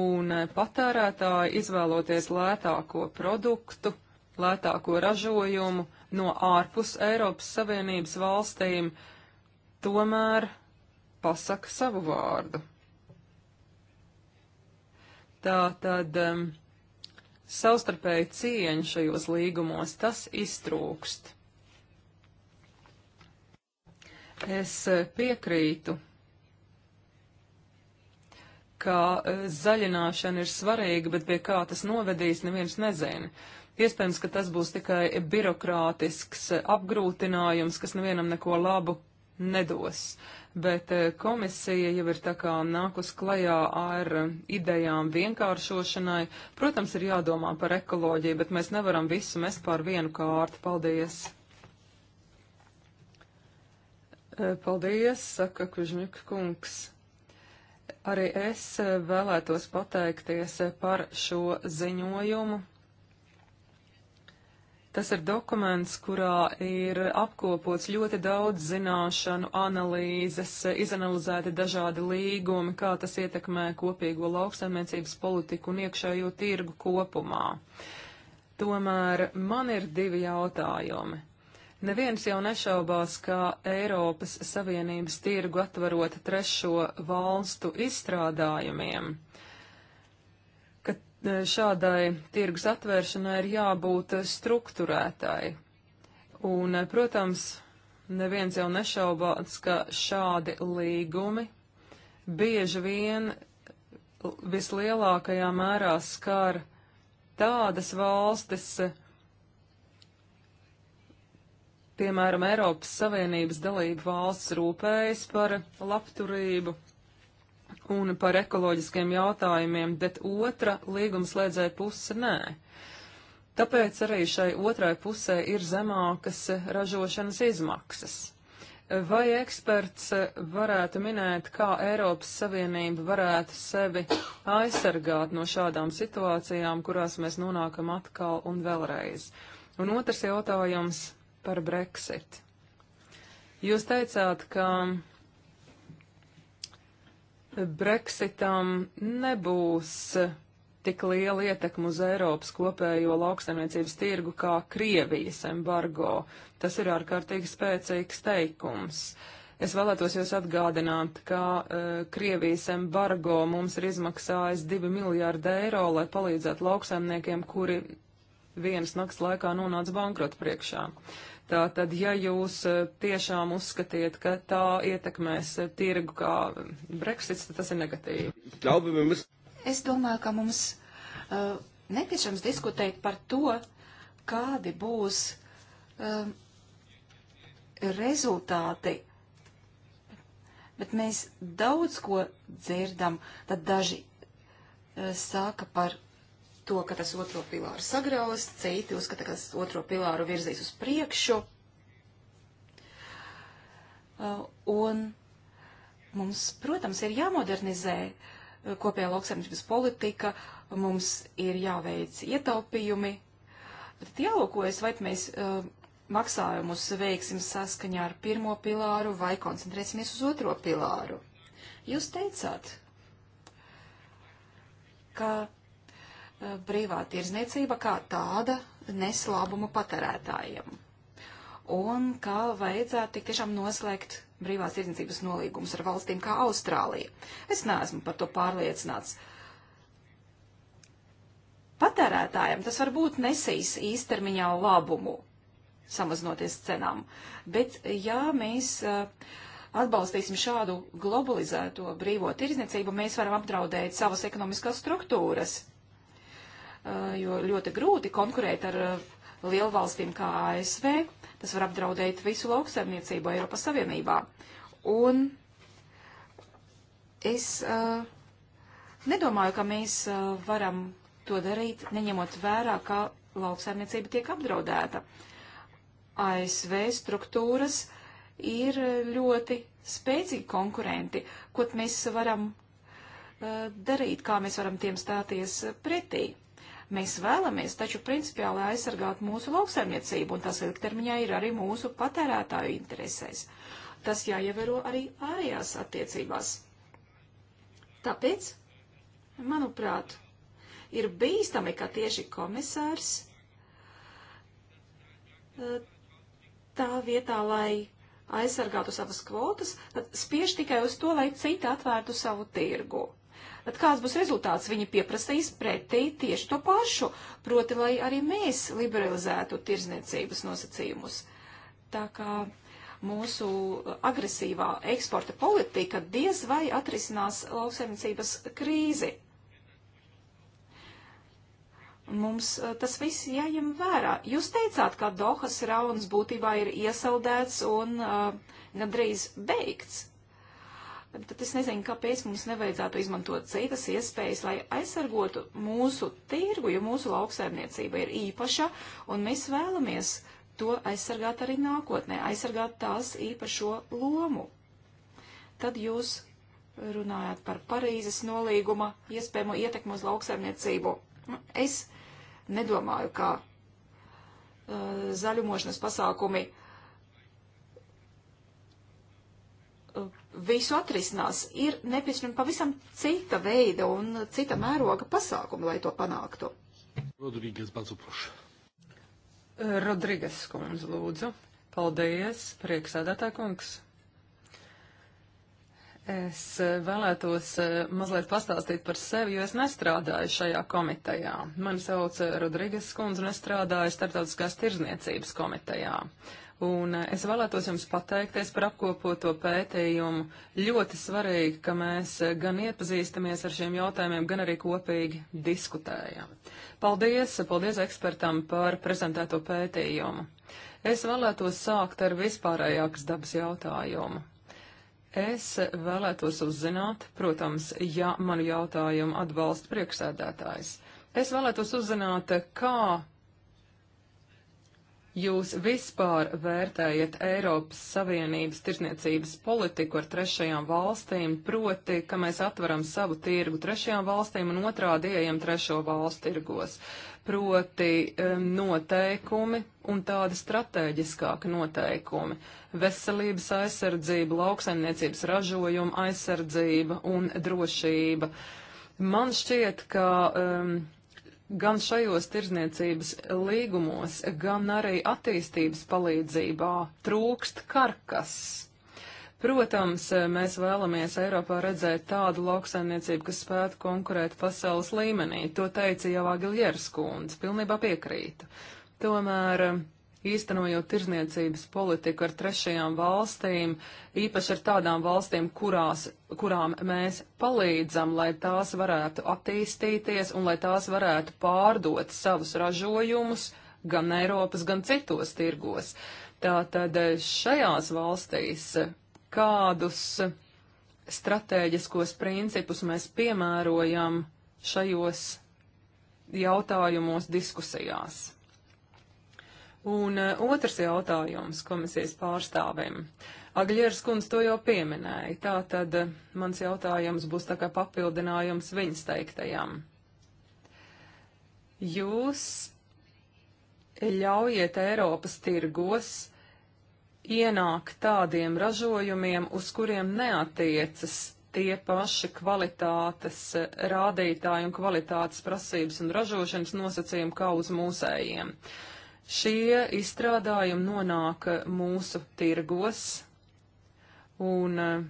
Un eh, patērētāji izvēloties lētāko produktu, lētāko ražojumu no ārpus Eiropas Savienības valstīm, tomēr pasaka savu vārdu. Tā tad um, savstarpēji cieņa šajos līgumos, tas iztrūkst. Es uh, piekrītu, ka uh, zaļināšana ir svarīga, bet pie kā tas novedīs, neviens nezina. Iespējams, ka tas būs tikai birokrātisks uh, apgrūtinājums, kas nevienam neko labu nedos. Bet eh, komisija jau ir tā kā nākus klajā ar eh, idejām vienkāršošanai. Protams, ir jādomā par ekoloģiju, bet mēs nevaram visu mest pār vienu kārtu. Paldies! Eh, paldies, saka Kužņuk kungs. Arī es vēlētos pateikties par šo ziņojumu. Tas ir dokuments, kurā ir apkopots ļoti daudz zināšanu, analīzes, izanalizēti dažādi līgumi, kā tas ietekmē kopīgo lauksaimniecības politiku un iekšējo tirgu kopumā. Tomēr man ir divi jautājumi. Neviens jau nešaubās, ka Eiropas Savienības tirgu atverot trešo valstu izstrādājumiem šādai tirgus atvēršanai ir jābūt strukturētai. Un, protams, neviens jau nešaubās, ka šādi līgumi bieži vien vislielākajā mērā skar tādas valstis, piemēram, Eiropas Savienības dalību valsts rūpējas par labturību un par ekoloģiskiem jautājumiem, bet otra līgumslēdzēja puse nē. Tāpēc arī šai otrai pusē ir zemākas ražošanas izmaksas. Vai eksperts varētu minēt, kā Eiropas Savienība varētu sevi aizsargāt no šādām situācijām, kurās mēs nonākam atkal un vēlreiz? Un otrs jautājums par Brexit. Jūs teicāt, ka Brexitam nebūs tik liela ietekma uz Eiropas kopējo lauksaimniecības tirgu kā Krievijas embargo. Tas ir ārkārtīgi spēcīgs teikums. Es vēlētos jūs atgādināt, ka uh, Krievijas embargo mums ir izmaksājis 2 miljārdi eiro, lai palīdzētu lauksaimniekiem, kuri vienas nakts laikā nonāca bankrota priekšā. Uh, Tātad, ja jūs eh, tiešām uzskatiet, ka tā ietekmēs eh, tirgu kā mm, Brexits, tad tas ir negatīvi. Es domāju, ka mums uh, nepieciešams diskutēt par to, kādi būs um, rezultāti. Bet mēs daudz ko dzirdam, tad daži uh, sāka par to, ka tas otro pilāru sagraujas, citi uzskata, ka tas otro pilāru virzīs uz priekšu. Uh, un mums, protams, ir jāmodernizē uh, kopējā lauksaimniecības politika, mums ir jāveic ietaupījumi. Tad jālūkojas, vai mēs uh, maksājumus veiksim saskaņā ar pirmo pilāru vai koncentrēsimies uz otro pilāru. Jūs teicāt, ka brīvā eh, tirzniecība kā tāda nes labumu patērētājiem. Un ka vajadzētu tik tiešām noslēgt brīvās tirdzniecības nolīgumus ar valstīm kā Austrālija. Es neesmu par to pārliecināts. Patērētājiem tas varbūt nesīs īstermiņā labumu, samazinoties cenām, bet ja mēs eh, atbalstīsim šādu globalizēto brīvo tirdzniecību, mēs varam apdraudēt savas ekonomiskās struktūras Eh, jo ļoti grūti konkurēt ar eh, lielvalstīm kā ASV. Tas var apdraudēt visu lauksaimniecību Eiropas Savienībā. Un es uh, nedomāju, ka mēs uh, varam to darīt, neņemot vērā, ka lauksaimniecība tiek apdraudēta. ASV struktūras ir ļoti spēcīgi konkurenti, ko mēs varam uh, darīt, kā mēs varam tiem stāties pretī. Mēs vēlamies taču principiāli aizsargāt mūsu lauksaimniecību, un tas ilgtermiņā ir arī mūsu patērētāju interesēs. Tas jāievēro arī ārējās attiecībās. Tāpēc, manuprāt, ir bīstami, ka tieši komisārs eh, tā vietā, lai aizsargātu savas kvotas, tad spiež tikai uz to, lai citi atvērtu savu tirgu. Bet kāds būs rezultāts? Viņi pieprasīs pretī tieši to pašu, proti, lai arī mēs liberalizētu tirzniecības nosacījumus. Tā kā mūsu agresīvā eksporta politika diez vai atrisinās lauksaimniecības krīzi. Mums eh, tas viss jāņem vērā. Jūs teicāt, ka Dohas rauns būtībā ir iesaldēts un uh, gandrīz beigts tad es nezinu, kāpēc mums nevajadzētu izmantot citas iespējas, lai aizsargotu mūsu tirgu, jo mūsu lauksaimniecība ir īpaša, un mēs vēlamies to aizsargāt arī nākotnē, aizsargāt tās īpašo lomu. Tad jūs runājāt par Parīzes nolīguma iespējamo ietekmu uz lauksaimniecību. Nu, es nedomāju, ka uh, zaļumošanas pasākumi uh, visu atrisinās. Ir nepieciešama pavisam cita veida un cita mēroga pasākuma, lai to panāktu. Rodrīgas, bāzu prošu. Rodrīgas skundze, lūdzu. Paldies, prieksēdētā kungs. Es vēlētos eh, mazliet pastāstīt par sevi, jo es nestrādāju šajā komitejā. Mani sauc eh, Rodrīgas skundze un es strādāju starptautiskās tirzniecības komitejā. Uh, Un eh, es vēlētos jums pateikties par apkopoto pētījumu. Ļoti svarīgi, ka mēs eh, gan iepazīstamies ar šiem jautājumiem, gan arī kopīgi diskutējam. Paldies, paldies ekspertam par prezentēto pētījumu. Es vēlētos sākt ar vispārējākas dabas jautājumu. Es vēlētos uzzināt, protams, ja manu jautājumu atbalsta priekšsēdētājs. Es vēlētos uzzināt, kā jūs vispār vērtējat Eiropas Savienības tirsniecības politiku ar trešajām valstīm, proti, ka mēs atveram savu tirgu trešajām valstīm un otrādi ejam trešo valstu tirgos. Proti um, noteikumi un tādi strateģiskāki noteikumi - veselības aizsardzība, lauksaimniecības ražojuma aizsardzība un drošība. Man šķiet, ka um, gan šajos tirzniecības līgumos, gan arī attīstības palīdzībā trūkst karkas. Protams, mēs vēlamies Eiropā redzēt tādu lauksaimniecību, kas spētu konkurēt pasaules līmenī. To teica jau Agiljeras kundze, pilnībā piekrītu. Tomēr īstenojot tirzniecības politiku ar trešajām valstīm, īpaši ar tādām valstīm, kurās, kurām mēs palīdzam, lai tās varētu attīstīties un lai tās varētu pārdot savus ražojumus gan Eiropas, gan citos tirgos. Tātad šajās valstīs kādus stratēģiskos principus mēs piemērojam šajos jautājumos diskusijās. Un eh, otrs jautājums komisijas pārstāvim. Agļieras kundze to jau pieminēja, tā tad eh, mans jautājums būs tā kā papildinājums viņas teiktajam. Jūs ļaujiet Eiropas tirgos ienāk tādiem ražojumiem, uz kuriem neatiecas tie paši kvalitātes eh, rādītāji un kvalitātes prasības un ražošanas nosacījumi kā uz mūsējiem. Uh, Šie izstrādājumi nonāk mūsu tirgos, un eh,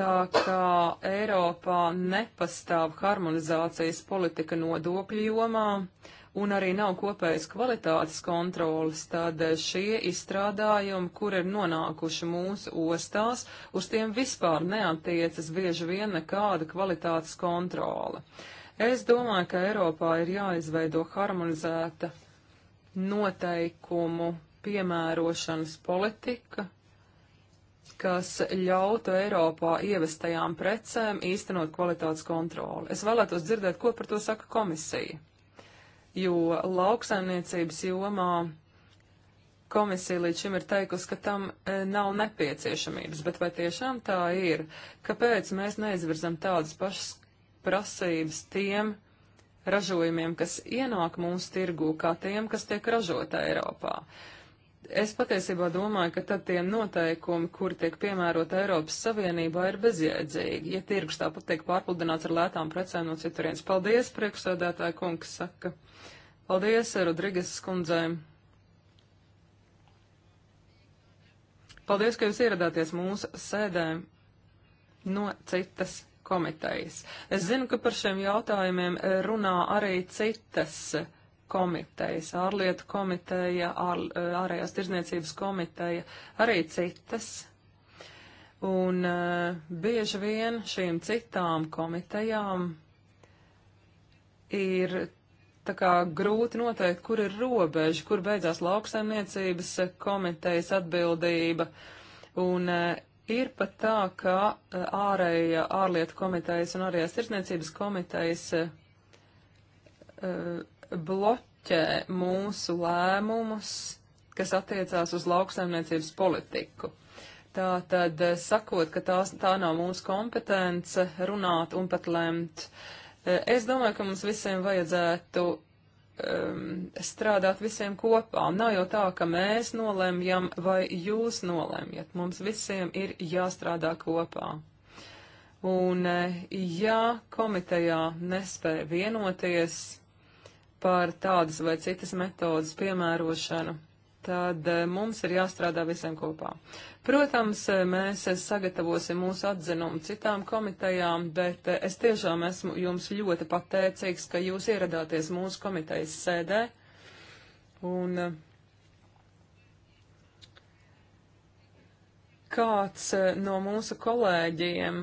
tā kā Eiropā nepastāv harmonizācijas politika nodokļu jomā, un arī nav kopējas kvalitātes kontrolas, tad eh, šie izstrādājumi, kur ir nonākuši mūsu ostās, uz tiem vispār neatiecas bieži vien nekāda kvalitātes kontrola. Es domāju, ka Eiropā ir jāizveido harmonizēta noteikumu piemērošanas politika, kas ļautu Eiropā ievestajām precēm īstenot kvalitātes kontroli. Es vēlētos dzirdēt, ko par to saka komisija, jo lauksaimniecības jomā komisija līdz šim ir teikusi, ka tam e, nav nepieciešamības, bet vai tiešām tā ir? Kāpēc mēs neizvirzam tādas pašas prasības tiem ražojumiem, kas ienāk mūsu tirgū, kā tiem, kas tiek ražota Eiropā. Es patiesībā domāju, ka tad tie noteikumi, kur tiek piemērot Eiropas Savienībā, ir bezjēdzīgi, ja tirgus tāpat tiek pārpludināts ar lētām precēm no citurienes. Paldies, priekšsēdētāja kungs saka. Paldies, Rodrigas skundzēm. Paldies, ka jūs ieradāties mūsu sēdēm no citas komitejas. Es zinu, ka par šiem jautājumiem runā arī citas komitejas, ārlietu komiteja, ār, ārējās tirzniecības komiteja, arī citas. Un uh, bieži vien šīm citām komitejām ir tā kā grūti noteikt, kur ir robeža, kur beidzās lauksaimniecības komitejas atbildība. Un uh, Ir pat tā, ka eh, ārēja ārlietu komitejas un ārējās tirdzniecības komitejas eh, bloķē mūsu lēmumus, kas attiecās uz lauksaimniecības politiku. Tā tad eh, sakot, ka tās, tā nav mūsu kompetence runāt un pat lemt. Es domāju, ka mums visiem vajadzētu um, strādāt visiem kopā. Nav jau tā, ka mēs nolemjam vai jūs nolemjat. Mums visiem ir jāstrādā kopā. Un e, ja komitejā nespēja vienoties par tādas vai citas metodas piemērošanu, tad eh, mums ir jāstrādā visiem kopā. Protams, eh, mēs sagatavosim mūsu atzinumu citām komitejām, bet eh, es tiešām esmu jums ļoti pateicīgs, ka jūs ieradāties mūsu komitejas sēdē. Un kāds eh, no mūsu kolēģiem,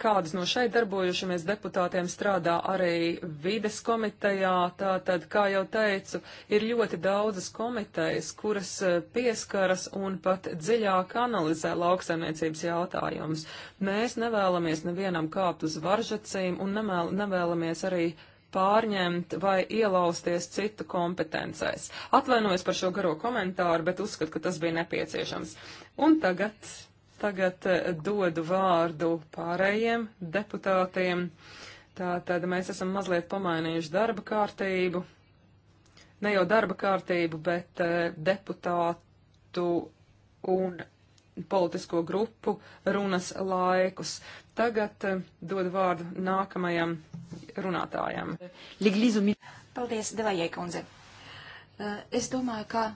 kādas no šeit darbojušamies deputātiem strādā arī vides komitejā, tātad, kā jau teicu, ir ļoti daudzas komitejas, kuras eh, pieskaras un pat dziļāk analizē lauksaimniecības jautājumus. Mēs nevēlamies nevienam kāpt uz varžacīm un nemēl, nevēlamies arī pārņemt vai ielausties citu kompetencēs. Atvainojos par šo garo komentāru, bet uzskatu, ka tas bija nepieciešams. Un tagad, tagad eh, dodu vārdu pārējiem deputātiem. Tātad mēs esam mazliet pamainījuši darba kārtību. Ne jau darba kārtību, bet eh, deputātu un politisko grupu runas laikus. Tagad eh, dod vārdu nākamajam runātājam. Paldies, Devajai kundze. Eh, es domāju, ka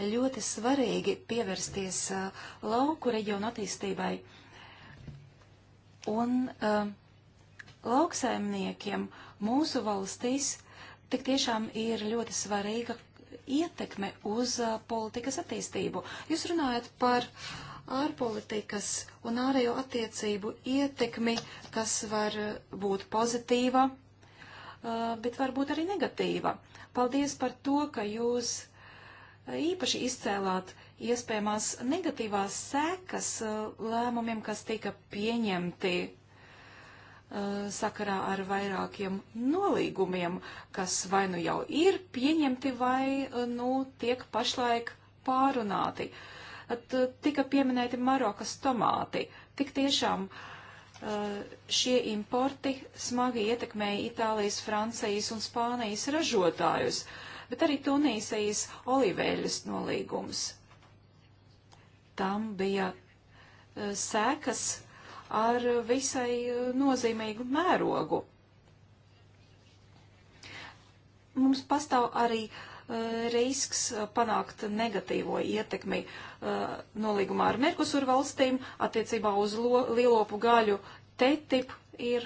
ļoti svarīgi pievērsties uh, lauku reģionu attīstībai. Un uh, lauksaimniekiem mūsu valstīs tik tiešām ir ļoti svarīga ietekme uz uh, politikas attīstību. Jūs runājat par ārpolitikas un ārējo attiecību ietekmi, kas var uh, būt pozitīva, uh, bet varbūt arī negatīva. Paldies par to, ka jūs īpaši izcēlāt iespējamās negatīvās sekas uh, lēmumiem, kas tika pieņemti uh, sakarā ar vairākiem nolīgumiem, kas vai nu jau ir pieņemti, vai uh, nu tiek pašlaik pārunāti. At, tika pieminēti Marokas tomāti. Tik tiešām šie importi smagi ietekmēja Itālijas, Francijas un Spānijas ražotājus. Uh, bet arī Tunīsijas olīveļas nolīgums. Tam bija eh, sekas ar visai eh, nozīmīgu mērogu. Mums pastāv arī eh, risks panākt negatīvo ietekmi nolīgumā ar Merkusur valstīm attiecībā uz lo, lielopu gaļu. TTIP ir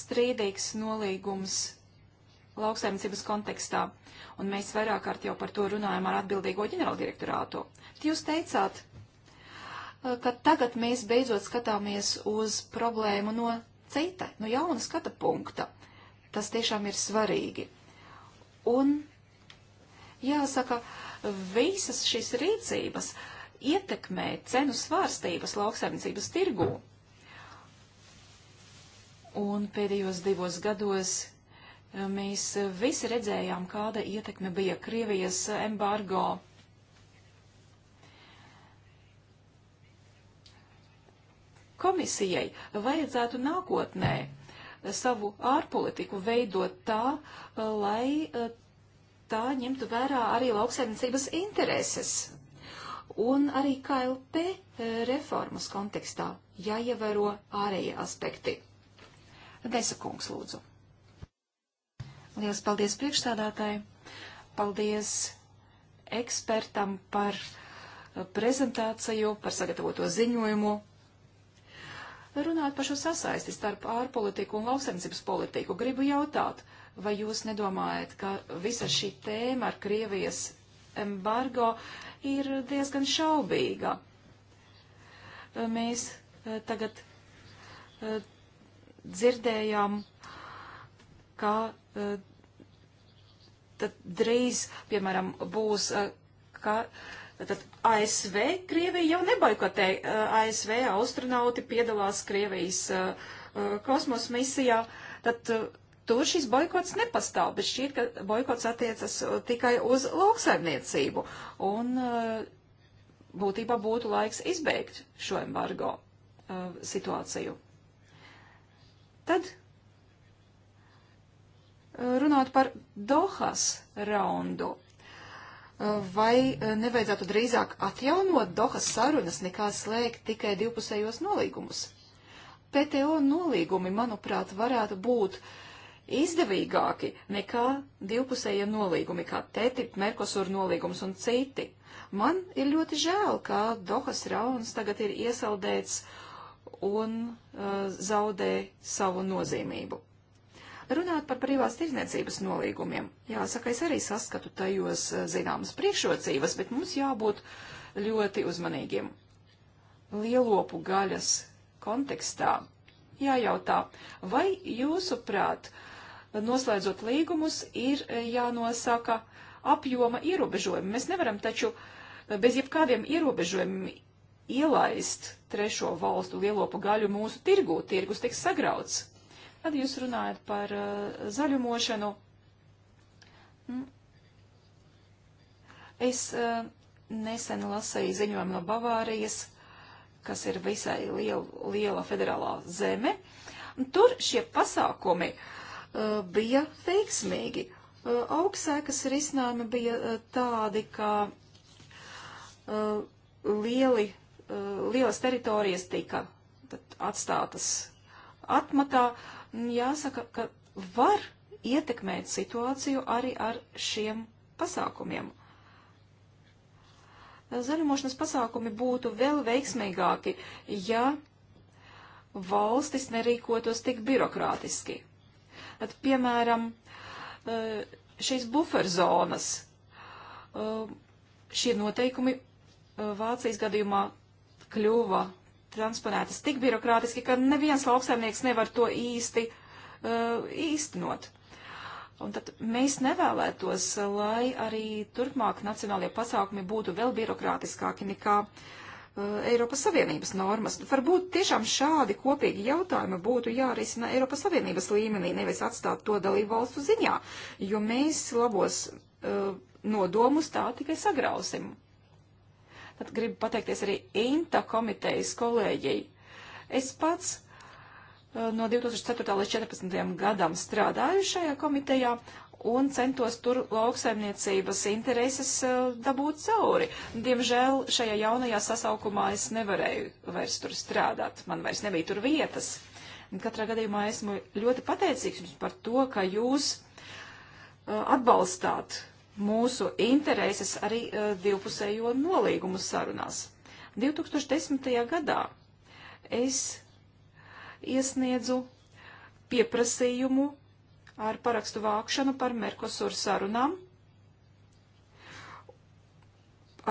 strīdīgs nolīgums lauksaimniecības kontekstā un mēs vairāk kārt jau par to runājam ar atbildīgo ģenerāldirektorātu. Jūs teicāt, ka tagad mēs beidzot skatāmies uz problēmu no cita, no jauna skata punkta. Tas tiešām ir svarīgi. Un jāsaka, visas šīs rīcības ietekmē cenu svārstības lauksaimniecības tirgū. Un pēdējos divos gados Mēs visi redzējām, kāda ietekme bija Krievijas embargo. Komisijai vajadzētu nākotnē savu ārpolitiku veidot tā, lai eh, tā ņemtu vērā arī lauksaimniecības intereses. Un arī KLP eh, reformas kontekstā jāievēro ārējie aspekti. Desa kungs, lūdzu. Lielas paldies priekšstādātāji, paldies ekspertam par uh, prezentāciju, par sagatavoto ziņojumu. Runāt par šo sasaisti starp ārpolitiku un lauksaimniecības politiku, gribu jautāt, vai jūs nedomājat, ka visa šī tēma ar Krievijas embargo ir diezgan šaubīga? Uh, mēs uh, tagad dzirdējām, ka tad drīz, piemēram, būs, eh, ka tad ASV Krievija jau nebojkotē. Eh, ASV astronauti piedalās Krievijas eh, kosmosa misijā. Tad tur šis boikots nepastāv, bet šķiet, ka boikots attiecas tikai uz lauksaimniecību. Un būtībā būtu laiks izbeigt šo embargo situāciju. Tad Runāt par Dohas raundu. Vai eh, nevajadzētu drīzāk atjaunot Dohas sarunas, nekā slēgt tikai divpusējos nolīgumus? PTO nolīgumi, manuprāt, varētu būt izdevīgāki nekā divpusējie nolīgumi, kā TTIP, Merkosur nolīgums un citi. Man ir ļoti žēl, ka Dohas rauns tagad ir iesaldēts un uh, zaudē savu nozīmību. Runāt par privās tirzniecības nolīgumiem. Jāsaka, es arī saskatu tajos eh, zināmas priekšrocības, bet mums jābūt ļoti uzmanīgiem. Lielopu gaļas kontekstā jājautā, vai jūsuprāt, noslēdzot līgumus, ir eh, jānosaka apjoma ierobežojumi. Mēs nevaram taču eh, bez jebkādiem ierobežojumiem ielaist trešo valstu lielopu gaļu mūsu tirgū, tirgus tiks sagrauts. Tad jūs runājat par uh, zaļumošanu. Mm. Es uh, nesen lasīju ziņojumu no Bavārijas, kas ir visai liel, liela federālā zeme. Tur šie pasākumi uh, bija veiksmīgi. Uh, augstsēkas risinājumi bija uh, tādi, ka uh, lieli, uh, lielas teritorijas tika atstātas atmatā, jāsaka, ka var ietekmēt situāciju arī ar šiem pasākumiem. Zaļumošanas pasākumi būtu vēl veiksmīgāki, ja valstis nerīkotos tik birokrātiski. At, piemēram, e, šīs buferzonas, e, šie noteikumi e, Vācijas gadījumā kļuva transponētas tik birokrātiski, ka neviens lauksaimnieks nevar to īsti uh, īstenot. Un tad mēs nevēlētos, lai arī turpmāk nacionālie pasākumi būtu vēl birokrātiskāki nekā uh, Eiropas Savienības normas. Varbūt tiešām šādi kopīgi jautājumi būtu jārisina Eiropas Savienības līmenī, nevis atstāt to dalību valstu ziņā, jo mēs labos uh, nodomus tā tikai sagrausim. Tad gribu pateikties arī INTA komitejas kolēģijai. Es pats eh, no 2004. līdz 2014. gadam strādāju šajā komitejā un centos tur lauksaimniecības intereses eh, dabūt cauri. Diemžēl šajā jaunajā sasaukumā es nevarēju vairs tur strādāt, man vairs nebija tur vietas. Katrā gadījumā esmu ļoti pateicīgs jums par to, ka jūs eh, atbalstāt mūsu intereses arī uh, divpusējo nolīgumu sarunās. 2010. gadā es iesniedzu pieprasījumu ar parakstu vākšanu par Merkosur sarunām,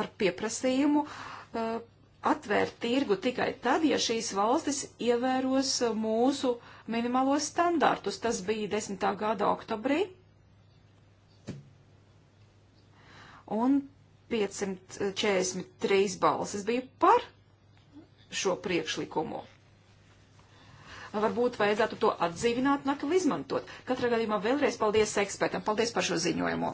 ar pieprasījumu uh, atvērt tirgu tikai tad, ja šīs valstis ievēros mūsu minimālos standartus. Tas bija 10. gada oktobrī. un 543 balsis bija par šo priekšlikumu. Varbūt vajadzētu to atdzīvināt un atkal izmantot. Katrā gadījumā vēlreiz paldies ekspertam. Paldies par šo ziņojumu.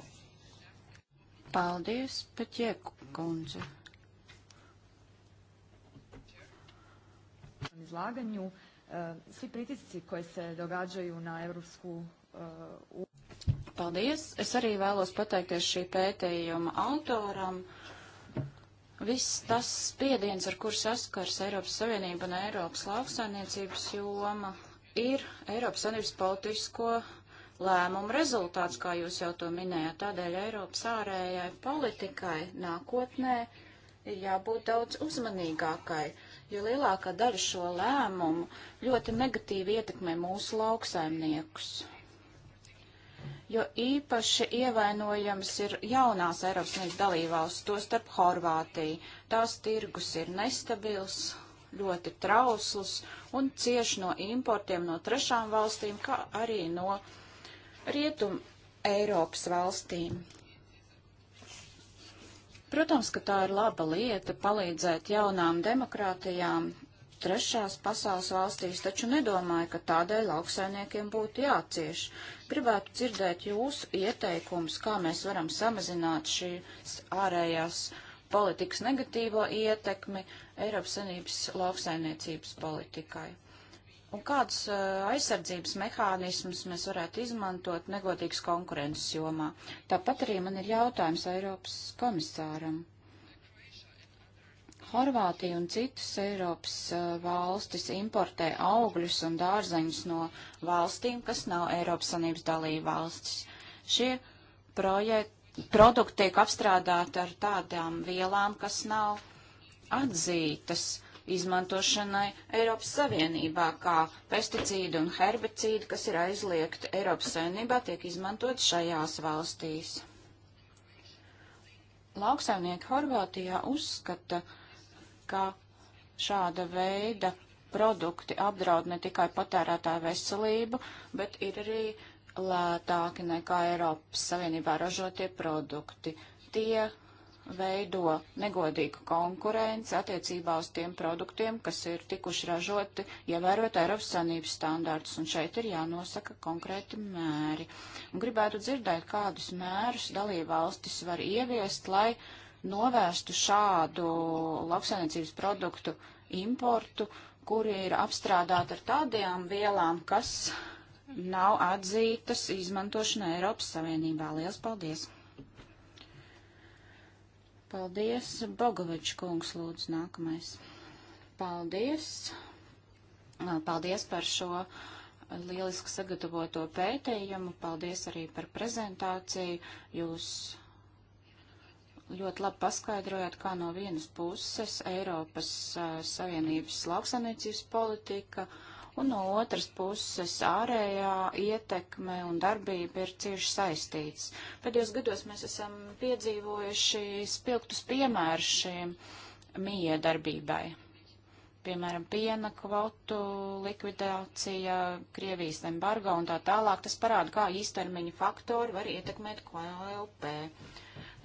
Paldies, Paķieku kundze. izlaganju. Eh, svi pritisci koji se događaju na Europsku eh, Paldies! Es arī vēlos pateikties šī pētījuma autoram. Viss tas spiediens, ar kur saskars Eiropas Savienība un Eiropas lauksainiecības joma, ir Eiropas Savienības politisko lēmumu rezultāts, kā jūs jau to minējāt. Tādēļ Eiropas ārējai politikai nākotnē ir jābūt daudz uzmanīgākai, jo lielākā daļa šo lēmumu ļoti negatīvi ietekmē mūsu lauksaimniekus jo īpaši ievainojams ir jaunās Eiropas Savienības dalībvalsts, to starp Horvātiju. Tās tirgus ir nestabils, ļoti trauslus un cieši no importiem no trešām valstīm, kā arī no rietum Eiropas valstīm. Protams, ka tā ir laba lieta palīdzēt jaunām demokrātijām trešās pasaules valstīs, taču nedomāju, ka tādēļ lauksainiekiem būtu jācieš. Gribētu dzirdēt jūsu ieteikumus, kā mēs varam samazināt šīs ārējās politikas negatīvo ietekmi Eiropas Sanības lauksainiecības politikai. Un kāds uh, aizsardzības mehānismus mēs varētu izmantot negodīgas konkurences jomā? Tāpat arī man ir jautājums Eiropas komisāram. Horvātija un citas Eiropas uh, valstis importē augļus un dārzeņus no valstīm, kas nav Eiropas Sanības dalība valstis. Šie projekti, produkti tiek apstrādāti ar tādām vielām, kas nav atzītas izmantošanai Eiropas Savienībā, kā pesticīdi un herbicīdi, kas ir aizliegti Eiropas Savienībā, tiek izmantot šajās valstīs. Lauksaimnieki Horvātijā uzskata, ka ka šāda veida produkti apdraud ne tikai patērētāju veselību, bet ir arī lētāki nekā Eiropas Savienībā ražotie produkti. Tie veido negodīgu konkurenci attiecībā uz tiem produktiem, kas ir tikuši ražoti, ievērot Eiropas Sanības standārtus, un šeit ir jānosaka konkrēti mēri. Un gribētu dzirdēt, kādus mērus dalībvalstis var ieviest, lai uh, novērstu šādu lauksainiecības produktu importu, kuri ir apstrādāti ar tādajām vielām, kas nav atzītas izmantošana Eiropas Savienībā. Lielas paldies! Paldies, Bogovičs kungs, lūdzu, nākamais. Paldies! Paldies par šo lieliski sagatavoto pētījumu. Paldies arī par prezentāciju. Jūs ļoti labi paskaidrojāt, kā no vienas puses Eiropas uh, Savienības lauksaimniecības politika un no otras puses ārējā ietekme un darbība ir cieši saistīts. Pēdējos gados mēs esam piedzīvojuši spilgtus piemērus šīm mīja darbībai. Piemēram, piena kvotu likvidācija, Krievijas embargo un tā tālāk. Tas parāda, kā īstermiņa faktori var ietekmēt KLP.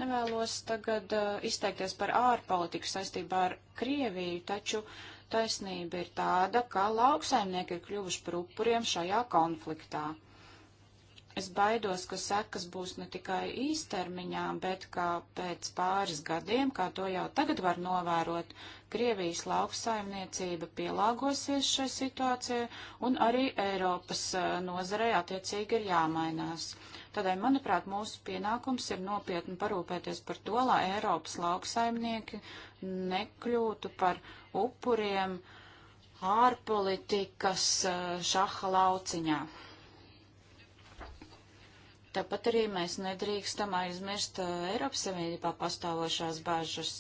Nevēlos tagad uh, izteikties par ārpolitiku saistībā ar Krieviju, taču taisnība ir tāda, ka lauksaimnieki ir kļuvuši par upuriem šajā konfliktā. Es baidos, ka sekas būs ne tikai īstermiņā, bet kā pēc pāris gadiem, kā to jau tagad var novērot, Krievijas lauksaimniecība pielāgosies šai situācijai un arī Eiropas uh, nozarei attiecīgi ir jāmainās. Uh, Tādēļ, manuprāt, mūsu pienākums ir nopietni parūpēties par to, lai Eiropas lauksaimnieki nekļūtu par upuriem ārpolitikas eh, šaha lauciņā. Tāpat arī mēs nedrīkstam aizmirst eh, Eiropas Savienībā pastāvošās bažas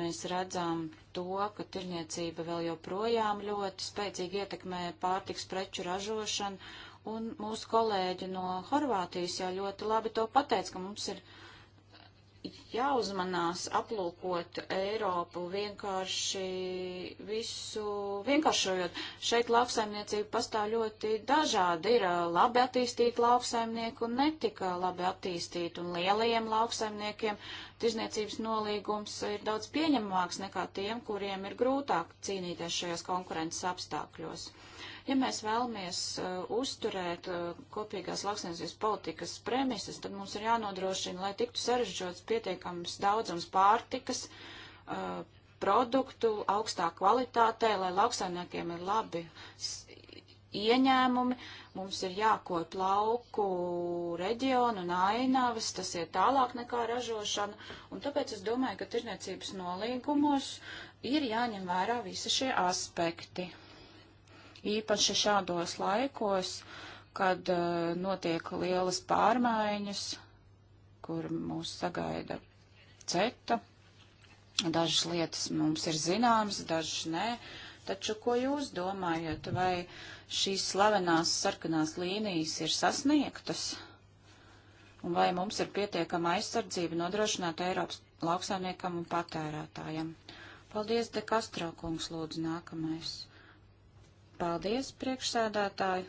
mēs redzam to, ka tirniecība vēl joprojām ļoti spēcīgi ietekmē pārtiks preču ražošanu Un mūsu kolēģi no Horvātijas jau ļoti labi to pateica, ka mums ir jāuzmanās aplūkot Eiropu vienkārši visu vienkāršojot. Šeit lauksaimniecība pastāv ļoti dažādi. Ir labi attīstīti lauksaimnieki un netika labi attīstīti. Un lielajiem lauksaimniekiem tirzniecības nolīgums ir daudz pieņemamāks nekā tiem, kuriem ir grūtāk cīnīties šajos konkurences apstākļos. Ja mēs vēlamies uh, uzturēt uh, kopīgās lauksniecības politikas premises, tad mums ir jānodrošina, lai tiktu sarežģots pietiekams daudzums pārtikas, uh, produktu augstā kvalitātē, lai lauksaimniekiem ir labi ieņēmumi, mums ir jākop lauku reģionu un ainavas, tas ir tālāk nekā ražošana, un tāpēc es domāju, ka tirniecības nolīgumos ir jāņem vērā visi šie aspekti īpaši šādos laikos, kad uh, notiek lielas pārmaiņas, kur mūs sagaida ceta. Dažas lietas mums ir zināmas, dažas nē. Taču, ko jūs domājat, vai šīs slavenās sarkanās līnijas ir sasniegtas? Un vai mums ir pietiekama aizsardzība nodrošināt Eiropas lauksaimniekam un patērētājam? Paldies, De Kastro kungs, lūdzu, nākamais. Paldies, priekšsēdētāji!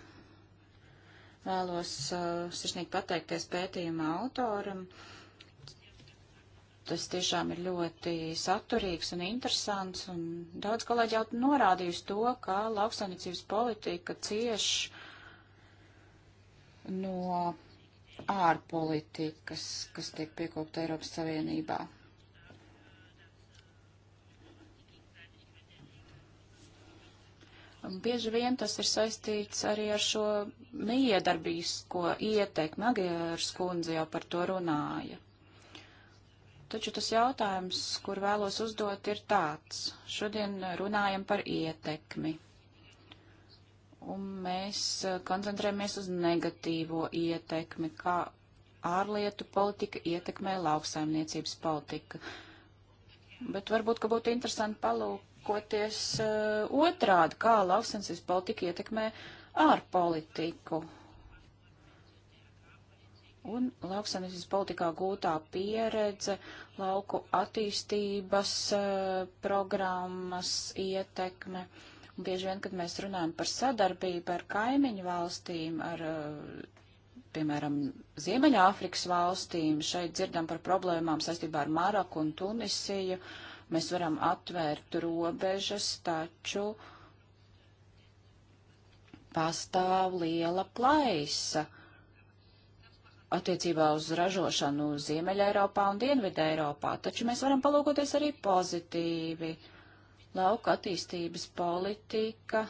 Vēlos uh, sirsnīgi pateikties pētījuma autoram. Tas tiešām ir ļoti saturīgs un interesants, un daudz kolēģi jau norādījusi to, ka lauksainicības politika cieš no ārpolitikas, kas tiek piekopta Eiropas Savienībā. Un bieži vien tas ir saistīts arī ar šo neiedarbīsko ieteikumu. Agērs kundze jau par to runāja. Taču tas jautājums, kur vēlos uzdot, ir tāds. Šodien runājam par ietekmi. Un mēs eh, koncentrējamies uz negatīvo ietekmi, kā ārlietu politika ietekmē lauksaimniecības politika. Bet varbūt, ka būtu interesanti palūk, rīkoties uh, otrādi, kā lauksensības politika ietekmē ārpolitiku. Un lauksanisības politikā gūtā pieredze, lauku attīstības uh, programmas ietekme. Un bieži vien, kad mēs runājam par sadarbību ar kaimiņu valstīm, ar uh, piemēram, Ziemeļāfrikas valstīm. Šeit dzirdam par problēmām saistībā ar Maroku un Tunisiju. Mēs varam atvērt robežas, taču pastāv liela plaisa attiecībā uz ražošanu Ziemeļa Eiropā un Dienvidē Eiropā, taču mēs varam palūkoties arī pozitīvi. Lauka attīstības politika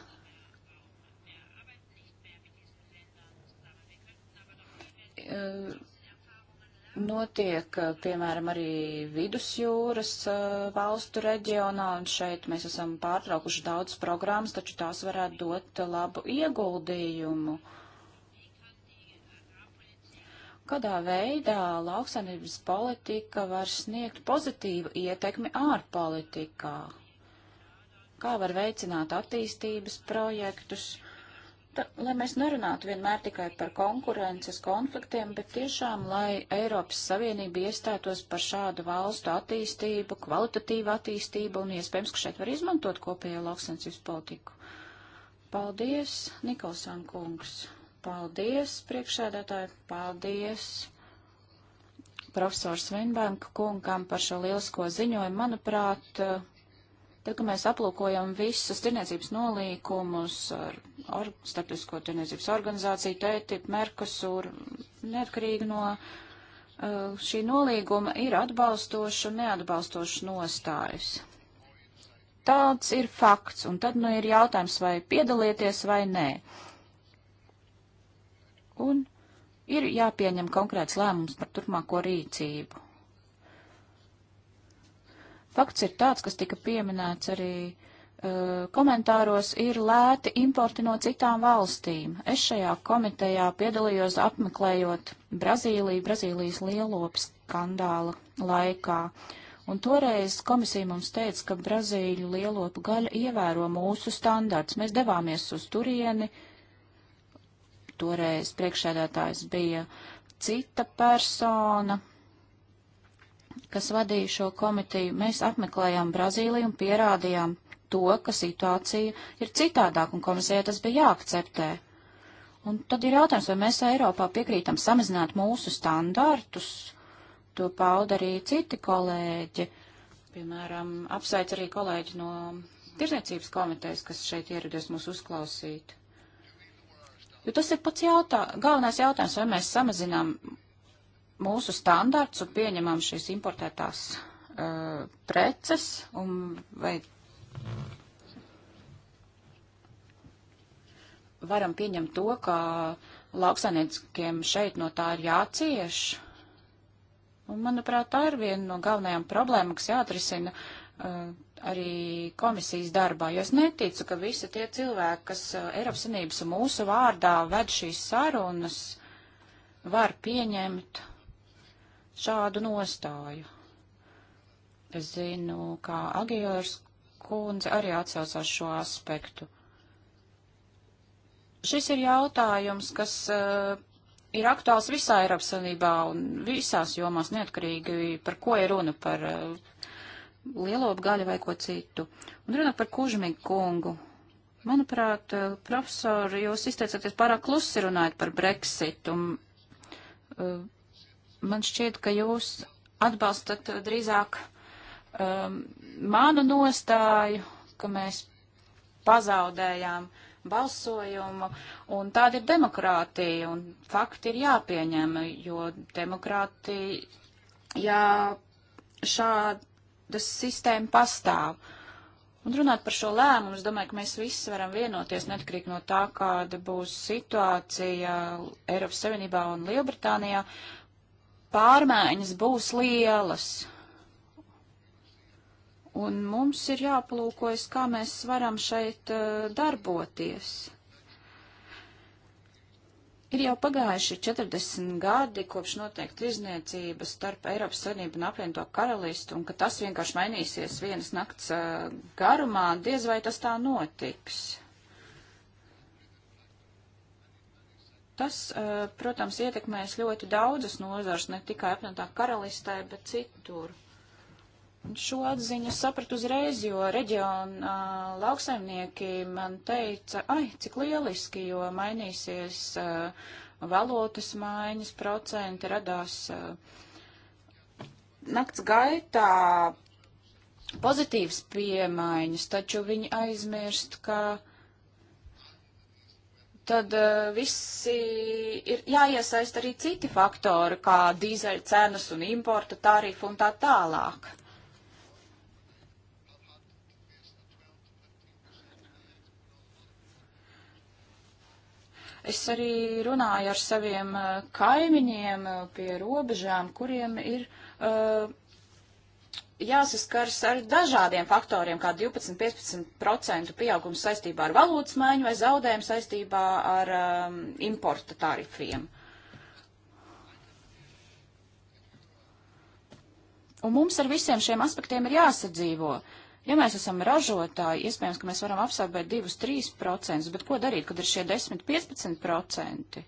notiek, eh, piemēram, arī vidusjūras eh, valstu reģionā, un šeit mēs esam pārtraukuši daudz programmas, taču tās varētu dot labu ieguldījumu. Kādā veidā lauksainības politika var sniegt pozitīvu ietekmi ārpolitikā? Kā var veicināt attīstības projektus? ta, lai mēs nerunātu vienmēr tikai par konkurences konfliktiem, bet tiešām, lai Eiropas Savienība iestātos par šādu valstu attīstību, kvalitatīvu attīstību un iespējams, ka šeit var izmantot kopējo lauksensības politiku. Paldies, Nikolson kungs. Paldies, priekšsēdētāji. Paldies profesors Svinbanka kungam par šo lielisko ziņojumu. Manuprāt, uh, Tad, kad mēs aplūkojam visus tirniecības nolīkumus ar or, starptautisko tirniecības organizāciju, TTIP, Merkosur, neatkarīgi no uh, šī nolīguma ir atbalstoša un neatbalstoša nostājas. Tāds ir fakts, un tad nu ir jautājums, vai piedalieties vai nē. Un ir jāpieņem konkrēts lēmums par turpmāko rīcību. Fakts ir tāds, kas tika pieminēts arī uh, komentāros ir lēti importi no citām valstīm. Es šajā komitejā piedalījos apmeklējot Brazīliju, Brazīlijas lielopas skandāla laikā. Un toreiz komisija mums teica, ka Brazīļu lielopu gaļa ievēro mūsu standarts. Mēs devāmies uz turieni. Toreiz priekšēdētājs bija cita persona, kas vadīja šo komiteju, mēs apmeklējām Brazīliju un pierādījām to, ka situācija ir citādāk un komisijai tas bija jāakceptē. Un tad ir jautājums, vai mēs Eiropā piekrītam samazināt mūsu standartus, to pauda arī citi kolēģi, piemēram, apsveic arī kolēģi no tirzniecības komitejas, kas šeit ieradies mūs uzklausīt. Jo tas ir pats jautā, galvenais jautājums, vai mēs samazinām mūsu standarts un pieņemam šīs importētās uh, preces un vai varam pieņemt to, ka lauksainieciskiem šeit no tā ir jācieš. Un, manuprāt, tā ir viena no galvenajām problēmām, kas jāatrisina uh, arī komisijas darbā, jo es neticu, ka visi tie cilvēki, kas uh, Eiropas Sanības un mūsu vārdā ved šīs sarunas, var pieņemt šādu nostāju. Es zinu, kā Agijors kundze arī atsaucās šo aspektu. Šis ir jautājums, kas uh, ir aktuāls visā Eiropas Savienībā un visās jomās neatkarīgi, par ko ir runa, par uh, lielo gaļu vai ko citu. Un runa par kužmīgu kungu. Manuprāt, uh, profesori, jūs izteicaties pārāk klusi runājot par Brexit. Un, uh, man šķiet, ka jūs atbalstat eh, drīzāk um, manu nostāju, ka mēs pazaudējām balsojumu, un tāda ir demokrātija, un fakti ir jāpieņem, jo demokrātija, jā, šāda sistēma pastāv. Un runāt par šo lēmumu, es domāju, ka mēs visi varam vienoties, neatkarīgi no tā, kāda būs situācija Eiropas Savienībā un Lielbritānijā. Uh, pārmaiņas būs lielas. Un mums ir jāplūkojas, kā mēs varam šeit uh, darboties. Ir jau pagājuši 40 gadi, kopš noteikti izniecība starp Eiropas Savienību un apvienoto karalistu, un ka tas vienkārši mainīsies vienas nakts uh, garumā, diez vai tas tā notiks. Tas, eh, protams, ietekmēs ļoti daudzas nozars, ne tikai apvienotā karalistē, bet citur. Šo atziņu sapratu uzreiz, jo reģiona eh, lauksaimnieki man teica, ai, cik lieliski, jo mainīsies uh, valotas maiņas procenti, radās uh, nakts gaitā pozitīvas piemaiņas, taču viņi aizmirst, ka tad uh, visi ir jāiesaist arī citi faktori, kā dīzeļu cenas un importa tarifu un tā tālāk. Es arī runāju ar saviem eh, kaimiņiem eh, pie robežām, kuriem ir uh, jāsaskars ar dažādiem faktoriem, kā 12-15% pieaugums saistībā ar valūtas maiņu vai zaudējumu saistībā ar um, importa tarifiem. Un mums ar visiem šiem aspektiem ir jāsadzīvo. Ja mēs esam ražotāji, iespējams, ka mēs varam apsvērt 2-3%, bet ko darīt, kad ir šie 10-15%?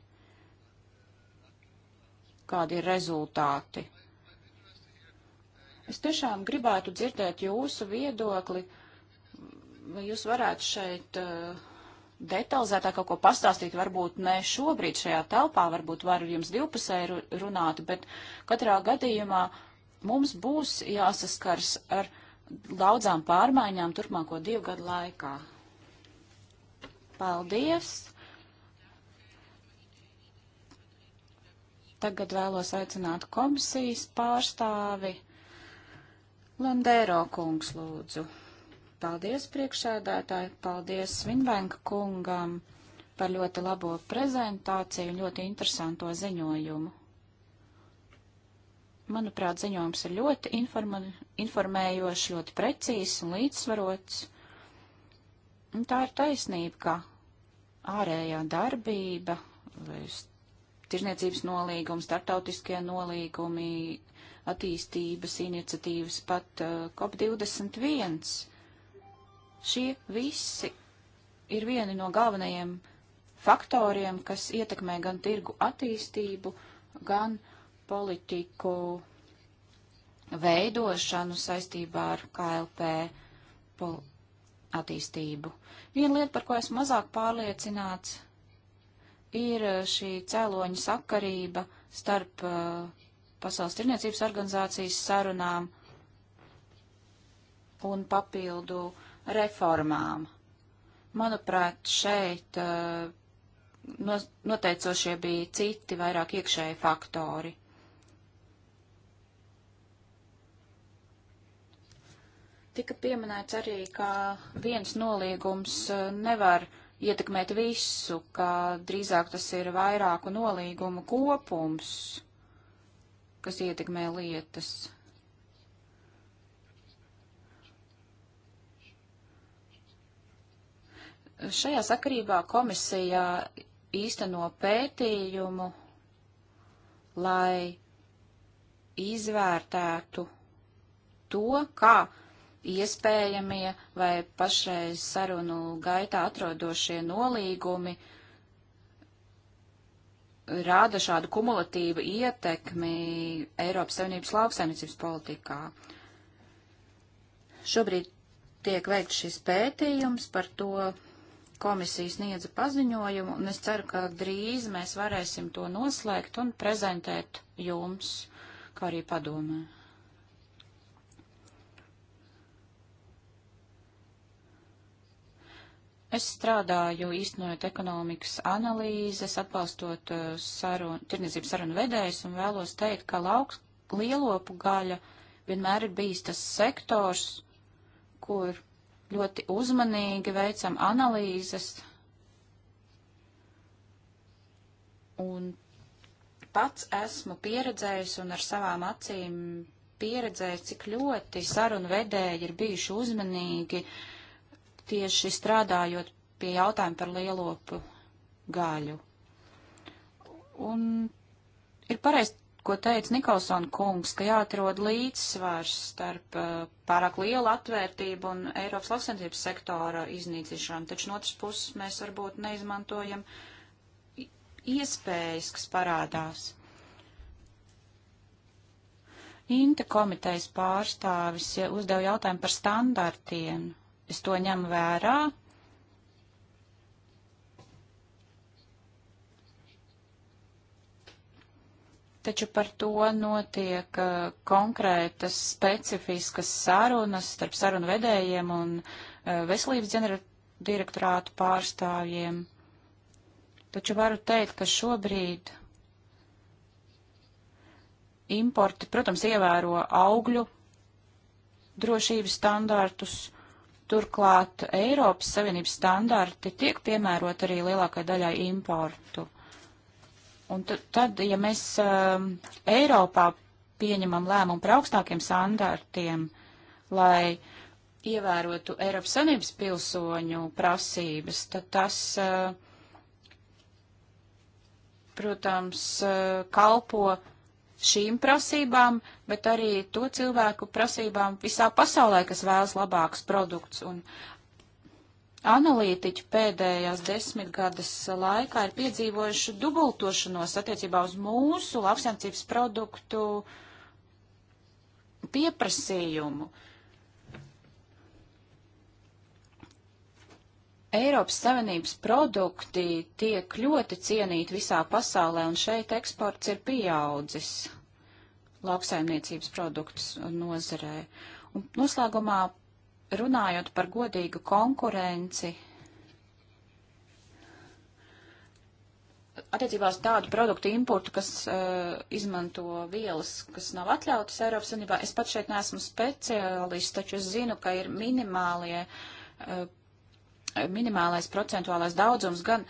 Kādi ir rezultāti? Es tiešām gribētu dzirdēt jūsu viedokli, vai jūs varētu šeit uh, detalizētāk kaut ko pastāstīt, varbūt ne šobrīd šajā telpā, varbūt varu jums divpusēji runāt, bet katrā gadījumā mums būs jāsaskars ar daudzām pārmaiņām turpmāko divu gadu laikā. Paldies! Tagad vēlos aicināt komisijas pārstāvi. Landēro kungs lūdzu. Paldies priekšsēdētāji, paldies Svinvenka kungam par ļoti labo prezentāciju un ļoti interesanto ziņojumu. Manuprāt, ziņojums ir ļoti informējošs, ļoti precīzs un līdzsvarots. Un tā ir taisnība, ka ārējā darbība, tirzniecības nolīgumi, startautiskie nolīgumi, attīstības iniciatīvas, pat uh, COP21. Šie visi ir vieni no galvenajiem faktoriem, kas ietekmē gan tirgu attīstību, gan politiku veidošanu saistībā ar KLP attīstību. Viena lieta, par ko esmu mazāk pārliecināts, ir uh, šī cēloņa sakarība starp uh, Pasaules tirniecības organizācijas sarunām un papildu reformām. Manuprāt, šeit uh, noteicošie bija citi vairāk iekšēji faktori. Tika pieminēts arī, ka viens nolīgums uh, nevar ietekmēt visu, ka drīzāk tas ir vairāku nolīgumu kopums kas ietekmē lietas. Šajā sakarībā komisijā īsteno pētījumu, lai izvērtētu to, kā iespējamie vai pašreiz sarunu gaitā atrodošie nolīgumi uh, rāda šādu kumulatīvu ietekmi Eiropas Savienības lauksaimniecības politikā. Šobrīd tiek veikts šis pētījums, par to komisija sniedza paziņojumu, un es ceru, ka drīz mēs varēsim to noslēgt un prezentēt jums, kā arī padomē. Es strādāju īstenojot ekonomikas analīzes, atbalstot uh, sarun, tirnizības sarunu vedējus un vēlos teikt, ka lauks lielopu gaļa vienmēr ir bijis tas sektors, kur ļoti uzmanīgi veicam analīzes un pats esmu pieredzējis un ar savām acīm pieredzējis, cik ļoti sarunu vedēji ir bijuši uzmanīgi uh, tieši strādājot pie jautājuma par lielopu gaļu. Un ir pareizi, ko teica Nikolson kungs, ka jāatrod līdzsvars starp uh, pārāk lielu atvērtību un Eiropas lauksainicības sektora iznīcīšanu, taču no otras puses mēs varbūt neizmantojam iespējas, kas parādās. Inta komitejas pārstāvis uzdeva jautājumu par standartiem. Es to ņemu vērā. taču par to notiek uh, konkrētas specifiskas sarunas starp sarunu vedējiem un uh, veselības direktorātu pārstāvjiem. Taču varu teikt, ka šobrīd importi, protams, ievēro augļu drošības standārtus Turklāt Eiropas Savienības standarti tiek piemērot arī lielākai daļai importu. Un tad, ja mēs um, Eiropā pieņemam lēmumu par augstākiem standartiem, lai ievērotu Eiropas Savienības pilsoņu prasības, tad tas, uh, protams, uh, kalpo uh, šīm prasībām, bet arī to cilvēku prasībām visā pasaulē, kas vēlas labākus produktus. Un analītiķi pēdējās desmitgades laikā ir piedzīvojuši dubultošanos attiecībā uz mūsu labsēmcības produktu pieprasījumu. Uh, Eiropas Savienības produkti tiek ļoti cienīti visā pasaulē, un šeit eksports ir pieaudzis lauksaimniecības produktus nozarē. Un noslēgumā runājot par godīgu konkurenci, attiecībās tādu produktu importu, kas uh, izmanto vielas, kas nav atļautas Eiropas Unībā. Es pat šeit neesmu speciālists, taču es zinu, ka ir minimālie uh, minimālais procentuālais daudzums gan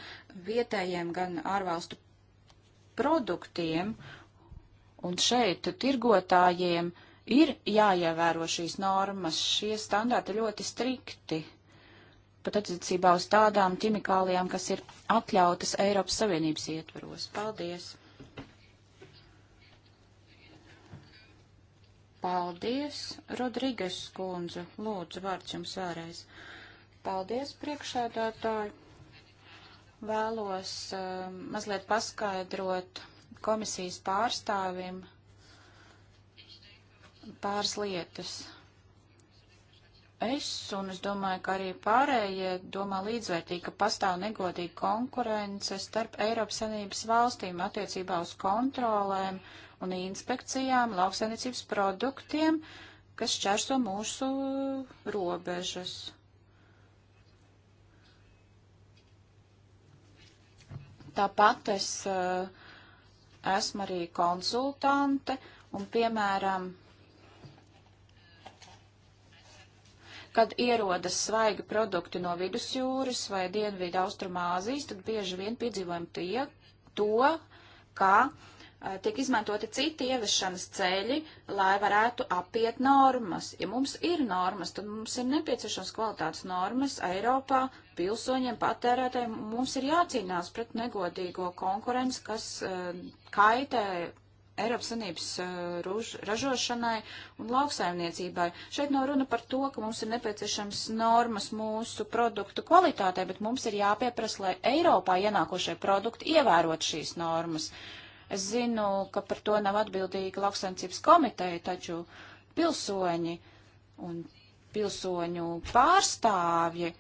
vietējiem, gan ārvalstu produktiem, un šeit tirgotājiem ir jāievēro šīs normas, šie standarti ļoti strikti, pat attiecībā uz tādām ķimikālijām, kas ir atļautas Eiropas Savienības ietvaros. Paldies! Paldies, Rodrīgas kundze, lūdzu, vārds jums vēlreiz. Uh, Paldies, priekšsēdētāji. Vēlos uh, mazliet paskaidrot komisijas pārstāvim pāris lietas. Es, un es domāju, ka arī pārējie domā līdzvērtīgi, ka pastāv negodīga konkurence starp Eiropas Savienības valstīm attiecībā uz kontrolēm un inspekcijām lauksainiecības produktiem, kas šķērso mūsu robežas. Tāpat es eh, esmu arī konsultante un, piemēram, kad ierodas svaigi produkti no vidusjūras vai dienvidu austrumāzijas, tad bieži vien piedzīvojam tie, to, ka uh, Eh, tiek izmantoti citi ievešanas ceļi, lai varētu apiet normas. Ja mums ir normas, tad mums ir nepieciešams kvalitātes normas Eiropā pilsoņiem, patērētājiem. Mums ir jācīnās pret negodīgo konkurenci, kas uh, kaitē Eiropas Sanības uh, eh, ražošanai un lauksaimniecībai. Šeit nav no runa par to, ka mums ir nepieciešams normas mūsu produktu kvalitātei, bet mums ir jāpieprasa, lai Eiropā ienākošie produkti ievērot šīs normas. Uh, Es zinu, ka par to nav atbildīga lauksaimniecības komiteja, taču pilsoņi un pilsoņu pārstāvji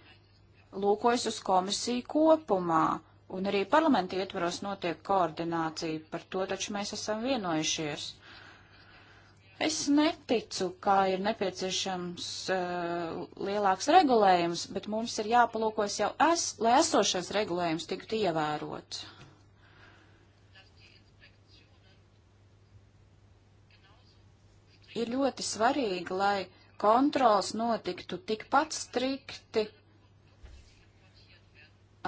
lūkojas uz komisiju kopumā. Un arī parlamenta ietvaros notiek koordinācija, par to taču mēs esam vienojušies. Es neticu, ka ir nepieciešams uh, lielāks regulējums, bet mums ir jāpalūkojas jau es, lai esošais regulējums tiktu ievērots. ir ļoti svarīgi, lai kontrols notiktu tikpat strikti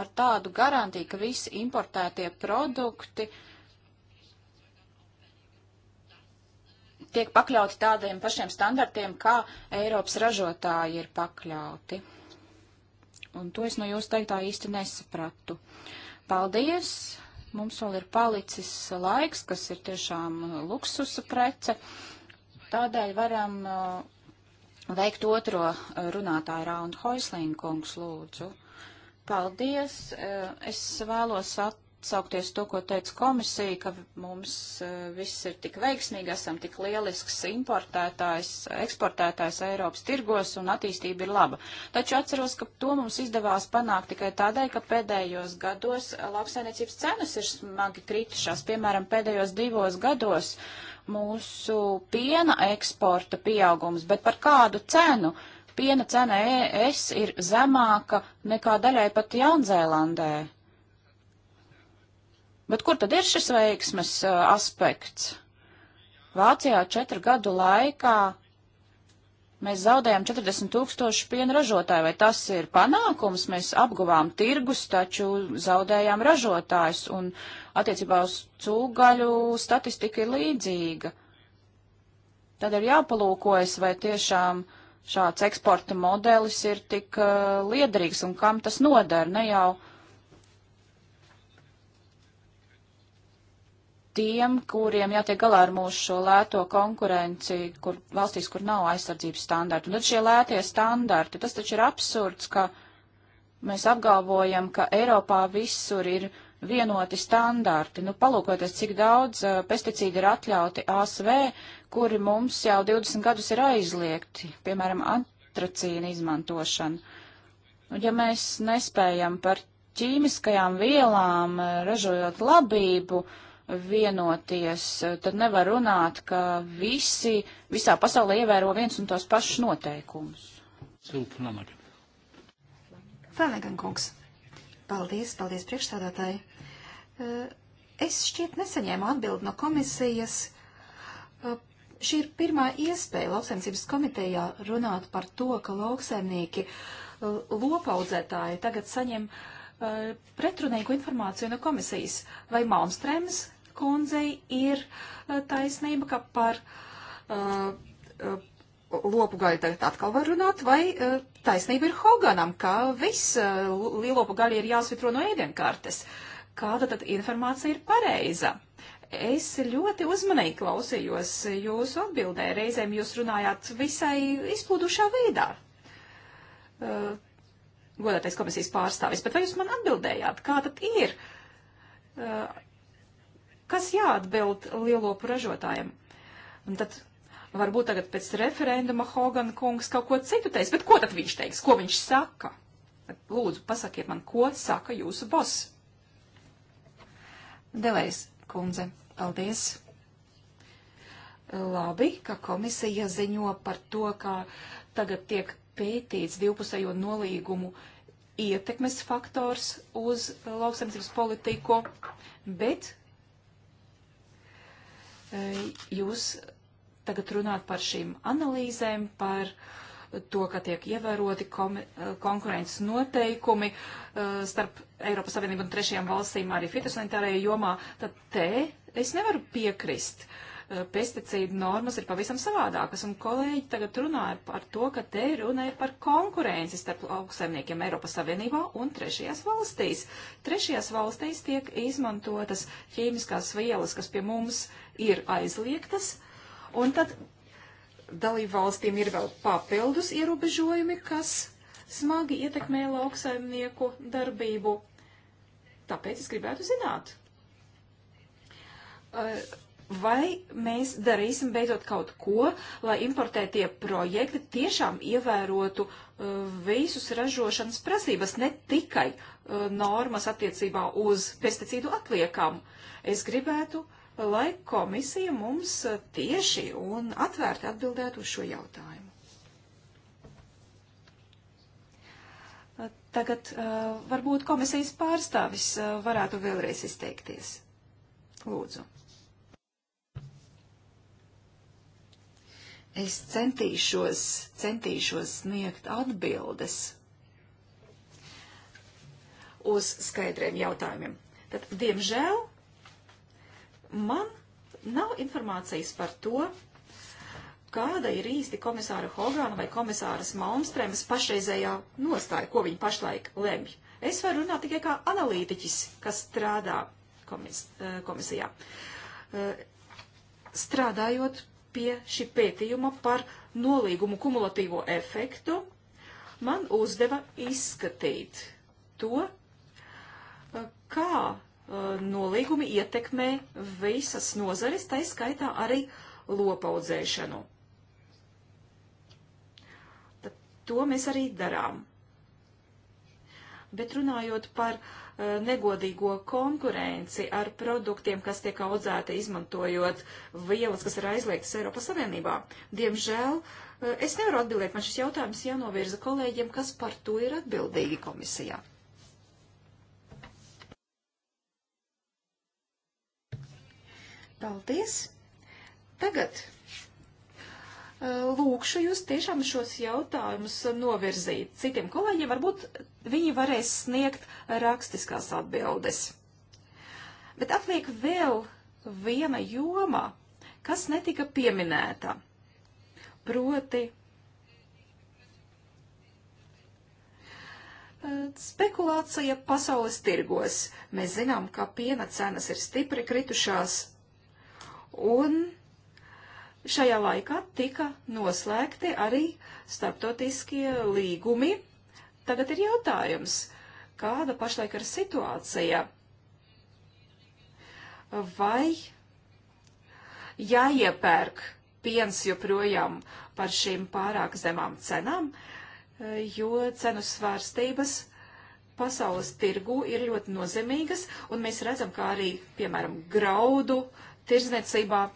ar tādu garantiju, ka visi importētie produkti tiek pakļauti tādiem pašiem standartiem, kā Eiropas ražotāji ir pakļauti. Un to es no jūs teiktā īsti nesapratu. Paldies! Mums vēl ir palicis laiks, kas ir tiešām luksusa prece. Uh, Tādēļ varam uh, veikt otro uh, runātāju raundu. Hoislīna kungs, lūdzu. Paldies. Uh, es vēlos atsaukties to, ko teica komisija, ka mums viss ir tik veiksmīgi, esam tik lielisks importētājs, eksportētājs Eiropas tirgos un attīstība ir laba. Taču atceros, ka to mums izdevās panākt tikai tādēļ, ka pēdējos gados lauksainiecības cenas ir smagi kritušās, piemēram, pēdējos divos gados. Uh, mūsu piena eksporta pieaugums, bet par kādu cenu? Piena cena ES ir zemāka nekā daļai pat Jaunzēlandē. Bet kur tad ir šis veiksmes uh, aspekts? Vācijā četru gadu laikā Mēs zaudējām 40 tūkstošu piena ražotāju. Vai tas ir panākums? Mēs apguvām tirgus, taču zaudējām ražotājs. Un attiecībā uz cūgaļu statistika ir līdzīga. Tad ir jāpalūkojas, vai tiešām šāds eksporta modelis ir tik uh, liederīgs un kam tas nodara. Ne jau uh, tiem, kuriem jātiek galā ar mūsu šo lēto konkurenci, kur valstīs, kur nav aizsardzības standarti. Un tad šie lētie standarti, tas taču ir absurds, ka mēs apgalvojam, ka Eiropā visur ir vienoti standarti. Nu, palūkoties, cik daudz uh, pesticīdi ir atļauti ASV, kuri mums jau 20 gadus ir aizliegti, piemēram, antracīna izmantošana. Un, ja mēs nespējam par ķīmiskajām vielām, eh, ražojot labību, uh, vienoties, tad nevar runāt, ka visi visā pasaulē ievēro viens un tos pašus noteikumus. Flanagan kungs, paldies, paldies priekšstādātāji. Eh, es šķiet nesaņēmu atbildi no komisijas. Eh, šī ir pirmā iespēja lauksaimniecības komitejā runāt par to, ka lauksaimnieki eh, lopaudzētāji tagad saņem uh, pretrunīgu informāciju no komisijas. Vai Malmstrēms kundzei ir eh, taisnība, ka par uh, lopu gaļu tagad atkal var runāt, vai uh, taisnība ir Hoganam, ka viss uh, lielopu gaļa ir jāsvitro no ēdienkartes. Kāda tad informācija ir pareiza? Es ļoti uzmanīgi klausījos jūsu atbildē. Reizēm jūs runājāt visai izplūdušā veidā. Uh, godātais komisijas pārstāvis, bet vai jūs man atbildējāt, kā tad ir? Uh, Kas jāatbild lielopu ražotājiem? Un tad varbūt tagad pēc referenduma Hogan kungs kaut ko citu teiks, bet ko tad viņš teiks, ko viņš saka? Lūdzu, pasakiet man, ko saka jūsu boss? Delēs, kundze, paldies. Labi, ka komisija ziņo par to, ka tagad tiek pētīts divpusējo nolīgumu ietekmes faktors uz lauksaimniecības politiku, bet E, jūs tagad runāt par šīm analīzēm, par to, ka tiek ievēroti e, konkurences noteikumi e, starp Eiropas Savienību un trešajām valstīm arī fitosanitārajā jomā, tad te es nevaru piekrist. Uh, pesticīdu normas ir pavisam savādākas, un kolēģi tagad runāja par to, ka te runa ir par konkurenci starp lauksaimniekiem Eiropas Savienībā un trešajās valstīs. Trešajās valstīs tiek izmantotas ķīmiskās vielas, kas pie mums ir aizliegtas, un tad dalību valstīm ir vēl papildus ierobežojumi, kas smagi ietekmē lauksaimnieku darbību. Tāpēc es gribētu zināt, vai mēs darīsim beidzot kaut ko, lai importētie projekti tiešām ievērotu uh, visus ražošanas prasības, ne tikai uh, normas attiecībā uz pesticīdu atliekām. Es gribētu, lai komisija mums uh, tieši un atvērti atbildētu uz šo jautājumu. Uh, tagad uh, varbūt komisijas pārstāvis uh, varētu vēlreiz izteikties. Lūdzu. Es centīšos, centīšos sniegt atbildes uz skaidriem jautājumiem. Tad, diemžēl, man nav informācijas par to, kāda ir īsti komisāra Hogana vai komisāras Malmstrēmas pašreizējā nostāja, ko viņa pašlaik lemj. Es varu runāt tikai kā analītiķis, kas strādā komis, eh, komisijā. Eh, strādājot pie šī pētījuma par nolīgumu kumulatīvo efektu, man uzdeva izskatīt to, kā nolīgumi ietekmē visas nozares, tai skaitā arī lopaudzēšanu. Tad to mēs arī darām. Bet runājot par uh, negodīgo konkurenci ar produktiem, kas tiek audzēti izmantojot vielas, kas ir aizliegtas Eiropas Savienībā, diemžēl uh, es nevaru atbildēt, man šis jautājums jānovirza kolēģiem, kas par to ir atbildīgi komisijā. Paldies! Tagad lūkšu jūs tiešām šos jautājumus novirzīt citiem kolēģiem. Varbūt viņi varēs sniegt rakstiskās atbildes. Bet atliek vēl viena joma, kas netika pieminēta. Proti spekulācija pasaules tirgos. Mēs zinām, ka piena cenas ir stipri kritušās un Šajā laikā tika noslēgti arī starptautiskie līgumi. Tagad ir jautājums, kāda pašlaik ir situācija? Vai jāiepērk piens joprojām par šīm pārāk zemām cenām, jo cenu svārstības pasaules tirgu ir ļoti nozīmīgas, un mēs redzam, kā arī, piemēram, graudu tirzniecībā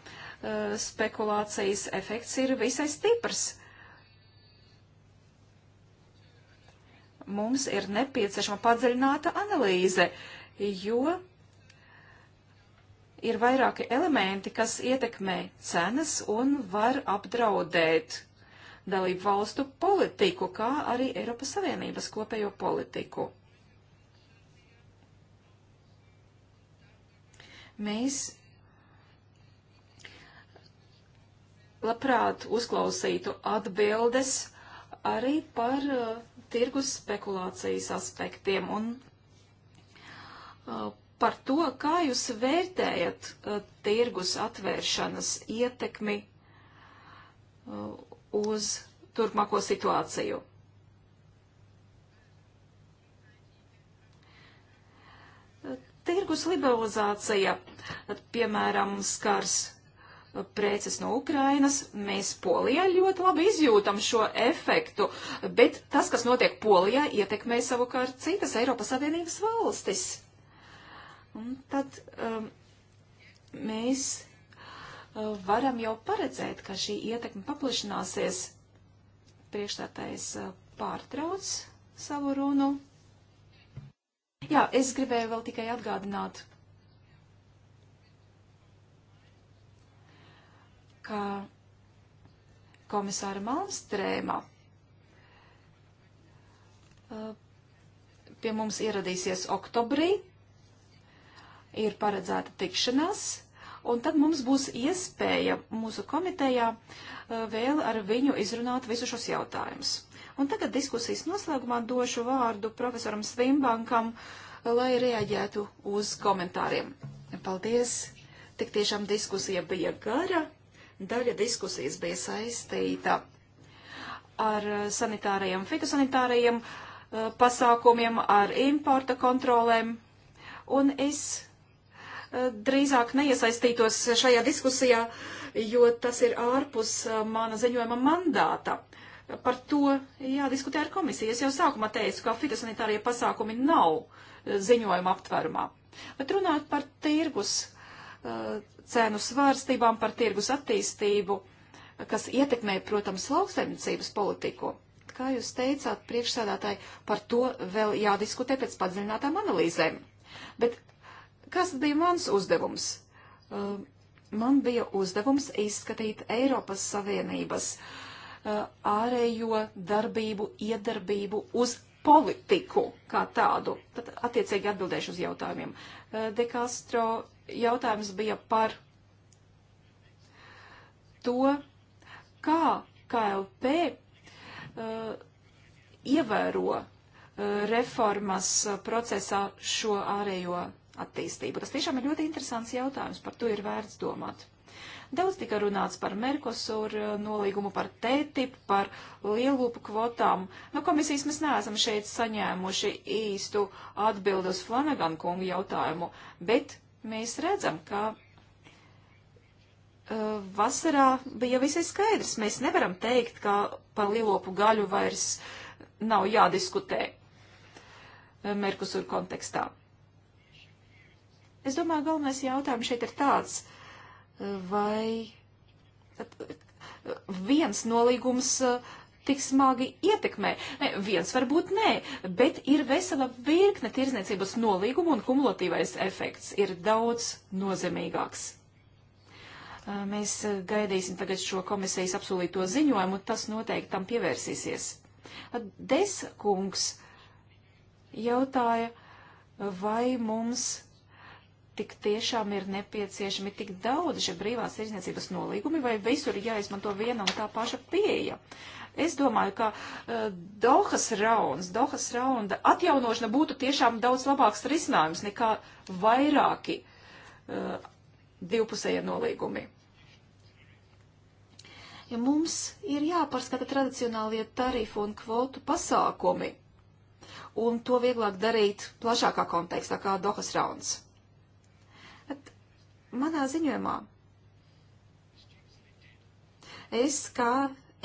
Eh, spekulācijas efekts ir visai stiprs. Mums ir nepieciešama padziļināta analīze, jo ir vairāki elementi, kas ietekmē cenas un var apdraudēt dalību valstu politiku, kā arī Eiropas Savienības kopējo politiku. Mēs labprāt uzklausītu atbildes arī par uh, tirgus spekulācijas aspektiem un uh, par to, kā jūs vērtējat uh, tirgus atvēršanas ietekmi uh, uz turpmāko situāciju. Tirgus liberalizācija, piemēram, skars preces no Ukrainas, mēs Polijā ļoti labi izjūtam šo efektu, bet tas, kas notiek Polijā, ietekmē savukārt citas Eiropas Savienības valstis. Un tad um, mēs uh, varam jau paredzēt, ka šī ietekme paplašināsies. Priekšstātais uh, pārtrauc savu runu. Jā, es gribēju vēl tikai atgādināt, ka komisāra Malmstrēma uh, pie mums ieradīsies oktobrī, ir paredzēta tikšanās, un tad mums būs iespēja mūsu komitejā uh, vēl ar viņu izrunāt visu šos jautājumus. Un tagad diskusijas noslēgumā došu vārdu profesoram Svimbankam, lai reaģētu uz komentāriem. Paldies! Tik tiešām diskusija bija gara Daļa diskusijas bija saistīta ar eh, sanitārajiem, fitosanitārajiem eh, pasākumiem, ar importa kontrolēm, un es eh, drīzāk neiesaistītos šajā diskusijā, jo tas ir ārpus mana ziņojuma mandāta. Par to jādiskutē ar komisiju. Es jau sākumā teicu, ka fitosanitārie pasākumi nav ziņojuma aptvērumā. Bet runāt par tirgus Uh, cēnu svārstībām, par tirgus attīstību, kas ietekmē, protams, lauksaimniecības politiku. Kā jūs teicāt, priekšsādātāji, par to vēl jādiskutē pēc padziļinātām analīzēm. Bet kas bija mans uzdevums? Uh, man bija uzdevums izskatīt Eiropas Savienības uh, ārējo darbību, iedarbību uz politiku kā tādu. Tad attiecīgi atbildēšu uz jautājumiem. De Castro jautājums bija par to, kā KLP uh, ievēro uh, reformas procesā šo ārējo attīstību. Tas tiešām ir ļoti interesants jautājums, par to ir vērts domāt. Daudz tika runāts par Merkosur uh, nolīgumu, par TTIP, par lielupu kvotām. No komisijas mēs neesam šeit saņēmuši īstu atbildu uz Flanagan kungu jautājumu, bet mēs redzam, ka uh, vasarā bija visai skaidrs. Mēs nevaram teikt, ka par lielopu gaļu vairs nav jādiskutē uh, Merkusur kontekstā. Es domāju, galvenais jautājums šeit ir tāds, uh, vai uh, viens nolīgums uh, tik smagi ietekmē. Ne, viens varbūt nē, bet ir vesela virkne tirzniecības nolīgumu un kumulatīvais efekts ir daudz nozīmīgāks. Mēs gaidīsim tagad šo komisijas apsolīto ziņojumu, tas noteikti tam pievērsīsies. Deskungs jautāja, vai mums tik tiešām ir nepieciešami tik daudz šie brīvās izniecības nolīgumi, vai visur jāizmanto viena un tā paša pieeja. Es domāju, ka uh, Dohas rauns, Dohas raunda atjaunošana būtu tiešām daudz labāks risinājums nekā vairāki uh, divpusējie nolīgumi. Ja mums ir jāpārskata tradicionālie tarifu un kvotu pasākumi, un to vieglāk darīt plašākā kontekstā, kā Dohas rauns. Manā ziņojumā es kā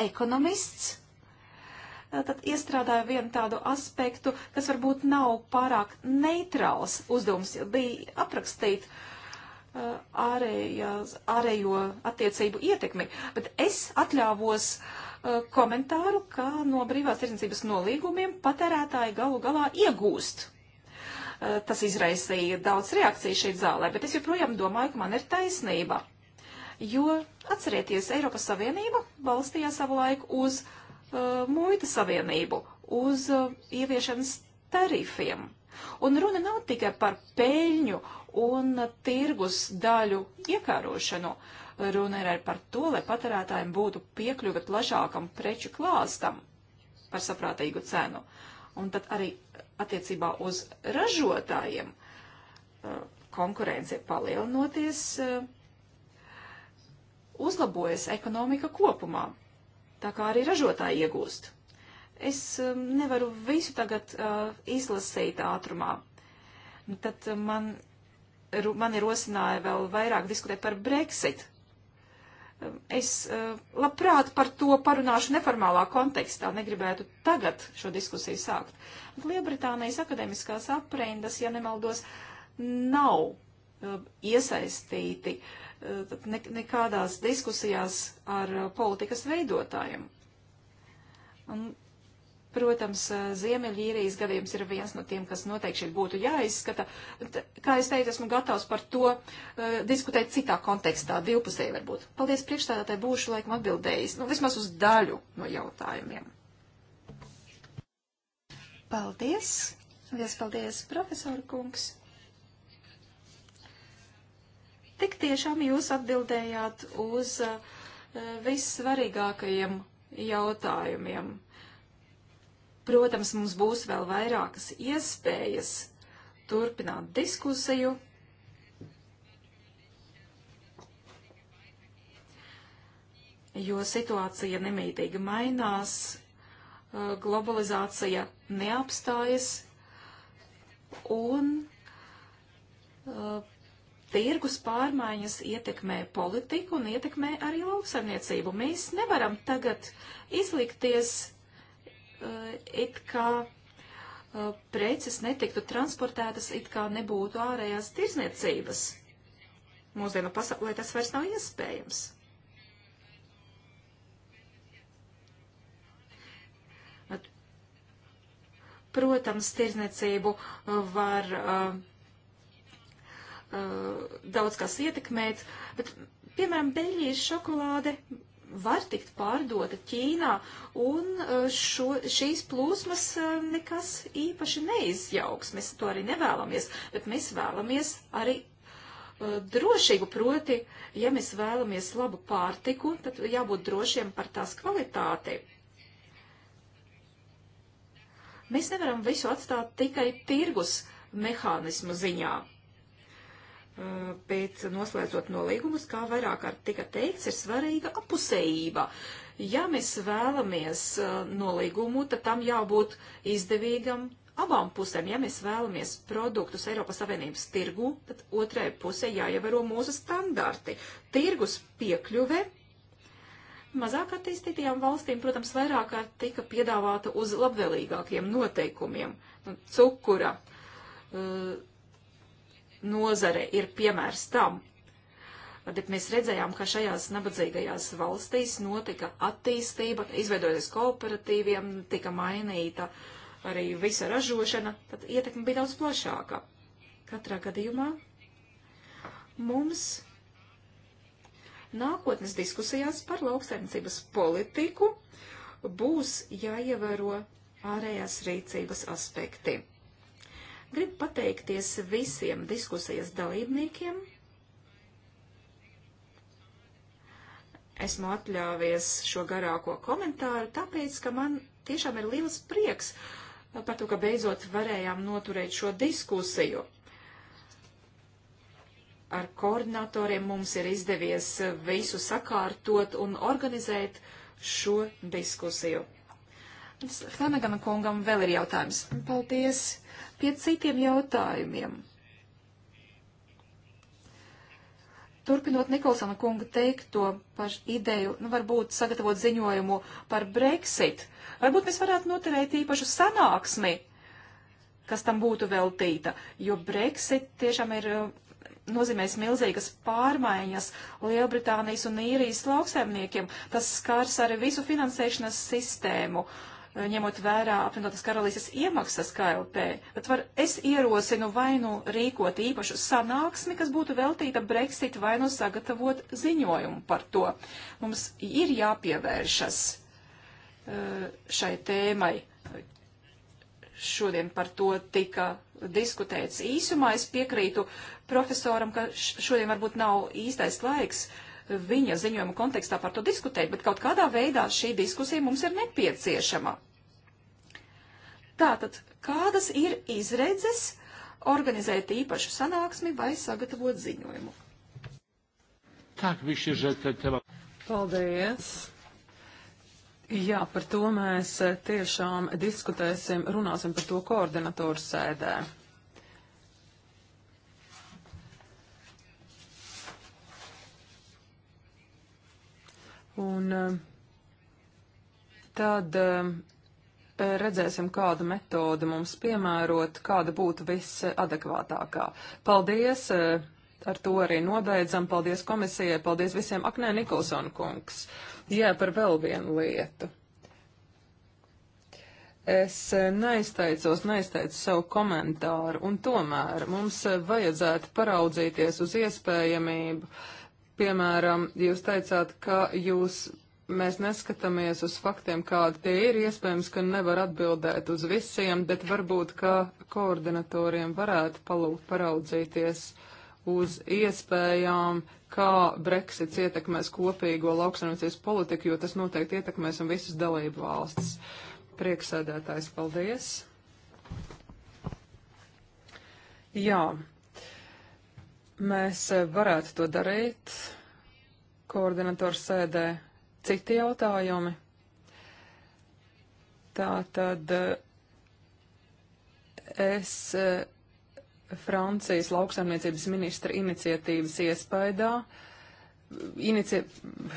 ekonomists eh, tad iestrādāju vienu tādu aspektu, kas varbūt nav pārāk neitrāls uzdevums, bija aprakstīt eh, ārējās, ārējo attiecību ietekmi, bet es atļāvos eh, komentāru, kā no brīvās tirdzniecības nolīgumiem patērētāji galu galā iegūst Eh, tas izraisīja daudz reakciju šeit zālē, bet es joprojām domāju, ka man ir taisnība. Jo, atcerieties, Eiropas Savienība balstījās savu laiku uz uh, muita savienību, uz uh, ieviešanas tarifiem. Un runa nav tikai par peļņu un tirgus daļu iekārošanu. Runa ir arī par to, lai patērētājiem būtu piekļuve plašākam preču klāstam par saprātīgu cenu. Un tad arī attiecībā uz ražotājiem uh, konkurence palielinoties, uh, uzlabojas ekonomika kopumā, tā kā arī ražotāji iegūst. Es um, nevaru visu tagad uh, izlasīt ātrumā. Nu, tad man, mani rosināja vēl vairāk diskutēt par Brexit. Es eh, labprāt par to parunāšu neformālā kontekstā, negribētu tagad šo diskusiju sākt. Liebritānijas akademiskās aprindas, ja nemaldos, nav eh, iesaistīti eh, nekādās diskusijās ar politikas veidotājiem. Un Protams, eh, Ziemeļīrijas gadījums ir viens no tiem, kas noteikti šeit būtu jāizskata. Kā es teicu, esmu gatavs par to uh, diskutēt citā kontekstā, divpusēji varbūt. Paldies priekšstādātāji, būšu laikam atbildējis, nu vismaz uz daļu no jautājumiem. Paldies! Liels paldies, profesor kungs! Tik tiešām jūs atbildējāt uz uh, vissvarīgākajiem jautājumiem. Uh, Protams, mums būs vēl vairākas iespējas turpināt diskusiju. Jo situācija nemītīgi mainās, eh, globalizācija neapstājas un eh, tirgus pārmaiņas ietekmē politiku un ietekmē arī lauksaimniecību. Mēs nevaram tagad izlikties Eh, it kā eh, preces netiktu transportētas, it kā nebūtu ārējās tirzniecības. Mūsdienu pasaulē tas vairs nav iespējams. Protams, tirzniecību eh, var uh, uh, daudz kas ietekmēt, bet, piemēram, Beļģijas šokolāde var tikt pārdota Ķīnā, un eh, šo, šīs plūsmas eh, nekas īpaši neizjauks. Mēs to arī nevēlamies, bet mēs vēlamies arī uh, drošību, proti, ja mēs vēlamies labu pārtiku, tad jābūt drošiem par tās kvalitāti. Mēs nevaram visu atstāt tikai tirgus mehānismu ziņā pēc noslēdzot nolīgumus, kā vairāk kārt tika teikts, ir svarīga apusējība. Ja mēs vēlamies uh, nolīgumu, tad tam jābūt izdevīgam abām pusēm. Ja mēs vēlamies produktus Eiropas Savienības tirgu, tad otrai pusē jāievēro mūsu standarti. Tirgus piekļuve mazāk attīstītajām valstīm, protams, vairāk kārt tika piedāvāta uz labvēlīgākiem noteikumiem. Nu, cukura. Uh, nozare ir piemērs tam. Bet mēs redzējām, ka šajās nabadzīgajās valstīs notika attīstība, izveidojoties kooperatīviem, tika mainīta arī visa ražošana, tad ietekme bija daudz plašāka. Katrā gadījumā mums nākotnes diskusijās par lauksaimniecības politiku būs jāievēro ārējās rīcības aspekti. Gribu pateikties visiem diskusijas dalībniekiem. Esmu atļāvies šo garāko komentāru, tāpēc, ka man tiešām ir liels prieks par to, ka beidzot varējām noturēt šo diskusiju. Ar koordinatoriem mums ir izdevies visu sakārtot un organizēt šo diskusiju. Flanagana kungam vēl ir jautājums. Paldies! pie citiem jautājumiem. Turpinot Nikolsona kunga teikto par ideju, nu, varbūt sagatavot ziņojumu par Brexit, varbūt mēs varētu noturēt īpašu sanāksmi, kas tam būtu veltīta, jo Brexit tiešām ir eh, nozīmēs milzīgas pārmaiņas Lielbritānijas un īrijas lauksaimniekiem. Tas skars arī visu finansēšanas sistēmu. Eh, ņemot vērā apvienotās karalīses iemaksas KLP, bet var, es ierosinu vai nu rīkot īpašu sanāksmi, kas būtu veltīta Brexit, vai nu sagatavot ziņojumu par to. Mums ir jāpievēršas eh, šai tēmai. Šodien par to tika diskutēts īsumā. Es piekrītu profesoram, ka šodien varbūt nav īstais laiks uh, viņa ziņojuma kontekstā par to diskutēt, bet kaut kādā veidā šī diskusija mums ir nepieciešama. Tātad, kādas ir izredzes organizēt īpašu sanāksmi vai sagatavot ziņojumu? Tak, visi, že te tevā. Paldies! Jā, par to mēs tiešām diskutēsim, runāsim par to koordinatoru sēdē. Un eh, tad eh, redzēsim, kāda metode mums piemērot, kāda būtu visadekvātākā. Paldies! Eh, ar to arī nobeidzam. Paldies komisijai, paldies visiem. Ak, nē, Nikolson kungs. Jā, par vēl vienu lietu. Es neizteicos, neizteicu savu komentāru, un tomēr mums vajadzētu paraudzīties uz iespējamību. Uh, Piemēram, jūs teicāt, ka jūs mēs neskatāmies uz faktiem, kādi tie ir. Iespējams, ka nevar atbildēt uz visiem, bet varbūt, ka koordinatoriem varētu palūgt paraudzīties uz iespējām, kā Brexits ietekmēs kopīgo lauksaimniecības politiku, jo tas noteikti ietekmēs un visas dalību valstis. Prieksēdētājs, paldies! Jā, Mēs e, varētu to darīt koordinatoru sēdē. Citi jautājumi? Tā tad e, es e, Francijas lauksaimniecības ministra iniciatīvas iespaidā. Inici...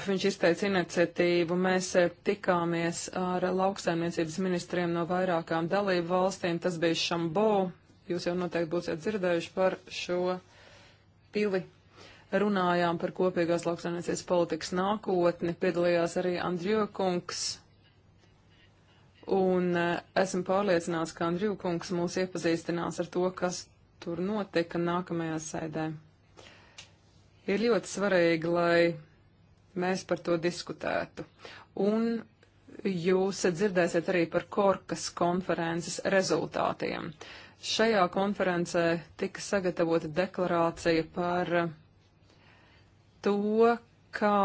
Viņš izteica iniciatīvu, mēs tikāmies ar lauksaimniecības ministriem no vairākām dalību valstīm. Tas bija Šambo, jūs jau noteikti būsiet dzirdējuši par šo pili runājām par kopīgās lauksaimniecības politikas nākotni, piedalījās arī Andrija Kungs. Un eh, esmu pārliecināts, ka Andrija Kungs mūs iepazīstinās ar to, kas tur notika nākamajā sēdē. Ir ļoti svarīgi, lai mēs par to diskutētu. Un jūs dzirdēsiet arī par Korkas konferences rezultātiem. Uh, Šajā konferencē tika sagatavota deklarācija par eh, to, kā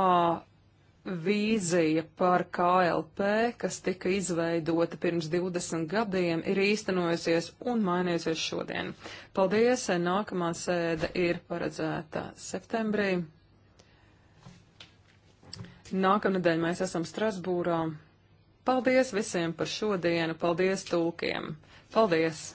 vīzija par KLP, kas tika izveidota pirms 20 gadiem, ir īstenojusies un mainījusies šodien. Paldies! Nākamā sēde ir paredzēta septembrī. Nākamnedēļ mēs esam Strasbūrā. Paldies visiem par šodienu, paldies tulkiem! Paldies!